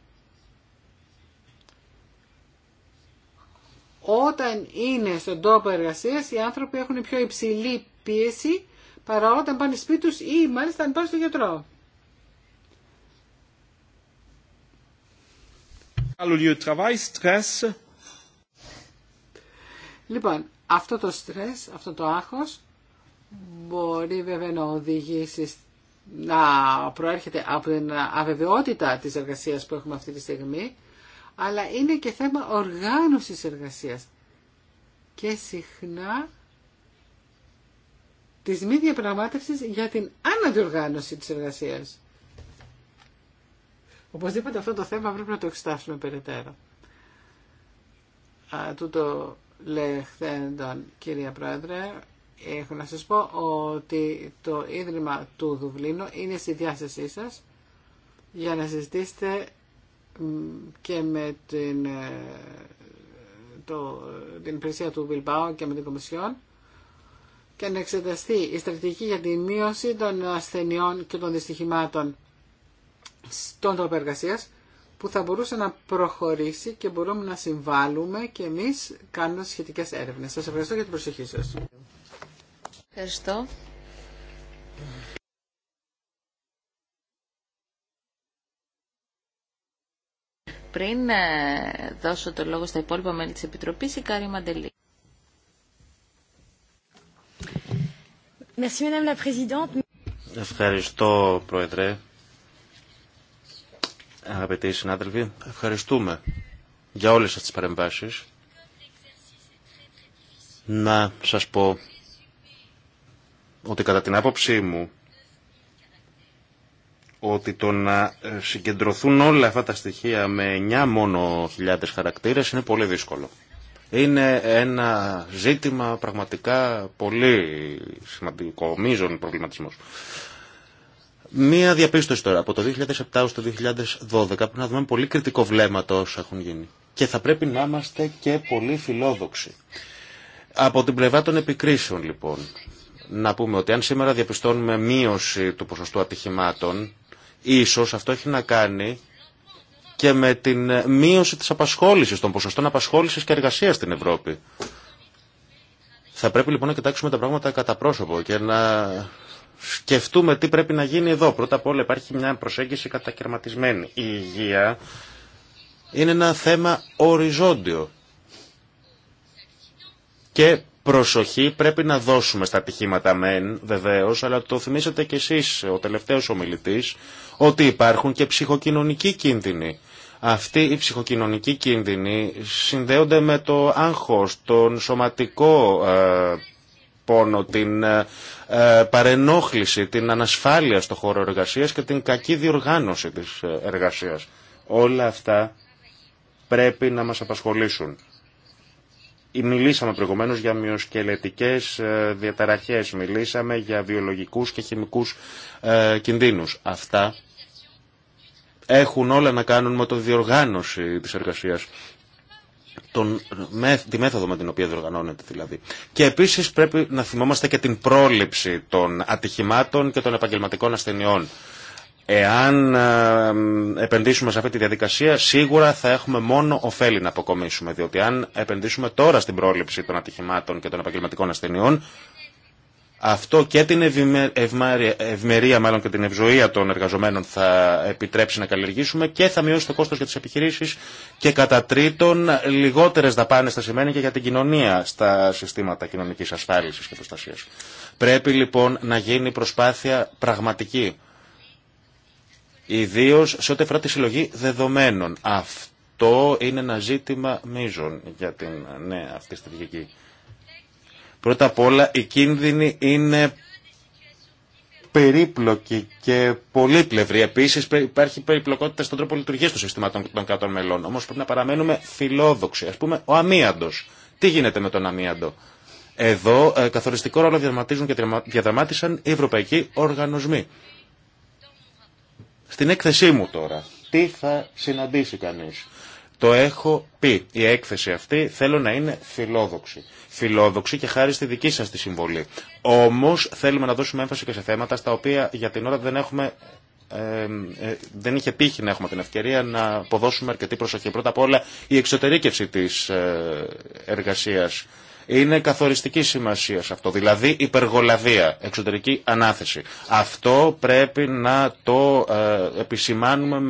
Όταν είναι στον τόπο εργασία οι άνθρωποι έχουν πιο υψηλή πίεση παρά όταν πάνε σπίτι τους ή μάλιστα αν πάνε στο γιατρό. Λοιπόν, αυτό το στρες, αυτό το άγχος μπορεί βέβαια να οδηγήσει να προέρχεται από την αβεβαιότητα της εργασίας που έχουμε αυτή τη στιγμή, αλλά είναι και θέμα οργάνωσης εργασίας. Και συχνά της μη διαπραγμάτευσης για την αναδιοργάνωση της εργασίας. Οπωσδήποτε αυτό το θέμα πρέπει να το εξετάσουμε περαιτέρω. Α, τούτο λεχθέντον, κυρία Πρόεδρε, έχω να σας πω ότι το Ίδρυμα του Δουβλίνου είναι στη διάθεσή σας για να συζητήσετε και με την, ε, το, την υπηρεσία του Βιλπάου και με την Κομισιόν και να εξεταστεί η στρατηγική για τη μείωση των ασθενειών και των δυστυχημάτων στον τρόπο εργασία που θα μπορούσε να προχωρήσει και μπορούμε να συμβάλλουμε και εμείς κάνοντας σχετικές έρευνες. Σας ευχαριστώ για την προσοχή σας. Ευχαριστώ. Πριν ε, δώσω το λόγο στα υπόλοιπα μέλη της Επιτροπής, η Κάρη Μαντελή. Ευχαριστώ, Πρόεδρε. Αγαπητοί συνάδελφοι, ευχαριστούμε για όλες αυτές τις παρεμβάσεις. Να σας πω ότι κατά την άποψή μου ότι το να ε, συγκεντρωθούν όλα αυτά τα στοιχεία με 9 μόνο χιλιάδες χαρακτήρες είναι πολύ δύσκολο. Είναι ένα ζήτημα πραγματικά πολύ σημαντικό, μείζον προβληματισμός. Μία διαπίστωση τώρα, από το 2007 ως το 2012, που να δούμε πολύ κριτικό βλέμμα το όσο έχουν γίνει. Και θα πρέπει να είμαστε και πολύ φιλόδοξοι. Από την πλευρά των επικρίσεων λοιπόν, να πούμε ότι αν σήμερα διαπιστώνουμε μείωση του ποσοστού ατυχημάτων, ίσως αυτό έχει να κάνει και με την μείωση της απασχόλησης, των ποσοστών απασχόλησης και εργασίας στην Ευρώπη. Θα πρέπει λοιπόν να κοιτάξουμε τα πράγματα κατά πρόσωπο και να σκεφτούμε τι πρέπει να γίνει εδώ. Πρώτα απ' όλα υπάρχει μια προσέγγιση κατακαιρματισμένη. Η υγεία είναι ένα θέμα οριζόντιο. Και προσοχή πρέπει να δώσουμε στα ατυχήματα μεν, βεβαίω, αλλά το θυμήσατε κι εσείς, ο τελευταίος ομιλητής, ότι υπάρχουν και ψυχοκοινωνικοί κίνδυνοι. Αυτοί οι ψυχοκοινωνικοί κίνδυνοι συνδέονται με το άγχος, τον σωματικό ε, πόνο, την ε, ε, παρενόχληση, την ανασφάλεια στο χώρο εργασίας και την κακή διοργάνωση της εργασίας. Όλα αυτά πρέπει να μας απασχολήσουν. Μιλήσαμε προηγουμένω για μειοσκελετικέ ε, διαταραχέ, μιλήσαμε για βιολογικού και χημικού ε, κινδύνου. Αυτά έχουν όλα να κάνουν με το διοργάνωση τη εργασία. Τον, τη μέθοδο με την οποία διοργανώνεται δηλαδή. Και επίσης πρέπει να θυμόμαστε και την πρόληψη των ατυχημάτων και των επαγγελματικών ασθενειών. Εάν ε, επενδύσουμε σε αυτή τη διαδικασία, σίγουρα θα έχουμε μόνο ωφέλη να αποκομίσουμε. Διότι αν επενδύσουμε τώρα στην πρόληψη των ατυχημάτων και των επαγγελματικών ασθενειών, αυτό και την ευμερία μάλλον και την ευζοία των εργαζομένων θα επιτρέψει να καλλιεργήσουμε και θα μειώσει το κόστος για τις επιχειρήσεις και κατά τρίτον λιγότερες δαπάνες θα σημαίνει και για την κοινωνία στα συστήματα κοινωνικής ασφάλισης και προστασίας. Πρέπει λοιπόν να γίνει προσπάθεια πραγματική Ιδίω σε ό,τι αφορά τη συλλογή δεδομένων. Αυτό είναι ένα ζήτημα μείζων για την νέα αυτή στρατηγική. Πρώτα απ' όλα, οι κίνδυνοι είναι περίπλοκοι και πολύπλευρη. Επίση, υπάρχει περιπλοκότητα στον τρόπο λειτουργία των συστημάτων των κρατών μελών. Όμω, πρέπει να παραμένουμε φιλόδοξοι. Α πούμε, ο αμίαντο. Τι γίνεται με τον αμίαντο. Εδώ, ε, καθοριστικό ρόλο διαδραματίζουν και διαδραμάτισαν οι ευρωπαϊκοί οργανισμοί. Στην έκθεσή μου τώρα, τι θα συναντήσει κανείς. Το έχω πει. Η έκθεση αυτή θέλω να είναι φιλόδοξη. Φιλόδοξη και χάρη στη δική σας τη συμβολή. Όμως θέλουμε να δώσουμε έμφαση και σε θέματα στα οποία για την ώρα δεν έχουμε ε, ε δεν είχε τύχει να έχουμε την ευκαιρία να αποδώσουμε αρκετή προσοχή. Πρώτα απ' όλα η εξωτερήκευση της ε, εργασίας είναι καθοριστική σημασία σε αυτό. Δηλαδή υπεργολαδία, εξωτερική ανάθεση. Αυτό πρέπει να το ε, επισημάνουμε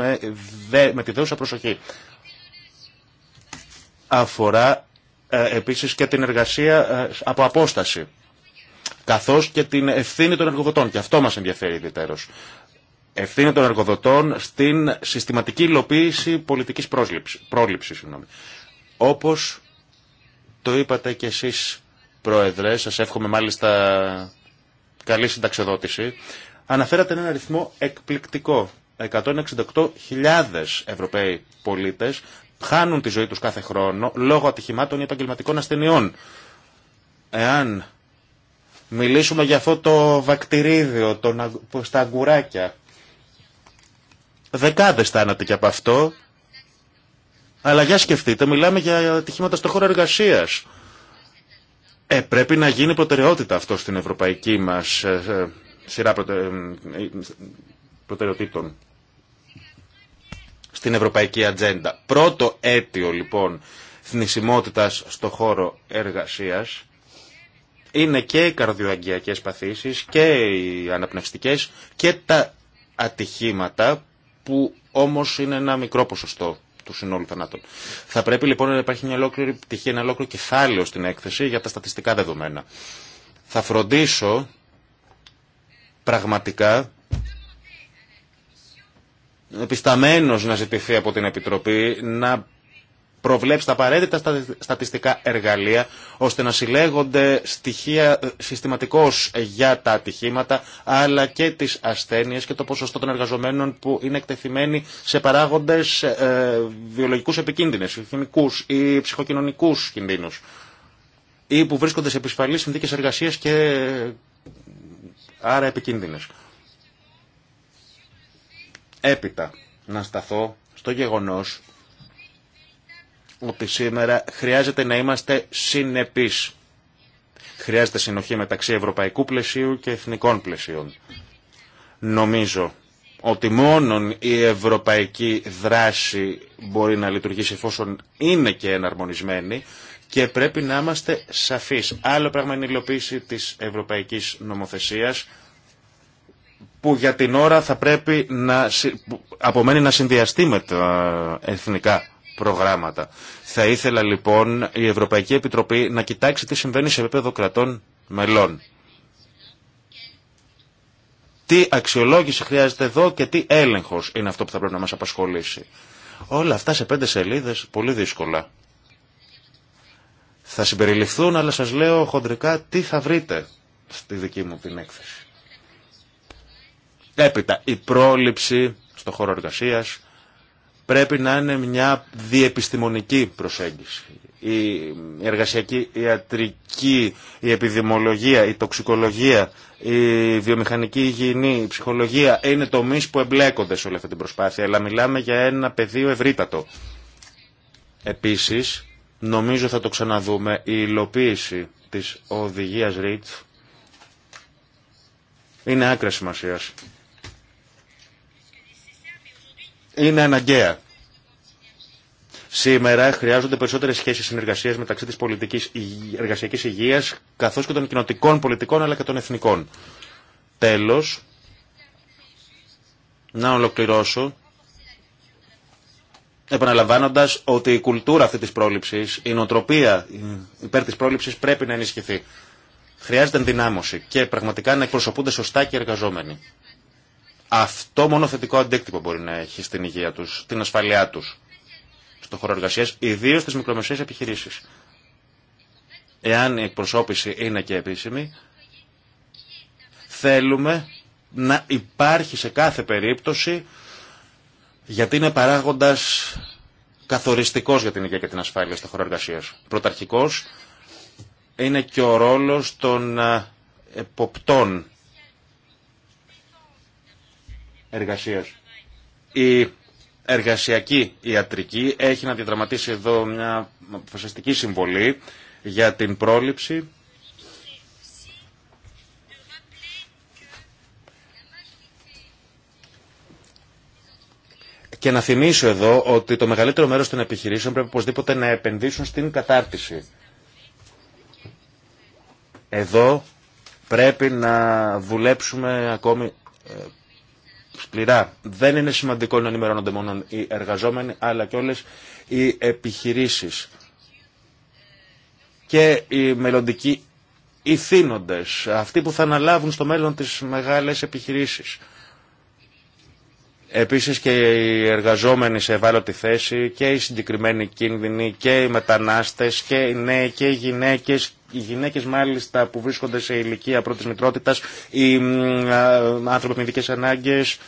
με, με τη δέουσα προσοχή. Αφορά ε, επίσης και την εργασία ε, από απόσταση καθώς και την ευθύνη των εργοδοτών. Και αυτό μας ενδιαφέρει ιδιαίτερως. Ευθύνη των εργοδοτών στην συστηματική υλοποίηση πολιτικής πρόληψης. Όπως το είπατε και εσείς, Πρόεδρε, σας εύχομαι μάλιστα καλή συνταξιοδότηση. Αναφέρατε έναν αριθμό εκπληκτικό. 168.000 Ευρωπαίοι πολίτες χάνουν τη ζωή τους κάθε χρόνο λόγω ατυχημάτων ή επαγγελματικών ασθενειών. Εάν μιλήσουμε για αυτό το βακτηρίδιο το, στα αγκουράκια, δεκάδες θάνατοι και από αυτό αλλά για σκεφτείτε, μιλάμε για ατυχήματα στο χώρο εργασία. Ε, πρέπει να γίνει προτεραιότητα αυτό στην ευρωπαϊκή μα ε, ε, σειρά ε, προτεραιοτήτων. Στην ευρωπαϊκή ατζέντα. Πρώτο αίτιο λοιπόν θνησιμότητας στο χώρο εργασίας είναι και οι καρδιοαγκιακές παθήσεις και οι αναπνευστικές και τα ατυχήματα που όμως είναι ένα μικρό ποσοστό του συνόλου θανάτων. Θα πρέπει λοιπόν να υπάρχει μια ολόκληρη πτυχή, ένα ολόκληρο κεφάλαιο στην έκθεση για τα στατιστικά δεδομένα. Θα φροντίσω πραγματικά επισταμένος να ζητηθεί από την Επιτροπή να προβλέψει τα απαραίτητα στατιστικά εργαλεία ώστε να συλλέγονται στοιχεία ε, συστηματικώς για τα ατυχήματα αλλά και τις ασθένειες και το ποσοστό των εργαζομένων που είναι εκτεθειμένοι σε παράγοντες ε, βιολογικούς επικίνδυνες, χημικούς ή ψυχοκοινωνικούς κινδύνους ή που βρίσκονται σε επισφαλείς συνθήκες εργασίας και άρα επικίνδυνες. Έπειτα να σταθώ στο γεγονός ότι σήμερα χρειάζεται να είμαστε συνεπείς. Χρειάζεται συνοχή μεταξύ ευρωπαϊκού πλαισίου και εθνικών πλαισίων. Νομίζω ότι μόνο η ευρωπαϊκή δράση μπορεί να λειτουργήσει εφόσον είναι και εναρμονισμένη και πρέπει να είμαστε σαφείς. Άλλο πράγμα είναι η υλοποίηση της ευρωπαϊκής νομοθεσίας που για την ώρα θα πρέπει να απομένει να συνδυαστεί με τα εθνικά προγράμματα. Θα ήθελα λοιπόν η Ευρωπαϊκή Επιτροπή να κοιτάξει τι συμβαίνει σε επίπεδο κρατών μελών. Τι αξιολόγηση χρειάζεται εδώ και τι έλεγχος είναι αυτό που θα πρέπει να μας απασχολήσει. Όλα αυτά σε πέντε σελίδες πολύ δύσκολα. Θα συμπεριληφθούν αλλά σας λέω χοντρικά τι θα βρείτε στη δική μου την έκθεση. Έπειτα η πρόληψη στο χώρο εργασίας, πρέπει να είναι μια διεπιστημονική προσέγγιση. Η εργασιακή ιατρική, η επιδημολογία, η τοξικολογία, η βιομηχανική υγιεινή, η ψυχολογία είναι τομείς που εμπλέκονται σε όλη αυτή την προσπάθεια, αλλά μιλάμε για ένα πεδίο ευρύτατο. Επίσης, νομίζω θα το ξαναδούμε, η υλοποίηση της οδηγίας REACH είναι άκρα σημασίας είναι αναγκαία. Σήμερα χρειάζονται περισσότερε σχέσει συνεργασία μεταξύ τη πολιτική εργασιακή υγεία καθώ και των κοινοτικών πολιτικών αλλά και των εθνικών. Τέλο, να ολοκληρώσω επαναλαμβάνοντα ότι η κουλτούρα αυτή τη πρόληψη, η νοοτροπία υπέρ τη πρόληψη πρέπει να ενισχυθεί. Χρειάζεται ενδυνάμωση και πραγματικά να εκπροσωπούνται σωστά και οι εργαζόμενοι. Αυτό μόνο θετικό αντίκτυπο μπορεί να έχει στην υγεία τους, την ασφαλειά τους στο χώρο εργασία, ιδίω στις μικρομεσαίες επιχειρήσεις. Εάν η εκπροσώπηση είναι και επίσημη, θέλουμε να υπάρχει σε κάθε περίπτωση γιατί είναι παράγοντας καθοριστικός για την υγεία και την ασφάλεια στο χώρο εργασία. Πρωταρχικό είναι και ο ρόλο των ε, εποπτών εργασίας. Η εργασιακή ιατρική έχει να διαδραματίσει εδώ μια αποφασιστική συμβολή για την πρόληψη Και να θυμίσω εδώ ότι το μεγαλύτερο μέρος των επιχειρήσεων πρέπει οπωσδήποτε να επενδύσουν στην κατάρτιση. Εδώ πρέπει να δουλέψουμε ακόμη ε, σκληρά. Δεν είναι σημαντικό να ενημερώνονται μόνο οι εργαζόμενοι, αλλά και όλες οι επιχειρήσεις και οι μελλοντικοί ηθήνοντες, αυτοί που θα αναλάβουν στο μέλλον τις μεγάλες επιχειρήσεις. Επίσης και οι εργαζόμενοι σε ευάλωτη θέση και οι συγκεκριμένοι κίνδυνοι και οι μετανάστες και οι νέοι και οι γυναίκες οι γυναίκες μάλιστα που βρίσκονται σε ηλικία πρώτης μητρότητας, οι άνθρωποι με ειδικές ανάγκες,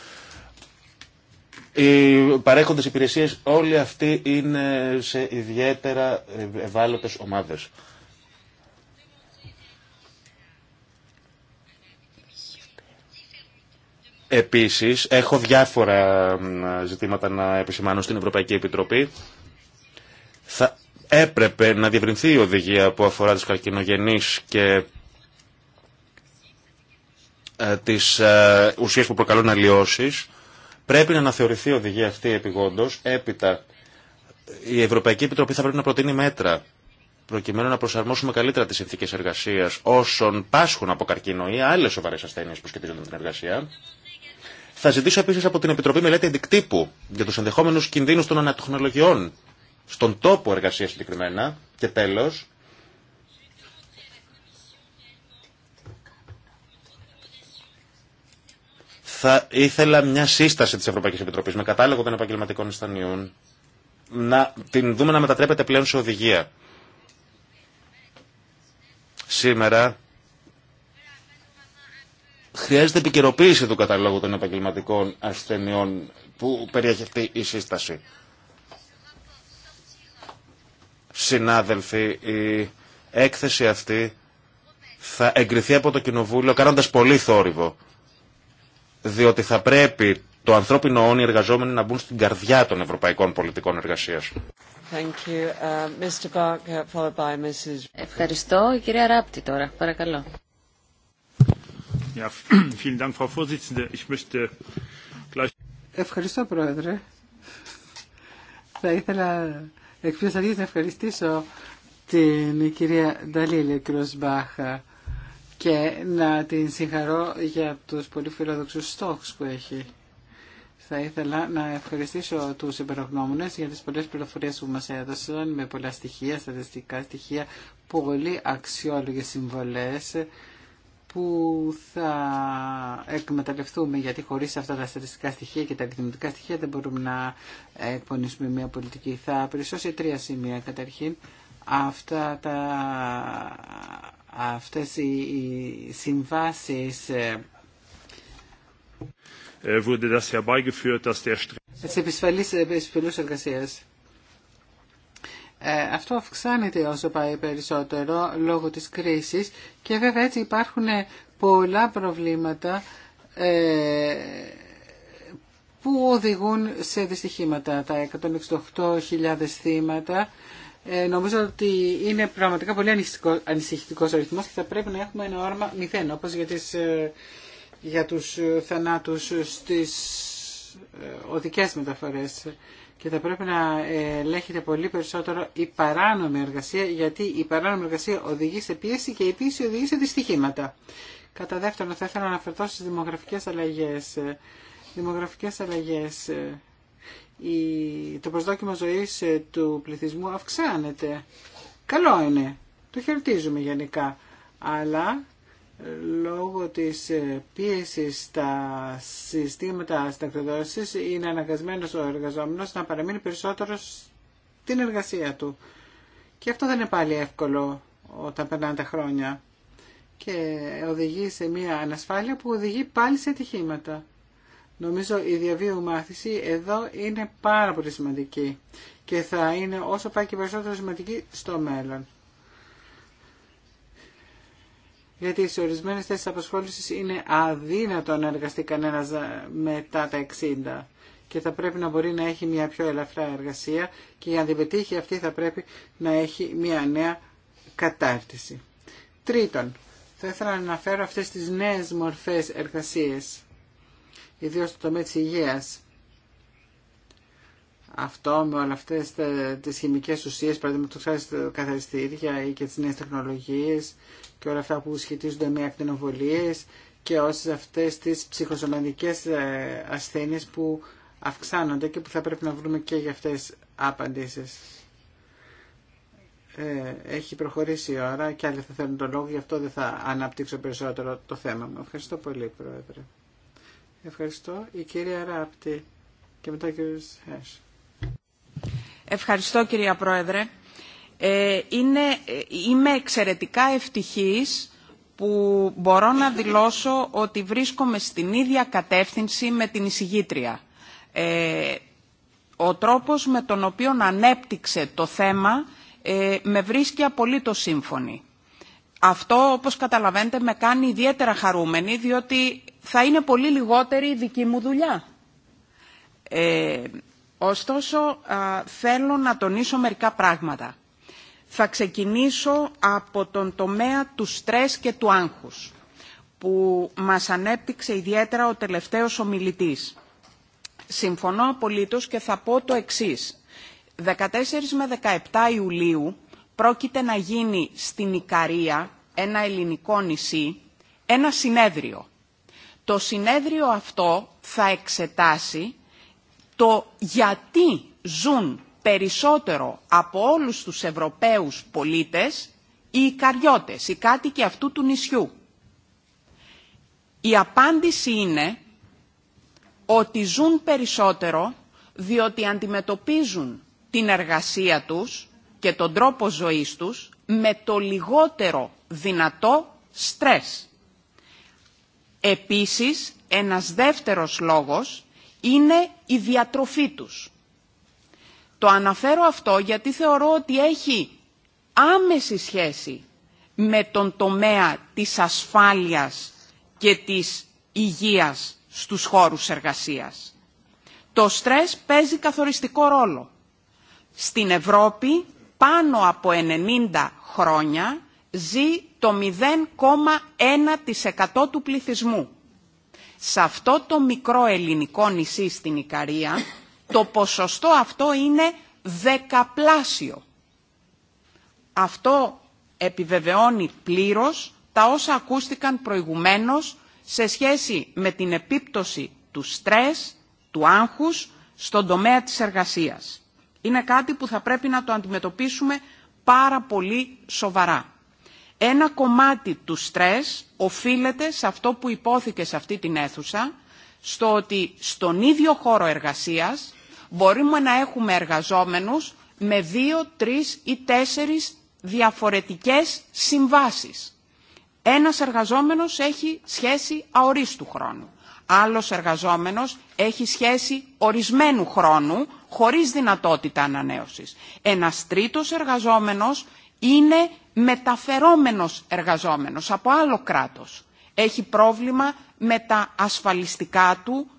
οι παρέχοντες υπηρεσίες, όλοι αυτοί είναι σε ιδιαίτερα ευάλωτες ομάδες. Επίσης, έχω διάφορα ζητήματα να επισημάνω στην Ευρωπαϊκή Επιτροπή. Θα έπρεπε να διευρυνθεί η οδηγία που αφορά τους καρκινογενείς και ε, τις ε, ουσίες που προκαλούν αλλοιώσεις. Πρέπει να αναθεωρηθεί η οδηγία αυτή επιγόντως. Έπειτα, η Ευρωπαϊκή Επιτροπή θα πρέπει να προτείνει μέτρα προκειμένου να προσαρμόσουμε καλύτερα τις συνθήκες εργασίας όσων πάσχουν από καρκίνο ή άλλες σοβαρές ασθένειες που σχετίζονται με την εργασία. Θα ζητήσω επίσης από την Επιτροπή Μελέτη Αντικτύπου για τους ενδεχόμενου κινδύνους των ανατεχνολογιών στον τόπο εργασία συγκεκριμένα. Και τέλο. θα ήθελα μια σύσταση τη Ευρωπαϊκή Επιτροπή με κατάλογο των επαγγελματικών ιστανιών να την δούμε να μετατρέπεται πλέον σε οδηγία. Σήμερα χρειάζεται επικαιροποίηση του καταλόγου των επαγγελματικών ασθενειών που αυτή η σύσταση. Συνάδελφοι, η έκθεση αυτή θα εγκριθεί από το Κοινοβούλιο κάνοντας πολύ θόρυβο. Διότι θα πρέπει το ανθρώπινο όνειρο εργαζόμενοι να μπουν στην καρδιά των ευρωπαϊκών πολιτικών εργασίας. Uh, Ευχαριστώ. Η κυρία Ράπτη τώρα. Παρακαλώ. Ευχαριστώ, Πρόεδρε. Θα ήθελα Εκ αρχής να ευχαριστήσω την κυρία Νταλίλη Κροσμπάχ και να την συγχαρώ για τους πολύ φιλοδοξούς στόχους που έχει. Θα ήθελα να ευχαριστήσω τους υπερογνώμονες για τις πολλές πληροφορίες που μας έδωσαν με πολλά στοιχεία, στατιστικά στοιχεία, πολύ αξιόλογες συμβολές που θα εκμεταλλευτούμε γιατί χωρίς αυτά τα στατιστικά στοιχεία και τα εκδημητικά στοιχεία δεν μπορούμε να εκπονήσουμε μια πολιτική. Θα περισσώσει τρία σημεία καταρχήν. Αυτά τα, αυτές οι, οι συμβάσεις ε, αυτό αυξάνεται όσο πάει περισσότερο λόγω της κρίσης και βέβαια έτσι υπάρχουν πολλά προβλήματα ε, που οδηγούν σε δυστυχήματα. Τα 168.000 θύματα ε, νομίζω ότι είναι πραγματικά πολύ ανησυχητικό ο ρυθμός και θα πρέπει να έχουμε ένα όρμα μηδέν, όπως για, τις, για τους θανάτους στις οδικές μεταφορές και θα πρέπει να ελέγχεται πολύ περισσότερο η παράνομη εργασία, γιατί η παράνομη εργασία οδηγεί σε πίεση και η πίεση οδηγεί σε δυστυχήματα. Κατά δεύτερον, θα ήθελα να αναφερθώ στις δημογραφικές αλλαγές. Δημογραφικές αλλαγές. Η... Το προσδόκιμο ζωής ε, του πληθυσμού αυξάνεται. Καλό είναι. Το χαιρετίζουμε γενικά. Αλλά λόγω της ε, πίεσης στα συστήματα στακτοδόσης είναι αναγκασμένος ο εργαζόμενος να παραμείνει περισσότερο στην εργασία του. Και αυτό δεν είναι πάλι εύκολο όταν περνάνε τα χρόνια και οδηγεί σε μια ανασφάλεια που οδηγεί πάλι σε ατυχήματα. Νομίζω η διαβίου μάθηση εδώ είναι πάρα πολύ σημαντική και θα είναι όσο πάει και περισσότερο σημαντική στο μέλλον γιατί σε ορισμένες θέσεις απασχόλησης είναι αδύνατο να εργαστεί κανένας μετά τα 60 και θα πρέπει να μπορεί να έχει μια πιο ελαφρά εργασία και για να την πετύχει αυτή θα πρέπει να έχει μια νέα κατάρτιση. Τρίτον, θα ήθελα να αναφέρω αυτές τις νέες μορφές εργασίες, ιδίως στο τομέα της υγείας αυτό με όλα αυτέ τι χημικέ ουσίες, παραδείγματο χάρη στα καθαριστήρια ή και τις νέε τεχνολογίες και όλα αυτά που σχετίζονται με ακτινοβολίε και όσε αυτέ τι ψυχοσωματικές ε, ασθένειε που αυξάνονται και που θα πρέπει να βρούμε και για αυτές απαντήσεις. Ε, έχει προχωρήσει η ώρα και άλλοι θα θέλουν τον λόγο, γι' αυτό δεν θα αναπτύξω περισσότερο το θέμα μου. Ευχαριστώ πολύ, Πρόεδρε. Ευχαριστώ. Η κυρία Ράπτη και μετά ο κύριος Χέσου. Ευχαριστώ κυρία Πρόεδρε. Ε, είναι, είμαι εξαιρετικά ευτυχής που μπορώ να δηλώσω ότι βρίσκομαι στην ίδια κατεύθυνση με την εισηγήτρια. Ε, ο τρόπος με τον οποίο ανέπτυξε το θέμα ε, με βρίσκει απολύτως σύμφωνη. Αυτό, όπως καταλαβαίνετε, με κάνει ιδιαίτερα χαρούμενη, διότι θα είναι πολύ λιγότερη η δική μου δουλειά. Ε, Ωστόσο, θέλω να τονίσω μερικά πράγματα. Θα ξεκινήσω από τον τομέα του στρες και του άγχους, που μας ανέπτυξε ιδιαίτερα ο τελευταίος ομιλητής. Συμφωνώ απολύτως και θα πω το εξής. 14 με 17 Ιουλίου πρόκειται να γίνει στην Ικαρία, ένα ελληνικό νησί, ένα συνέδριο. Το συνέδριο αυτό θα εξετάσει το γιατί ζουν περισσότερο από όλους τους Ευρωπαίους πολίτες οι Ικαριώτες, οι κάτοικοι αυτού του νησιού. Η απάντηση είναι ότι ζουν περισσότερο διότι αντιμετωπίζουν την εργασία τους και τον τρόπο ζωής τους με το λιγότερο δυνατό στρες. Επίσης, ένας δεύτερος λόγος είναι η διατροφή τους. Το αναφέρω αυτό γιατί θεωρώ ότι έχει άμεση σχέση με τον τομέα της ασφάλειας και της υγείας στους χώρους εργασίας. Το στρες παίζει καθοριστικό ρόλο. Στην Ευρώπη πάνω από 90 χρόνια ζει το 0,1% του πληθυσμού. Σε αυτό το μικρό ελληνικό νησί στην Ικαρία το ποσοστό αυτό είναι δεκαπλάσιο. Αυτό επιβεβαιώνει πλήρως τα όσα ακούστηκαν προηγουμένως σε σχέση με την επίπτωση του στρες, του άγχους στον τομέα της εργασίας. Είναι κάτι που θα πρέπει να το αντιμετωπίσουμε πάρα πολύ σοβαρά. Ένα κομμάτι του στρες οφείλεται σε αυτό που υπόθηκε σε αυτή την αίθουσα, στο ότι στον ίδιο χώρο εργασίας μπορούμε να έχουμε εργαζόμενους με δύο, τρεις ή τέσσερις διαφορετικές συμβάσεις. Ένας εργαζόμενος έχει σχέση αορίστου χρόνου. Άλλος εργαζόμενος έχει σχέση ορισμένου χρόνου, χωρίς δυνατότητα ανανέωσης. Ένας τρίτος εργαζόμενος είναι μεταφερόμενος εργαζόμενος από άλλο κράτος. Έχει πρόβλημα με τα ασφαλιστικά του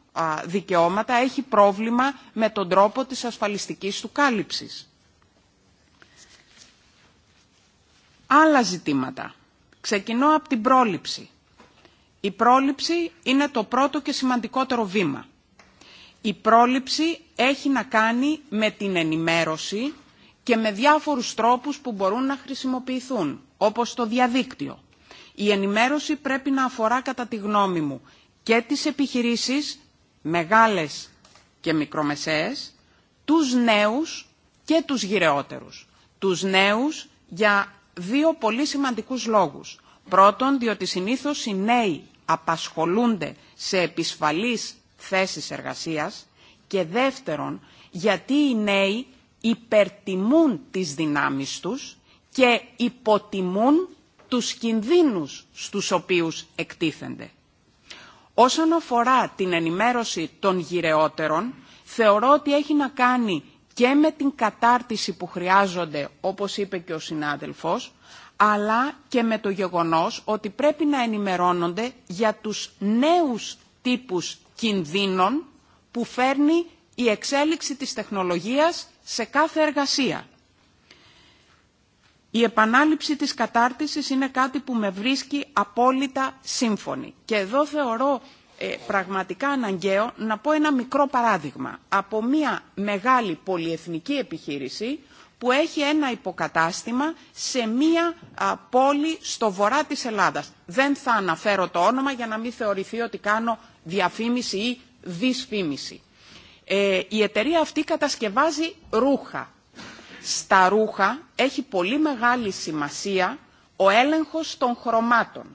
δικαιώματα, έχει πρόβλημα με τον τρόπο της ασφαλιστικής του κάλυψης. Άλλα ζητήματα. Ξεκινώ από την πρόληψη. Η πρόληψη είναι το πρώτο και σημαντικότερο βήμα. Η πρόληψη έχει να κάνει με την ενημέρωση και με διάφορους τρόπους που μπορούν να χρησιμοποιηθούν, όπως το διαδίκτυο. Η ενημέρωση πρέπει να αφορά κατά τη γνώμη μου και τις επιχειρήσεις, μεγάλες και μικρομεσαίες, τους νέους και τους γυρεότερους. Τους νέους για δύο πολύ σημαντικούς λόγους. Πρώτον, διότι συνήθως οι νέοι απασχολούνται σε επισφαλείς θέσεις εργασίας και δεύτερον, γιατί οι νέοι υπερτιμούν τις δυνάμεις τους και υποτιμούν τους κινδύνους στους οποίους εκτίθενται. Όσον αφορά την ενημέρωση των γυρεότερων, θεωρώ ότι έχει να κάνει και με την κατάρτιση που χρειάζονται, όπως είπε και ο συνάδελφος, αλλά και με το γεγονός ότι πρέπει να ενημερώνονται για τους νέους τύπους κινδύνων που φέρνει η εξέλιξη της τεχνολογίας σε κάθε εργασία. Η επανάληψη της κατάρτισης είναι κάτι που με βρίσκει απόλυτα σύμφωνη. Και εδώ θεωρώ ε, πραγματικά αναγκαίο να πω ένα μικρό παράδειγμα από μια μεγάλη πολυεθνική επιχείρηση που έχει ένα υποκατάστημα σε μία πόλη στο βορρά της Ελλάδας. Δεν θα αναφέρω το όνομα για να μην θεωρηθεί ότι κάνω διαφήμιση ή δυσφήμιση. Ε, η εταιρεία αυτή κατασκευάζει ρούχα. Στα ρούχα έχει πολύ μεγάλη σημασία ο έλεγχος των χρωμάτων.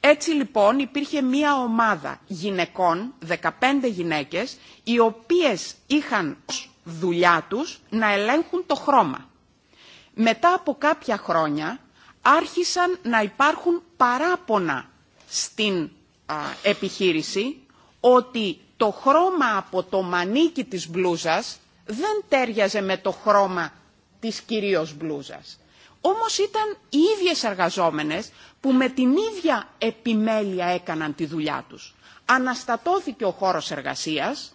Έτσι λοιπόν υπήρχε μία ομάδα γυναικών, 15 γυναίκες, οι οποίες είχαν δουλειά τους να ελέγχουν το χρώμα. Μετά από κάποια χρόνια άρχισαν να υπάρχουν παράπονα στην επιχείρηση ότι το χρώμα από το μανίκι της μπλούζας δεν τέριαζε με το χρώμα της κυρίως μπλούζας. Όμως ήταν οι ίδιες εργαζόμενες που με την ίδια επιμέλεια έκαναν τη δουλειά τους. Αναστατώθηκε ο χώρος εργασίας,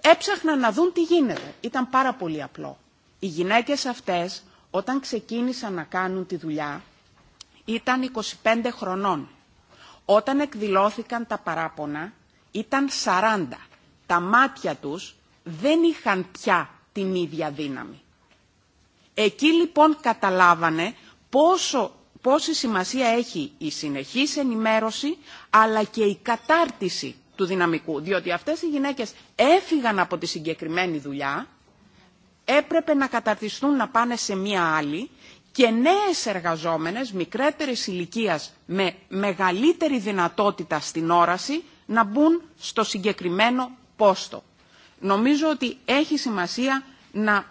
έψαχναν να δουν τι γίνεται. Ήταν πάρα πολύ απλό. Οι γυναίκες αυτές όταν ξεκίνησαν να κάνουν τη δουλειά ήταν 25 χρονών. Όταν εκδηλώθηκαν τα παράπονα ήταν 40. Τα μάτια τους δεν είχαν πια την ίδια δύναμη. Εκεί λοιπόν καταλάβανε πόσο, πόση σημασία έχει η συνεχής ενημέρωση αλλά και η κατάρτιση του δυναμικού. Διότι αυτές οι γυναίκες έφυγαν από τη συγκεκριμένη δουλειά, έπρεπε να καταρτιστούν να πάνε σε μία άλλη και νέες εργαζόμενες μικρότερης ηλικίας με μεγαλύτερη δυνατότητα στην όραση να μπουν στο συγκεκριμένο πόστο. Νομίζω ότι έχει σημασία να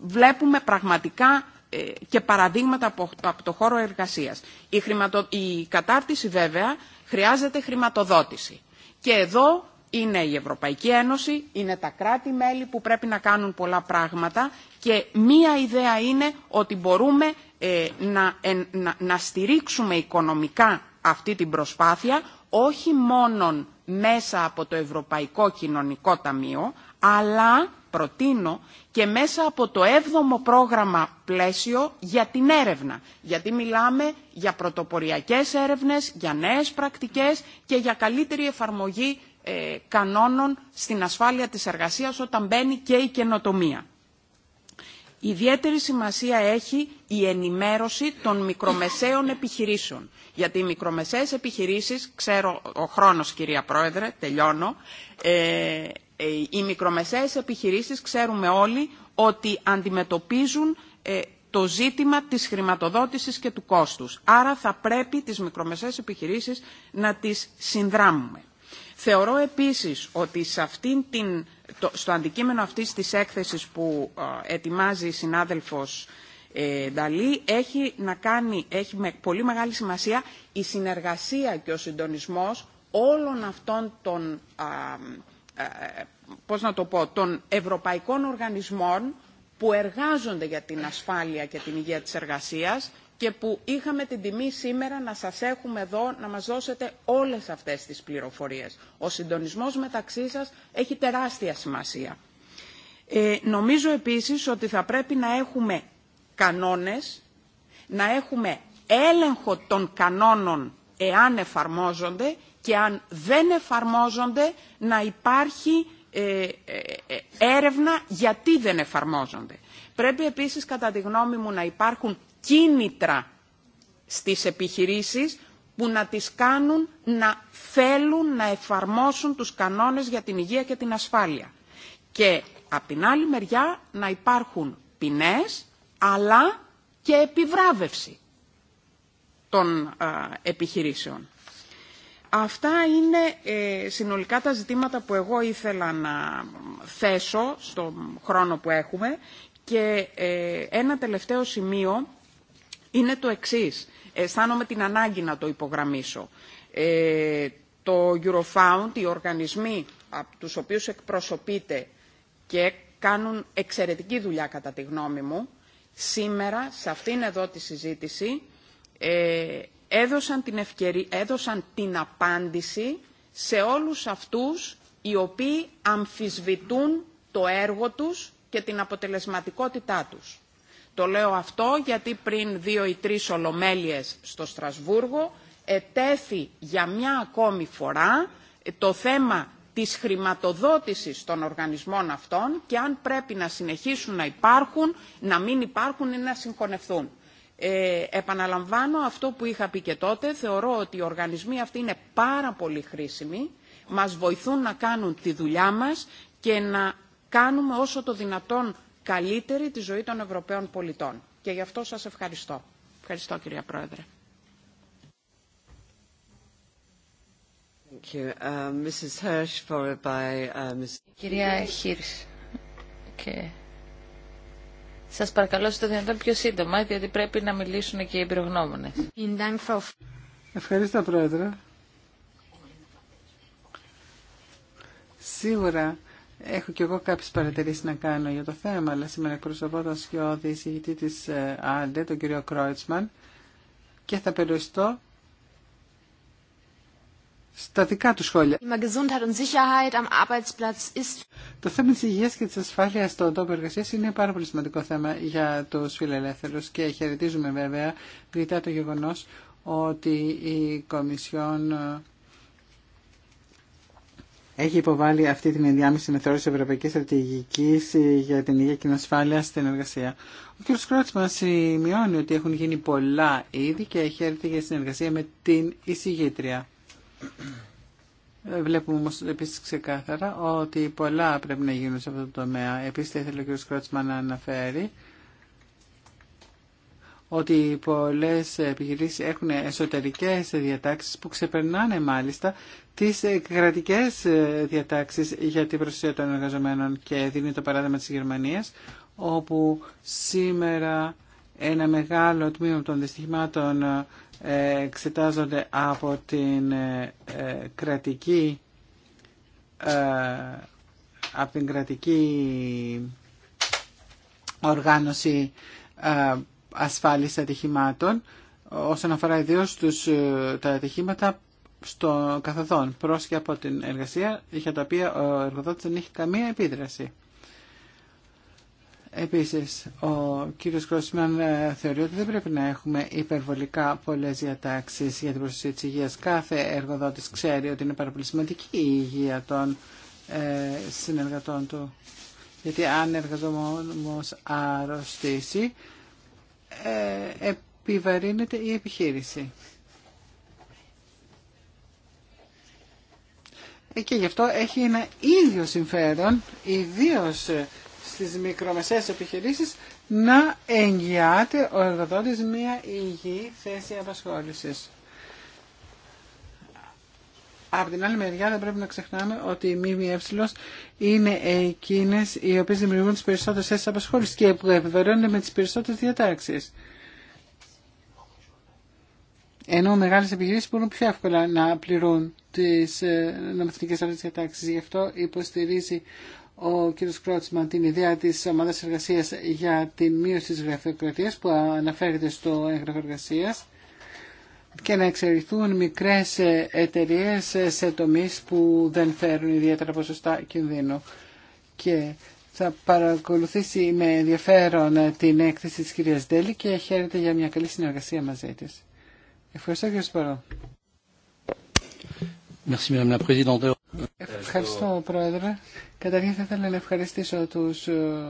βλέπουμε πραγματικά ε, και παραδείγματα από το χώρο εργασίας. Η, χρηματο... η κατάρτιση βέβαια χρειάζεται χρηματοδότηση. Και εδώ είναι η Ευρωπαϊκή Ένωση, είναι τα κράτη-μέλη που πρέπει να κάνουν πολλά πράγματα και μία ιδέα είναι ότι μπορούμε ε, να, να στηρίξουμε οικονομικά αυτή την προσπάθεια όχι μόνον μέσα από το Ευρωπαϊκό Κοινωνικό Ταμείο, αλλά προτείνω και μέσα από το 7ο πρόγραμμα πλαίσιο για την έρευνα. Γιατί μιλάμε για πρωτοποριακές έρευνες, για νέες πρακτικές και για καλύτερη εφαρμογή ε, κανόνων στην ασφάλεια της εργασίας όταν μπαίνει και η καινοτομία. Ιδιαίτερη σημασία έχει η ενημέρωση των μικρομεσαίων επιχειρήσεων. Γιατί οι μικρομεσαίες επιχειρήσεις, ξέρω ο χρόνος κυρία Πρόεδρε, τελειώνω, ε, ε οι μικρομεσαίες επιχειρήσεις ξέρουμε όλοι ότι αντιμετωπίζουν ε, το ζήτημα της χρηματοδότησης και του κόστους. Άρα θα πρέπει τις μικρομεσαίες επιχειρήσεις να τις συνδράμουμε. Θεωρώ επίσης ότι σε αυτήν την στο αντικείμενο αυτής της έκθεσης που ε, ετοιμάζει η συνάδελφος ε, Νταλή έχει, να κάνει, έχει με πολύ μεγάλη σημασία η συνεργασία και ο συντονισμός όλων αυτών των, ε, πώς να το πω, των ευρωπαϊκών οργανισμών που εργάζονται για την ασφάλεια και την υγεία της εργασίας και που είχαμε την τιμή σήμερα να σας έχουμε εδώ να μας δώσετε όλες αυτές τις πληροφορίες. Ο συντονισμός μεταξύ σας έχει τεράστια σημασία. Ε, νομίζω επίσης ότι θα πρέπει να έχουμε κανόνες, να έχουμε έλεγχο των κανόνων εάν εφαρμόζονται και αν δεν εφαρμόζονται να υπάρχει ε, ε, ε έρευνα γιατί δεν εφαρμόζονται. Πρέπει επίσης κατά τη γνώμη μου να υπάρχουν κίνητρα στις επιχειρήσεις που να τις κάνουν να θέλουν να εφαρμόσουν τους κανόνες για την υγεία και την ασφάλεια. Και από την άλλη μεριά να υπάρχουν ποινές αλλά και επιβράβευση των επιχειρήσεων. Αυτά είναι ε, συνολικά τα ζητήματα που εγώ ήθελα να θέσω στον χρόνο που έχουμε και ε, ένα τελευταίο σημείο είναι το εξή. Αισθάνομαι την ανάγκη να το υπογραμμίσω. Ε, το Eurofound, οι οργανισμοί από τους οποίους εκπροσωπείται και κάνουν εξαιρετική δουλειά κατά τη γνώμη μου, σήμερα σε αυτήν εδώ τη συζήτηση ε, έδωσαν, την ευκαιρία, έδωσαν την απάντηση σε όλους αυτούς οι οποίοι αμφισβητούν το έργο τους και την αποτελεσματικότητά τους. Το λέω αυτό γιατί πριν δύο ή τρεις ολομέλειες στο Στρασβούργο ετέθη για μια ακόμη φορά το θέμα της χρηματοδότησης των οργανισμών αυτών και αν πρέπει να συνεχίσουν να υπάρχουν, να μην υπάρχουν ή να συγχωνευτούν. Ε, επαναλαμβάνω αυτό που είχα πει και τότε, θεωρώ ότι οι οργανισμοί αυτοί είναι πάρα πολύ χρήσιμοι, μας βοηθούν να κάνουν τη δουλειά μας και να κάνουμε όσο το δυνατόν καλύτερη τη ζωή των Ευρωπαίων πολιτών. Και γι' αυτό σας ευχαριστώ. Ευχαριστώ κυρία Πρόεδρε. Thank you. Uh, Mrs. Hirsch, followed by, uh, Κυρία Χίρς. Okay. Σας παρακαλώ στο δυνατόν πιο σύντομα, διότι πρέπει να μιλήσουν και οι εμπειρογνώμονες. Ευχαριστώ, Πρόεδρε. Σίγουρα Έχω και εγώ κάποιες παρατηρήσεις να κάνω για το θέμα, αλλά σήμερα εκπροσωπώ τον σκιώδη συγητή της ΑΝΤΕ, ε, τον κύριο Κρόιτσμαν, και θα περιοριστώ στα δικά του σχόλια. Το θέμα της υγείας και της ασφάλειας στον τόπο εργασίας είναι πάρα πολύ σημαντικό θέμα για τους φιλελεύθερους και χαιρετίζουμε βέβαια γρητά το γεγονός ότι η Κομισιόν ε, έχει υποβάλει αυτή την ενδιάμεση μεθόδου Ευρωπαϊκή Στρατηγική ε, για την Υγεία και την Ασφάλεια στην εργασία. Ο κ. Κρότ σημειώνει ότι έχουν γίνει πολλά ήδη και έχει έρθει για συνεργασία με την εισηγήτρια. Ε, βλέπουμε όμω επίση ξεκάθαρα ότι πολλά πρέπει να γίνουν σε αυτό το τομέα. Επίση, θα ήθελε ο κ. Κρότσμα να αναφέρει ότι πολλές επιχειρήσεις έχουν εσωτερικές διατάξεις που ξεπερνάνε μάλιστα τις ε, κρατικές ε, διατάξεις για την προστασία των εργαζομένων και δίνει το παράδειγμα της Γερμανίας, όπου σήμερα ένα μεγάλο τμήμα των δυστυχημάτων ε, εξετάζονται από την κρατική από την κρατική οργάνωση ασφάλισης ατυχημάτων όσον αφορά τους τα ατυχήματα στο καθοδόν προς από την εργασία για τα οποία ο εργοδότης δεν έχει καμία επίδραση. Επίσης, ο κύριος Κρόσμαν ε, θεωρεί ότι δεν πρέπει να έχουμε υπερβολικά πολλές διατάξεις για την προστασία της υγείας. Κάθε εργοδότης ξέρει ότι είναι πάρα πολύ σημαντική η υγεία των ε, συνεργατών του. Γιατί αν εργαζόμενος αρρωστήσει, ε, επιβαρύνεται η επιχείρηση. και γι' αυτό έχει ένα ίδιο συμφέρον, ιδίω στις μικρομεσαίες επιχειρήσεις, να εγγυάται ο εργοδότης μια υγιή θέση απασχόλησης. Από την άλλη μεριά δεν πρέπει να ξεχνάμε ότι οι ΜΜΕ είναι εκείνες οι οποίες δημιουργούν τις περισσότερες θέσεις απασχόλησης και που επιβεβαιώνονται με τις περισσότερες διατάξεις. Ενώ μεγάλες επιχειρήσεις μπορούν πιο εύκολα να πληρούν τις ε, νομοθετική αυτές διατάξεις. Γι' αυτό υποστηρίζει ο κ. Κρότσμαν την ιδέα τη ομάδα εργασία για την μείωση τη γραφειοκρατία που αναφέρεται στο έγγραφο εργασία και να εξαιρεθούν μικρέ εταιρείε σε τομεί που δεν φέρουν ιδιαίτερα ποσοστά κινδύνου. Και θα παρακολουθήσει με ενδιαφέρον την έκθεση της κυρίας Ντέλη και χαίρεται για μια καλή συνεργασία μαζί της. Ευχαριστώ κύριε Σπαρό. Ευχαριστώ, Πρόεδρε. Καταρχήν θα ήθελα να ευχαριστήσω τους ε,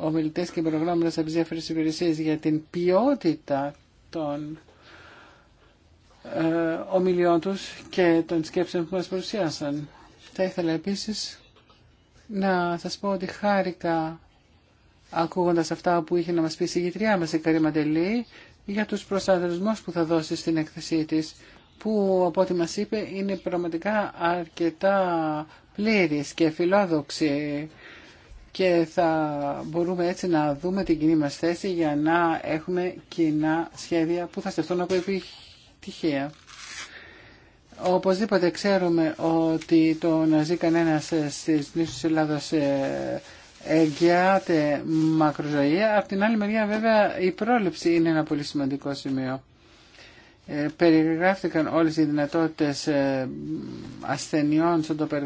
ομιλητές και προγράμματα από τις διάφορες υπηρεσίες για την ποιότητα των ε, ομιλιών τους και των σκέψεων που μας παρουσιάσαν. Θα ήθελα επίσης να σας πω ότι χάρηκα ακούγοντας αυτά που είχε να μας πει η συγγητριά μας η Καρή Μαντελή για τους προσανατολισμούς που θα δώσει στην έκθεσή της που από ό,τι μας είπε είναι πραγματικά αρκετά πλήρης και φιλόδοξη και θα μπορούμε έτσι να δούμε την κοινή μας θέση για να έχουμε κοινά σχέδια που θα στεφτούν από επιτυχία. Οπωσδήποτε ξέρουμε ότι το να ζει κανένας στις νήσους της Ελλάδας ε, εγγυάται μακροζωία. Απ' την άλλη μεριά βέβαια η πρόληψη είναι ένα πολύ σημαντικό σημείο. Ε, περιγράφτηκαν όλες οι δυνατότητες ε, ασθενειών στον τόπο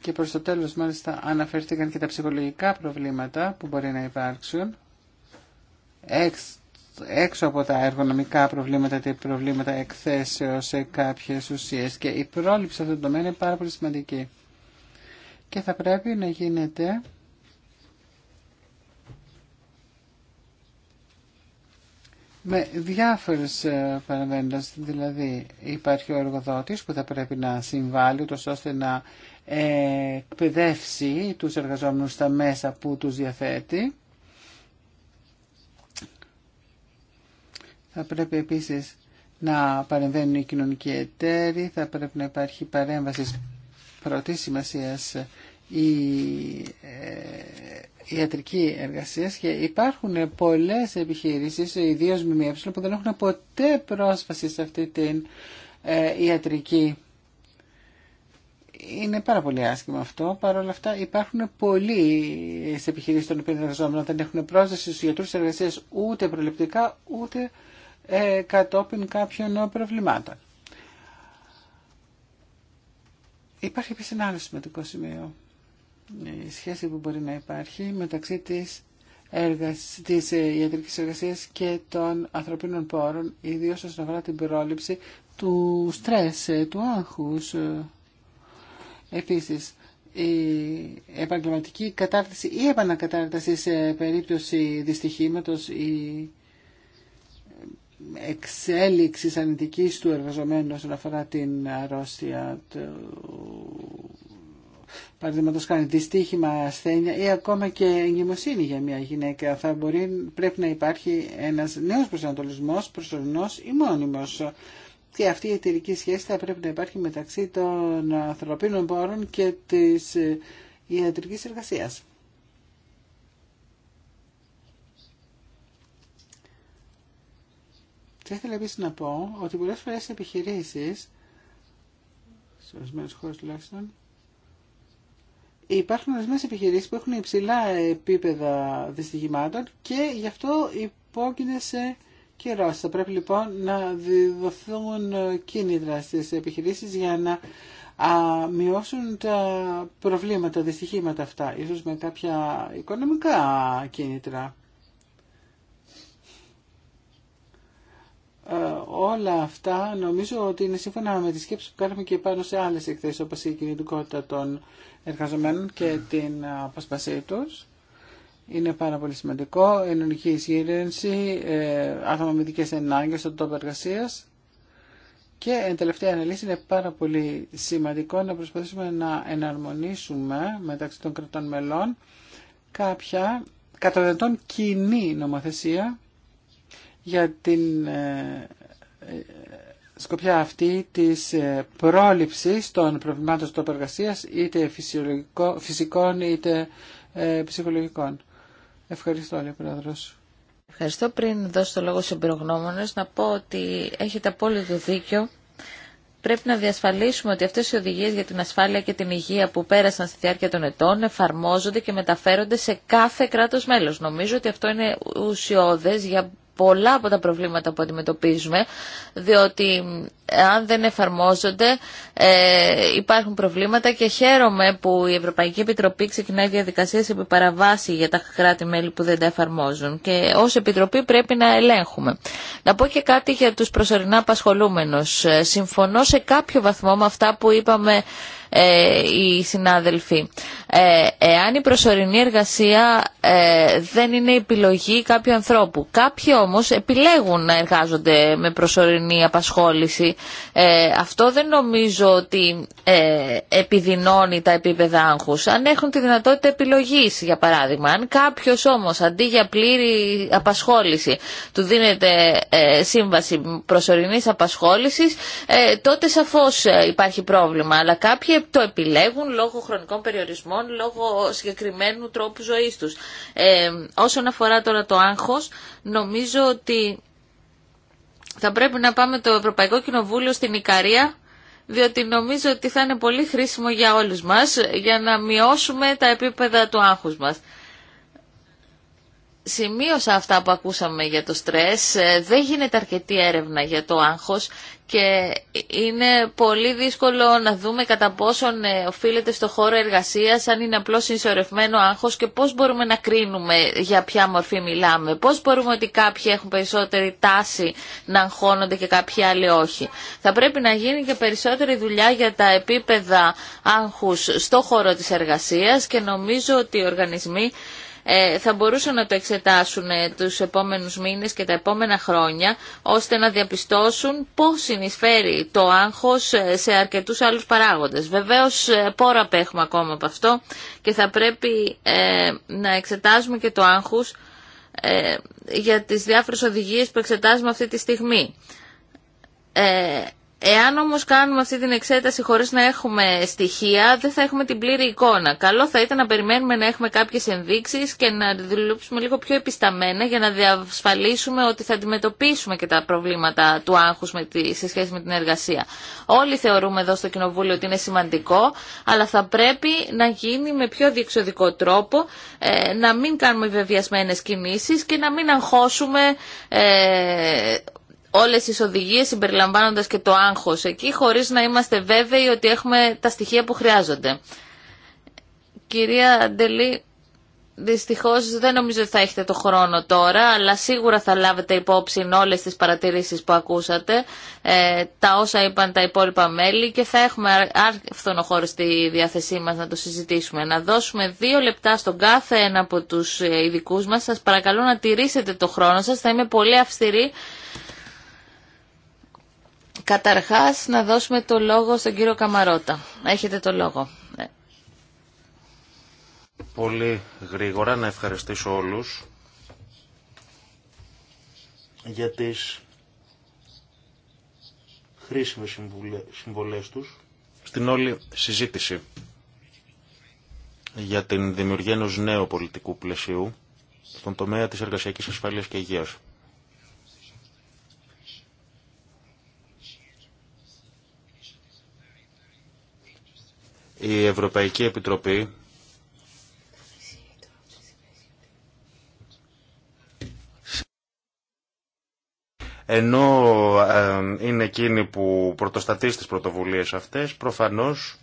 και προς το τέλος μάλιστα αναφέρθηκαν και τα ψυχολογικά προβλήματα που μπορεί να υπάρξουν έξω από τα εργονομικά προβλήματα και προβλήματα εκθέσεως σε κάποιες ουσίες και η πρόληψη αυτό το τομέα είναι πάρα πολύ σημαντική και θα πρέπει να γίνεται με διάφορες ε, παραμένες, δηλαδή υπάρχει ο εργοδότη που θα πρέπει να συμβάλλει τόσο ώστε να εκπαιδεύσει τους εργαζόμενους στα μέσα που τους διαθέτει. Θα πρέπει επίσης να παρεμβαίνουν οι κοινωνικοί εταίροι, θα πρέπει να υπάρχει παρέμβαση πρώτη σημασία η ε, ιατρική εργασία και υπάρχουν πολλές επιχειρήσεις, ιδίως ΜΜΕ, που δεν έχουν ποτέ πρόσβαση σε αυτή την ε, ιατρική. Είναι πάρα πολύ άσχημο αυτό. Παρ' όλα αυτά υπάρχουν πολλοί σε επιχειρήσεις των οποίων εργαζόμενων δεν έχουν πρόσβαση στου γιατρούς εργασία ούτε προληπτικά ούτε ε, κατόπιν κάποιων προβλημάτων. Υπάρχει επίση ένα άλλο σημαντικό σημείο η σχέση που μπορεί να υπάρχει μεταξύ της, έργας, της ε, ιατρικής εργασίας και των ανθρωπίνων πόρων, ιδίως όσον αφορά την πρόληψη του στρες, ε, του άγχους. Ε, επίσης, η επαγγελματική κατάρτιση ή επανακατάρτιση σε περίπτωση δυστυχήματος ή εξελιξη ανητικής του εργαζομένου όσον αφορά την αρρώστια του παραδείγματο κάνει δυστύχημα, ασθένεια ή ακόμα και εγκυμοσύνη για μια γυναίκα. Θα πρέπει να υπάρχει ένα νέο προσανατολισμό, προσωρινό ή μόνιμο. Και αυτή η εταιρική σχέση θα πρέπει να υπάρχει μεταξύ των ανθρωπίνων πόρων και τη ε, ιατρική εργασία. Θα ήθελα επίση να πω ότι πολλέ φορέ επιχειρήσει, σε ορισμένε χώρε τουλάχιστον, Υπάρχουν ορισμένε επιχειρήσει που έχουν υψηλά επίπεδα δυστυχημάτων και γι' αυτό υπόκεινται σε καιρό. Θα πρέπει λοιπόν να διδοθούν κίνητρα στις επιχειρήσεις για να α, μειώσουν τα προβλήματα, τα δυστυχήματα αυτά, ίσως με κάποια οικονομικά κίνητρα. Ε, όλα αυτά νομίζω ότι είναι σύμφωνα με τις σκέψεις που κάναμε και πάνω σε άλλες εκθέσεις όπως η κινητικότητα των εργαζομένων και την αποσπασία τους. Είναι πάρα πολύ σημαντικό. Εννοική ισχύρενση, ε, άτομα με ειδικές ενάγκες στον τόπο εργασία. Και η τελευταία αναλύση είναι πάρα πολύ σημαντικό να προσπαθήσουμε να εναρμονίσουμε μεταξύ των κρατών μελών κάποια κατά κοινή νομοθεσία για την ε, σκοπιά αυτή της ε, πρόληψης των προβλημάτων τόπου εργασία είτε φυσικών είτε ε, ψυχολογικών. Ευχαριστώ, λέει Πρόεδρος. Ευχαριστώ. Πριν δώσω το λόγο στους εμπειρογνώμονες, να πω ότι έχετε απόλυτο δίκιο. Πρέπει να διασφαλίσουμε ότι αυτές οι οδηγίες για την ασφάλεια και την υγεία που πέρασαν στη διάρκεια των ετών εφαρμόζονται και μεταφέρονται σε κάθε κράτος μέλος. Νομίζω ότι αυτό είναι ουσιώδες για πολλά από τα προβλήματα που αντιμετωπίζουμε, διότι αν δεν εφαρμόζονται ε, υπάρχουν προβλήματα και χαίρομαι που η Ευρωπαϊκή Επιτροπή ξεκινάει διαδικασίες επί παραβάση για τα κράτη-μέλη που δεν τα εφαρμόζουν και ως Επιτροπή πρέπει να ελέγχουμε. Να πω και κάτι για τους προσωρινά απασχολούμενους. Ε, συμφωνώ σε κάποιο βαθμό με αυτά που είπαμε ε, οι συνάδελφοι. Ε, εάν η προσωρινή εργασία ε, δεν είναι επιλογή κάποιου ανθρώπου. Κάποιοι όμως επιλέγουν να εργάζονται με προσωρινή απασχόληση. Αυτό δεν νομίζω ότι επιδεινώνει τα επίπεδα άγχους. Αν έχουν τη δυνατότητα επιλογής, για παράδειγμα. Αν κάποιος όμως αντί για πλήρη απασχόληση του δίνεται σύμβαση προσωρινής απασχόλησης, τότε σαφώς υπάρχει πρόβλημα. Αλλά κάποιοι το επιλέγουν λόγω χρονικών περιορισμών, λόγω συγκεκριμένου τρόπου ζωής τους. Ε, όσον αφορά τώρα το άγχος, νομίζω ότι θα πρέπει να πάμε το Ευρωπαϊκό Κοινοβούλιο στην Ικαρία διότι νομίζω ότι θα είναι πολύ χρήσιμο για όλους μας για να μειώσουμε τα επίπεδα του άγχους μας. Σημείωσα αυτά που ακούσαμε για το στρες, ε, δεν γίνεται αρκετή έρευνα για το άγχος και είναι πολύ δύσκολο να δούμε κατά πόσον ε, οφείλεται στο χώρο εργασίας, αν είναι απλώς συνσωρευμένο άγχος και πώς μπορούμε να κρίνουμε για ποια μορφή μιλάμε. Πώς μπορούμε ότι κάποιοι έχουν περισσότερη τάση να αγχώνονται και κάποιοι άλλοι όχι. Θα πρέπει να γίνει και περισσότερη δουλειά για τα επίπεδα άγχους στο χώρο της εργασίας και νομίζω ότι οι οργανισμοί ε, θα μπορούσαν να το εξετάσουν ε, τους επόμενους μήνες και τα επόμενα χρόνια, ώστε να διαπιστώσουν πώς συνεισφέρει το άγχος ε, σε αρκετούς άλλους παράγοντες. Βεβαίως, πόρα απέχουμε ακόμα από αυτό και θα πρέπει να εξετάζουμε και το άγχος για τις διάφορες οδηγίες που εξετάζουμε αυτή τη στιγμή. Εάν όμως κάνουμε αυτή την εξέταση χωρίς να έχουμε στοιχεία, δεν θα έχουμε την πλήρη εικόνα. Καλό θα ήταν να περιμένουμε να έχουμε κάποιες ενδείξεις και να δουλέψουμε λίγο πιο επισταμένα για να διασφαλίσουμε ότι θα αντιμετωπίσουμε και τα προβλήματα του άγχους με τη, σε σχέση με την εργασία. Όλοι θεωρούμε εδώ στο Κοινοβούλιο ότι είναι σημαντικό, αλλά θα πρέπει να γίνει με πιο διεξοδικό τρόπο, ε, να μην κάνουμε βεβαιασμένες κινήσεις και να μην αγχώσουμε ε, όλες τις οδηγίες συμπεριλαμβάνοντας και το άγχος εκεί χωρίς να είμαστε βέβαιοι ότι έχουμε τα στοιχεία που χρειάζονται. Κυρία Αντελή, δυστυχώς δεν νομίζω ότι θα έχετε το χρόνο τώρα, αλλά σίγουρα θα λάβετε υπόψη όλες τις παρατηρήσεις που ακούσατε, ε, τα όσα είπαν τα υπόλοιπα μέλη και θα έχουμε άρθρονο χώρο στη διάθεσή μας να το συζητήσουμε. Να δώσουμε δύο λεπτά στον κάθε ένα από τους ε, ειδικού μας. Σας παρακαλώ να τηρήσετε το χρόνο σας, θα είμαι πολύ αυστηρή Καταρχάς να δώσουμε το λόγο στον κύριο Καμαρότα. Έχετε το λόγο. Ε. Πολύ γρήγορα να ευχαριστήσω όλους για τις χρήσιμες συμβολές τους στην όλη συζήτηση για την δημιουργία ενός νέου πολιτικού πλαισίου στον τομέα της εργασιακής ασφάλειας και υγείας. Η Ευρωπαϊκή Επιτροπή ενώ ε, είναι εκείνη που πρωτοστατεί στις πρωτοβουλίες αυτές, προφανώς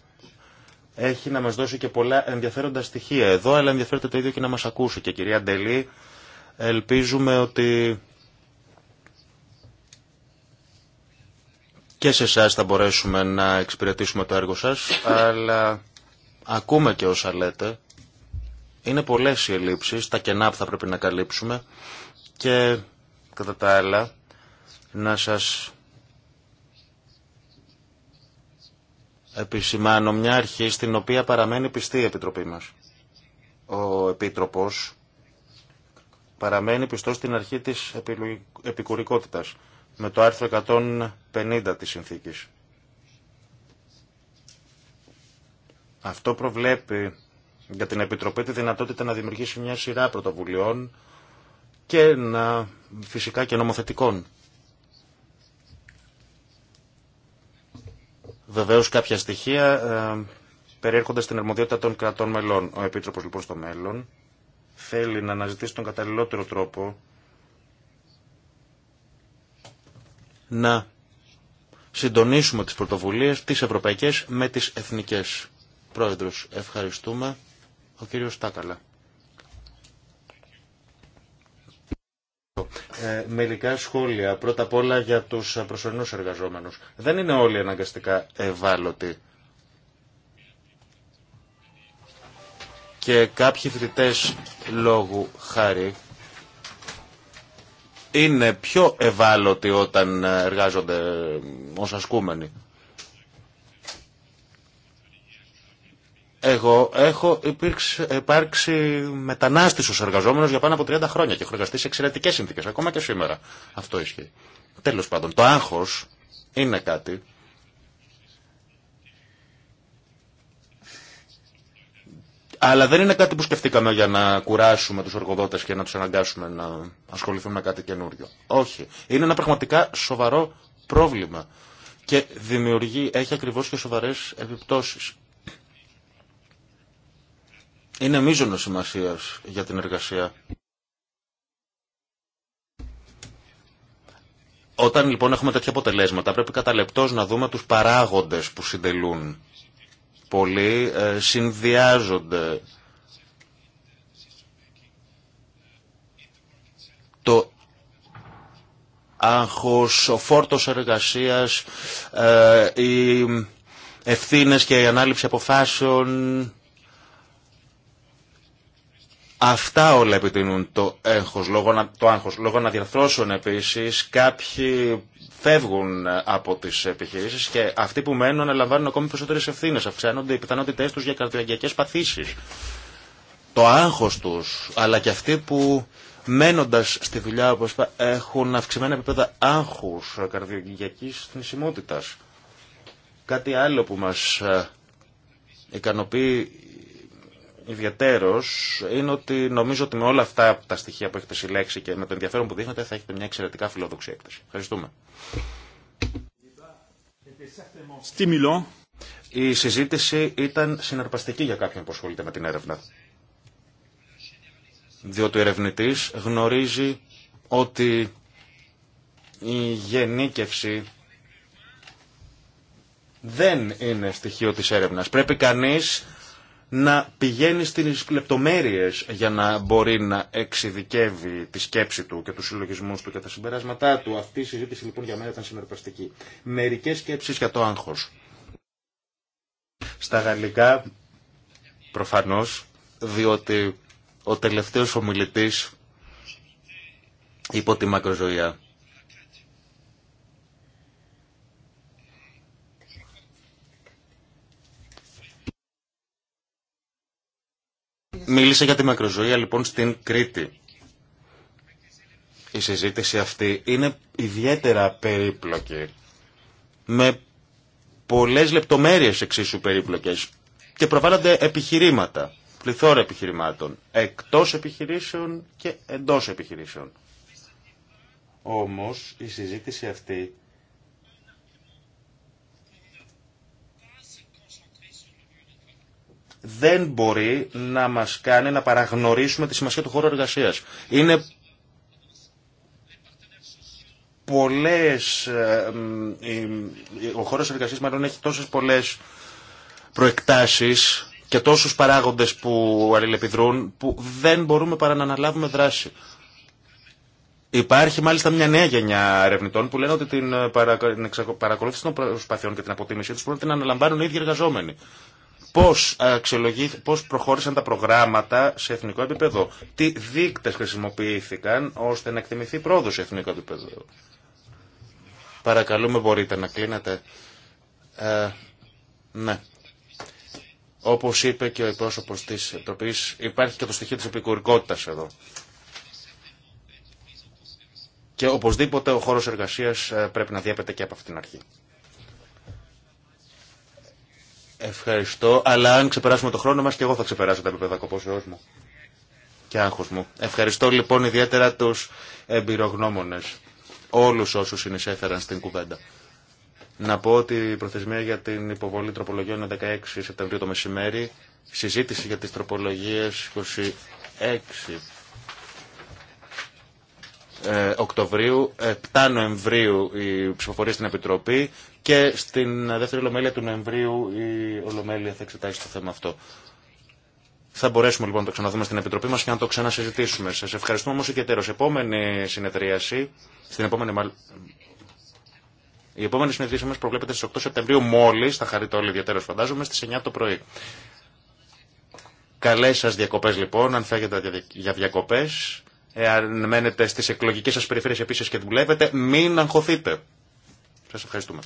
έχει να μας δώσει και πολλά ενδιαφέροντα στοιχεία εδώ, αλλά ενδιαφέρεται το ίδιο και να μας ακούσει. Και κυρία Ντελή, ελπίζουμε ότι και σε εσά θα μπορέσουμε να εξυπηρετήσουμε το έργο σας, αλλά ακούμε και όσα λέτε. Είναι πολλές οι ελλείψεις, τα κενά που θα πρέπει να καλύψουμε και κατά τα άλλα να σας επισημάνω μια αρχή στην οποία παραμένει πιστή η Επιτροπή μας. Ο Επίτροπος παραμένει πιστός στην αρχή της επικουρικότητας με το άρθρο 150 της συνθήκης. Αυτό προβλέπει για την Επιτροπή τη δυνατότητα να δημιουργήσει μια σειρά πρωτοβουλειών και να, φυσικά και νομοθετικών. Βεβαίως κάποια στοιχεία ε, περιέρχονται στην αρμοδιότητα των κρατών μελών. Ο Επίτροπος λοιπόν στο μέλλον θέλει να αναζητήσει τον καταλληλότερο τρόπο να συντονίσουμε τις πρωτοβουλίες, τις ευρωπαϊκές με τις εθνικές. Πρόεδρος, ευχαριστούμε. Ο κύριος Τάκαλα. Ε, σχόλια. Πρώτα απ' όλα για τους προσωρινούς εργαζόμενους. Δεν είναι όλοι αναγκαστικά ευάλωτοι. Και κάποιοι φοιτητέ λόγου χάρη είναι πιο ευάλωτοι όταν εργάζονται ως ασκούμενοι. Εγώ έχω υπήρξει, υπάρξει μετανάστης ως εργαζόμενος για πάνω από 30 χρόνια και έχω εργαστεί σε εξαιρετικές συνθήκες, ακόμα και σήμερα. Αυτό ισχύει. Τέλος πάντων, το άγχος είναι κάτι Αλλά δεν είναι κάτι που σκεφτήκαμε για να κουράσουμε τους εργοδότες και να τους αναγκάσουμε να ασχοληθούν με κάτι καινούριο. Όχι. Είναι ένα πραγματικά σοβαρό πρόβλημα. Και δημιουργεί, έχει ακριβώς και σοβαρές επιπτώσεις. Είναι μείζονο σημασία για την εργασία. Όταν λοιπόν έχουμε τέτοια αποτελέσματα πρέπει κατά να δούμε τους παράγοντες που συντελούν πολλοί ε, συνδυάζονται. Το άγχος, ο φόρτος εργασίας, ε, οι ευθύνες και η ανάληψη αποφάσεων Αυτά όλα επιτείνουν το έγχος, λόγω να, το άγχος. Λόγω διαρθρώσουν επίσης κάποιοι φεύγουν από τις επιχειρήσεις και αυτοί που μένουν λαμβάνουν ακόμη περισσότερες ευθύνες. Αυξάνονται οι πιθανότητές τους για καρδιαγγειακές παθήσεις. Το άγχος τους, αλλά και αυτοί που μένοντας στη δουλειά όπως έχουν αυξημένα επίπεδα άγχους καρδιαγγειακής θνησιμότητας. Κάτι άλλο που μας ε, ικανοποιεί Ιδιαίτερο είναι ότι νομίζω ότι με όλα αυτά τα στοιχεία που έχετε συλλέξει και με το ενδιαφέρον που δείχνετε θα έχετε μια εξαιρετικά φιλόδοξη έκθεση. Ευχαριστούμε. Η συζήτηση ήταν συναρπαστική για κάποιον που ασχολείται με την έρευνα. Διότι ο ερευνητή γνωρίζει ότι η γενίκευση δεν είναι στοιχείο της έρευνας. Πρέπει κανείς να πηγαίνει στις λεπτομέρειες για να μπορεί να εξειδικεύει τη σκέψη του και του συλλογισμού του και τα συμπεράσματά του. Αυτή η συζήτηση λοιπόν για μένα ήταν συνεργαστική. Μερικές σκέψεις για το άγχος. Στα γαλλικά προφανώς διότι ο τελευταίος ομιλητής υπό τη μακροζωία Μίλησε για τη μακροζωία λοιπόν στην Κρήτη. Η συζήτηση αυτή είναι ιδιαίτερα περίπλοκη. Με πολλές λεπτομέρειες εξίσου περίπλοκες. Και προβάλλονται επιχειρήματα, πληθώρα επιχειρημάτων, εκτός επιχειρήσεων και εντός επιχειρήσεων. Όμως η συζήτηση αυτή δεν μπορεί να μας κάνει να παραγνωρίσουμε τη σημασία του χώρου εργασίας. Είναι πολλές, ε, ο χώρος εργασίας μάλλον έχει τόσες πολλές προεκτάσεις και τόσους παράγοντες που αλληλεπιδρούν που δεν μπορούμε παρά να αναλάβουμε δράση. Υπάρχει μάλιστα μια νέα γενιά ερευνητών που λένε ότι την παρακολούθηση των προσπαθειών και την αποτίμησή του πρέπει να την αναλαμβάνουν οι ίδιοι εργαζόμενοι πώς, ε, πώς προχώρησαν τα προγράμματα σε εθνικό επίπεδο, τι δείκτες χρησιμοποιήθηκαν ώστε να εκτιμηθεί πρόοδος σε εθνικό επίπεδο. Παρακαλούμε μπορείτε να κλείνετε. Ε, ναι. Όπως είπε και ο εκπρόσωπος της Επιτροπής, υπάρχει και το στοιχείο της επικουρικότητας εδώ. Και οπωσδήποτε ο χώρος εργασίας ε, πρέπει να διέπεται και από αυτήν την αρχή. Ευχαριστώ, αλλά αν ξεπεράσουμε το χρόνο μας και εγώ θα ξεπεράσω τα επίπεδα κοπόσεώς μου και άγχος μου. Ευχαριστώ λοιπόν ιδιαίτερα τους εμπειρογνώμονες, όλους όσους συνεισέφεραν στην κουβέντα. Να πω ότι η προθεσμία για την υποβολή τροπολογιών είναι 16 Σεπτεμβρίου το μεσημέρι, συζήτηση για τις τροπολογίες 26 ε, Οκτωβρίου, 7 Νοεμβρίου η ψηφοφορία στην Επιτροπή, και στην δεύτερη ολομέλεια του Νοεμβρίου η ολομέλεια θα εξετάσει το θέμα αυτό. Θα μπορέσουμε λοιπόν να το ξαναδούμε στην Επιτροπή μας και να το ξανασυζητήσουμε. Σας ευχαριστούμε όμως ιδιαίτερως. Επόμενη συνεδρίαση, στην επόμενη μάλλον... Η επόμενη συνεδρίαση μας προβλέπεται στις 8 Σεπτεμβρίου μόλις, θα χαρείτε όλοι ιδιαίτερως φαντάζομαι, στις 9 το πρωί. Καλές σας διακοπές λοιπόν, αν φέγετε για διακοπές, εάν μένετε στις εκλογικές σας περιφέρειες επίσης και δουλεύετε, μην αγχωθείτε. Σας ευχαριστούμε.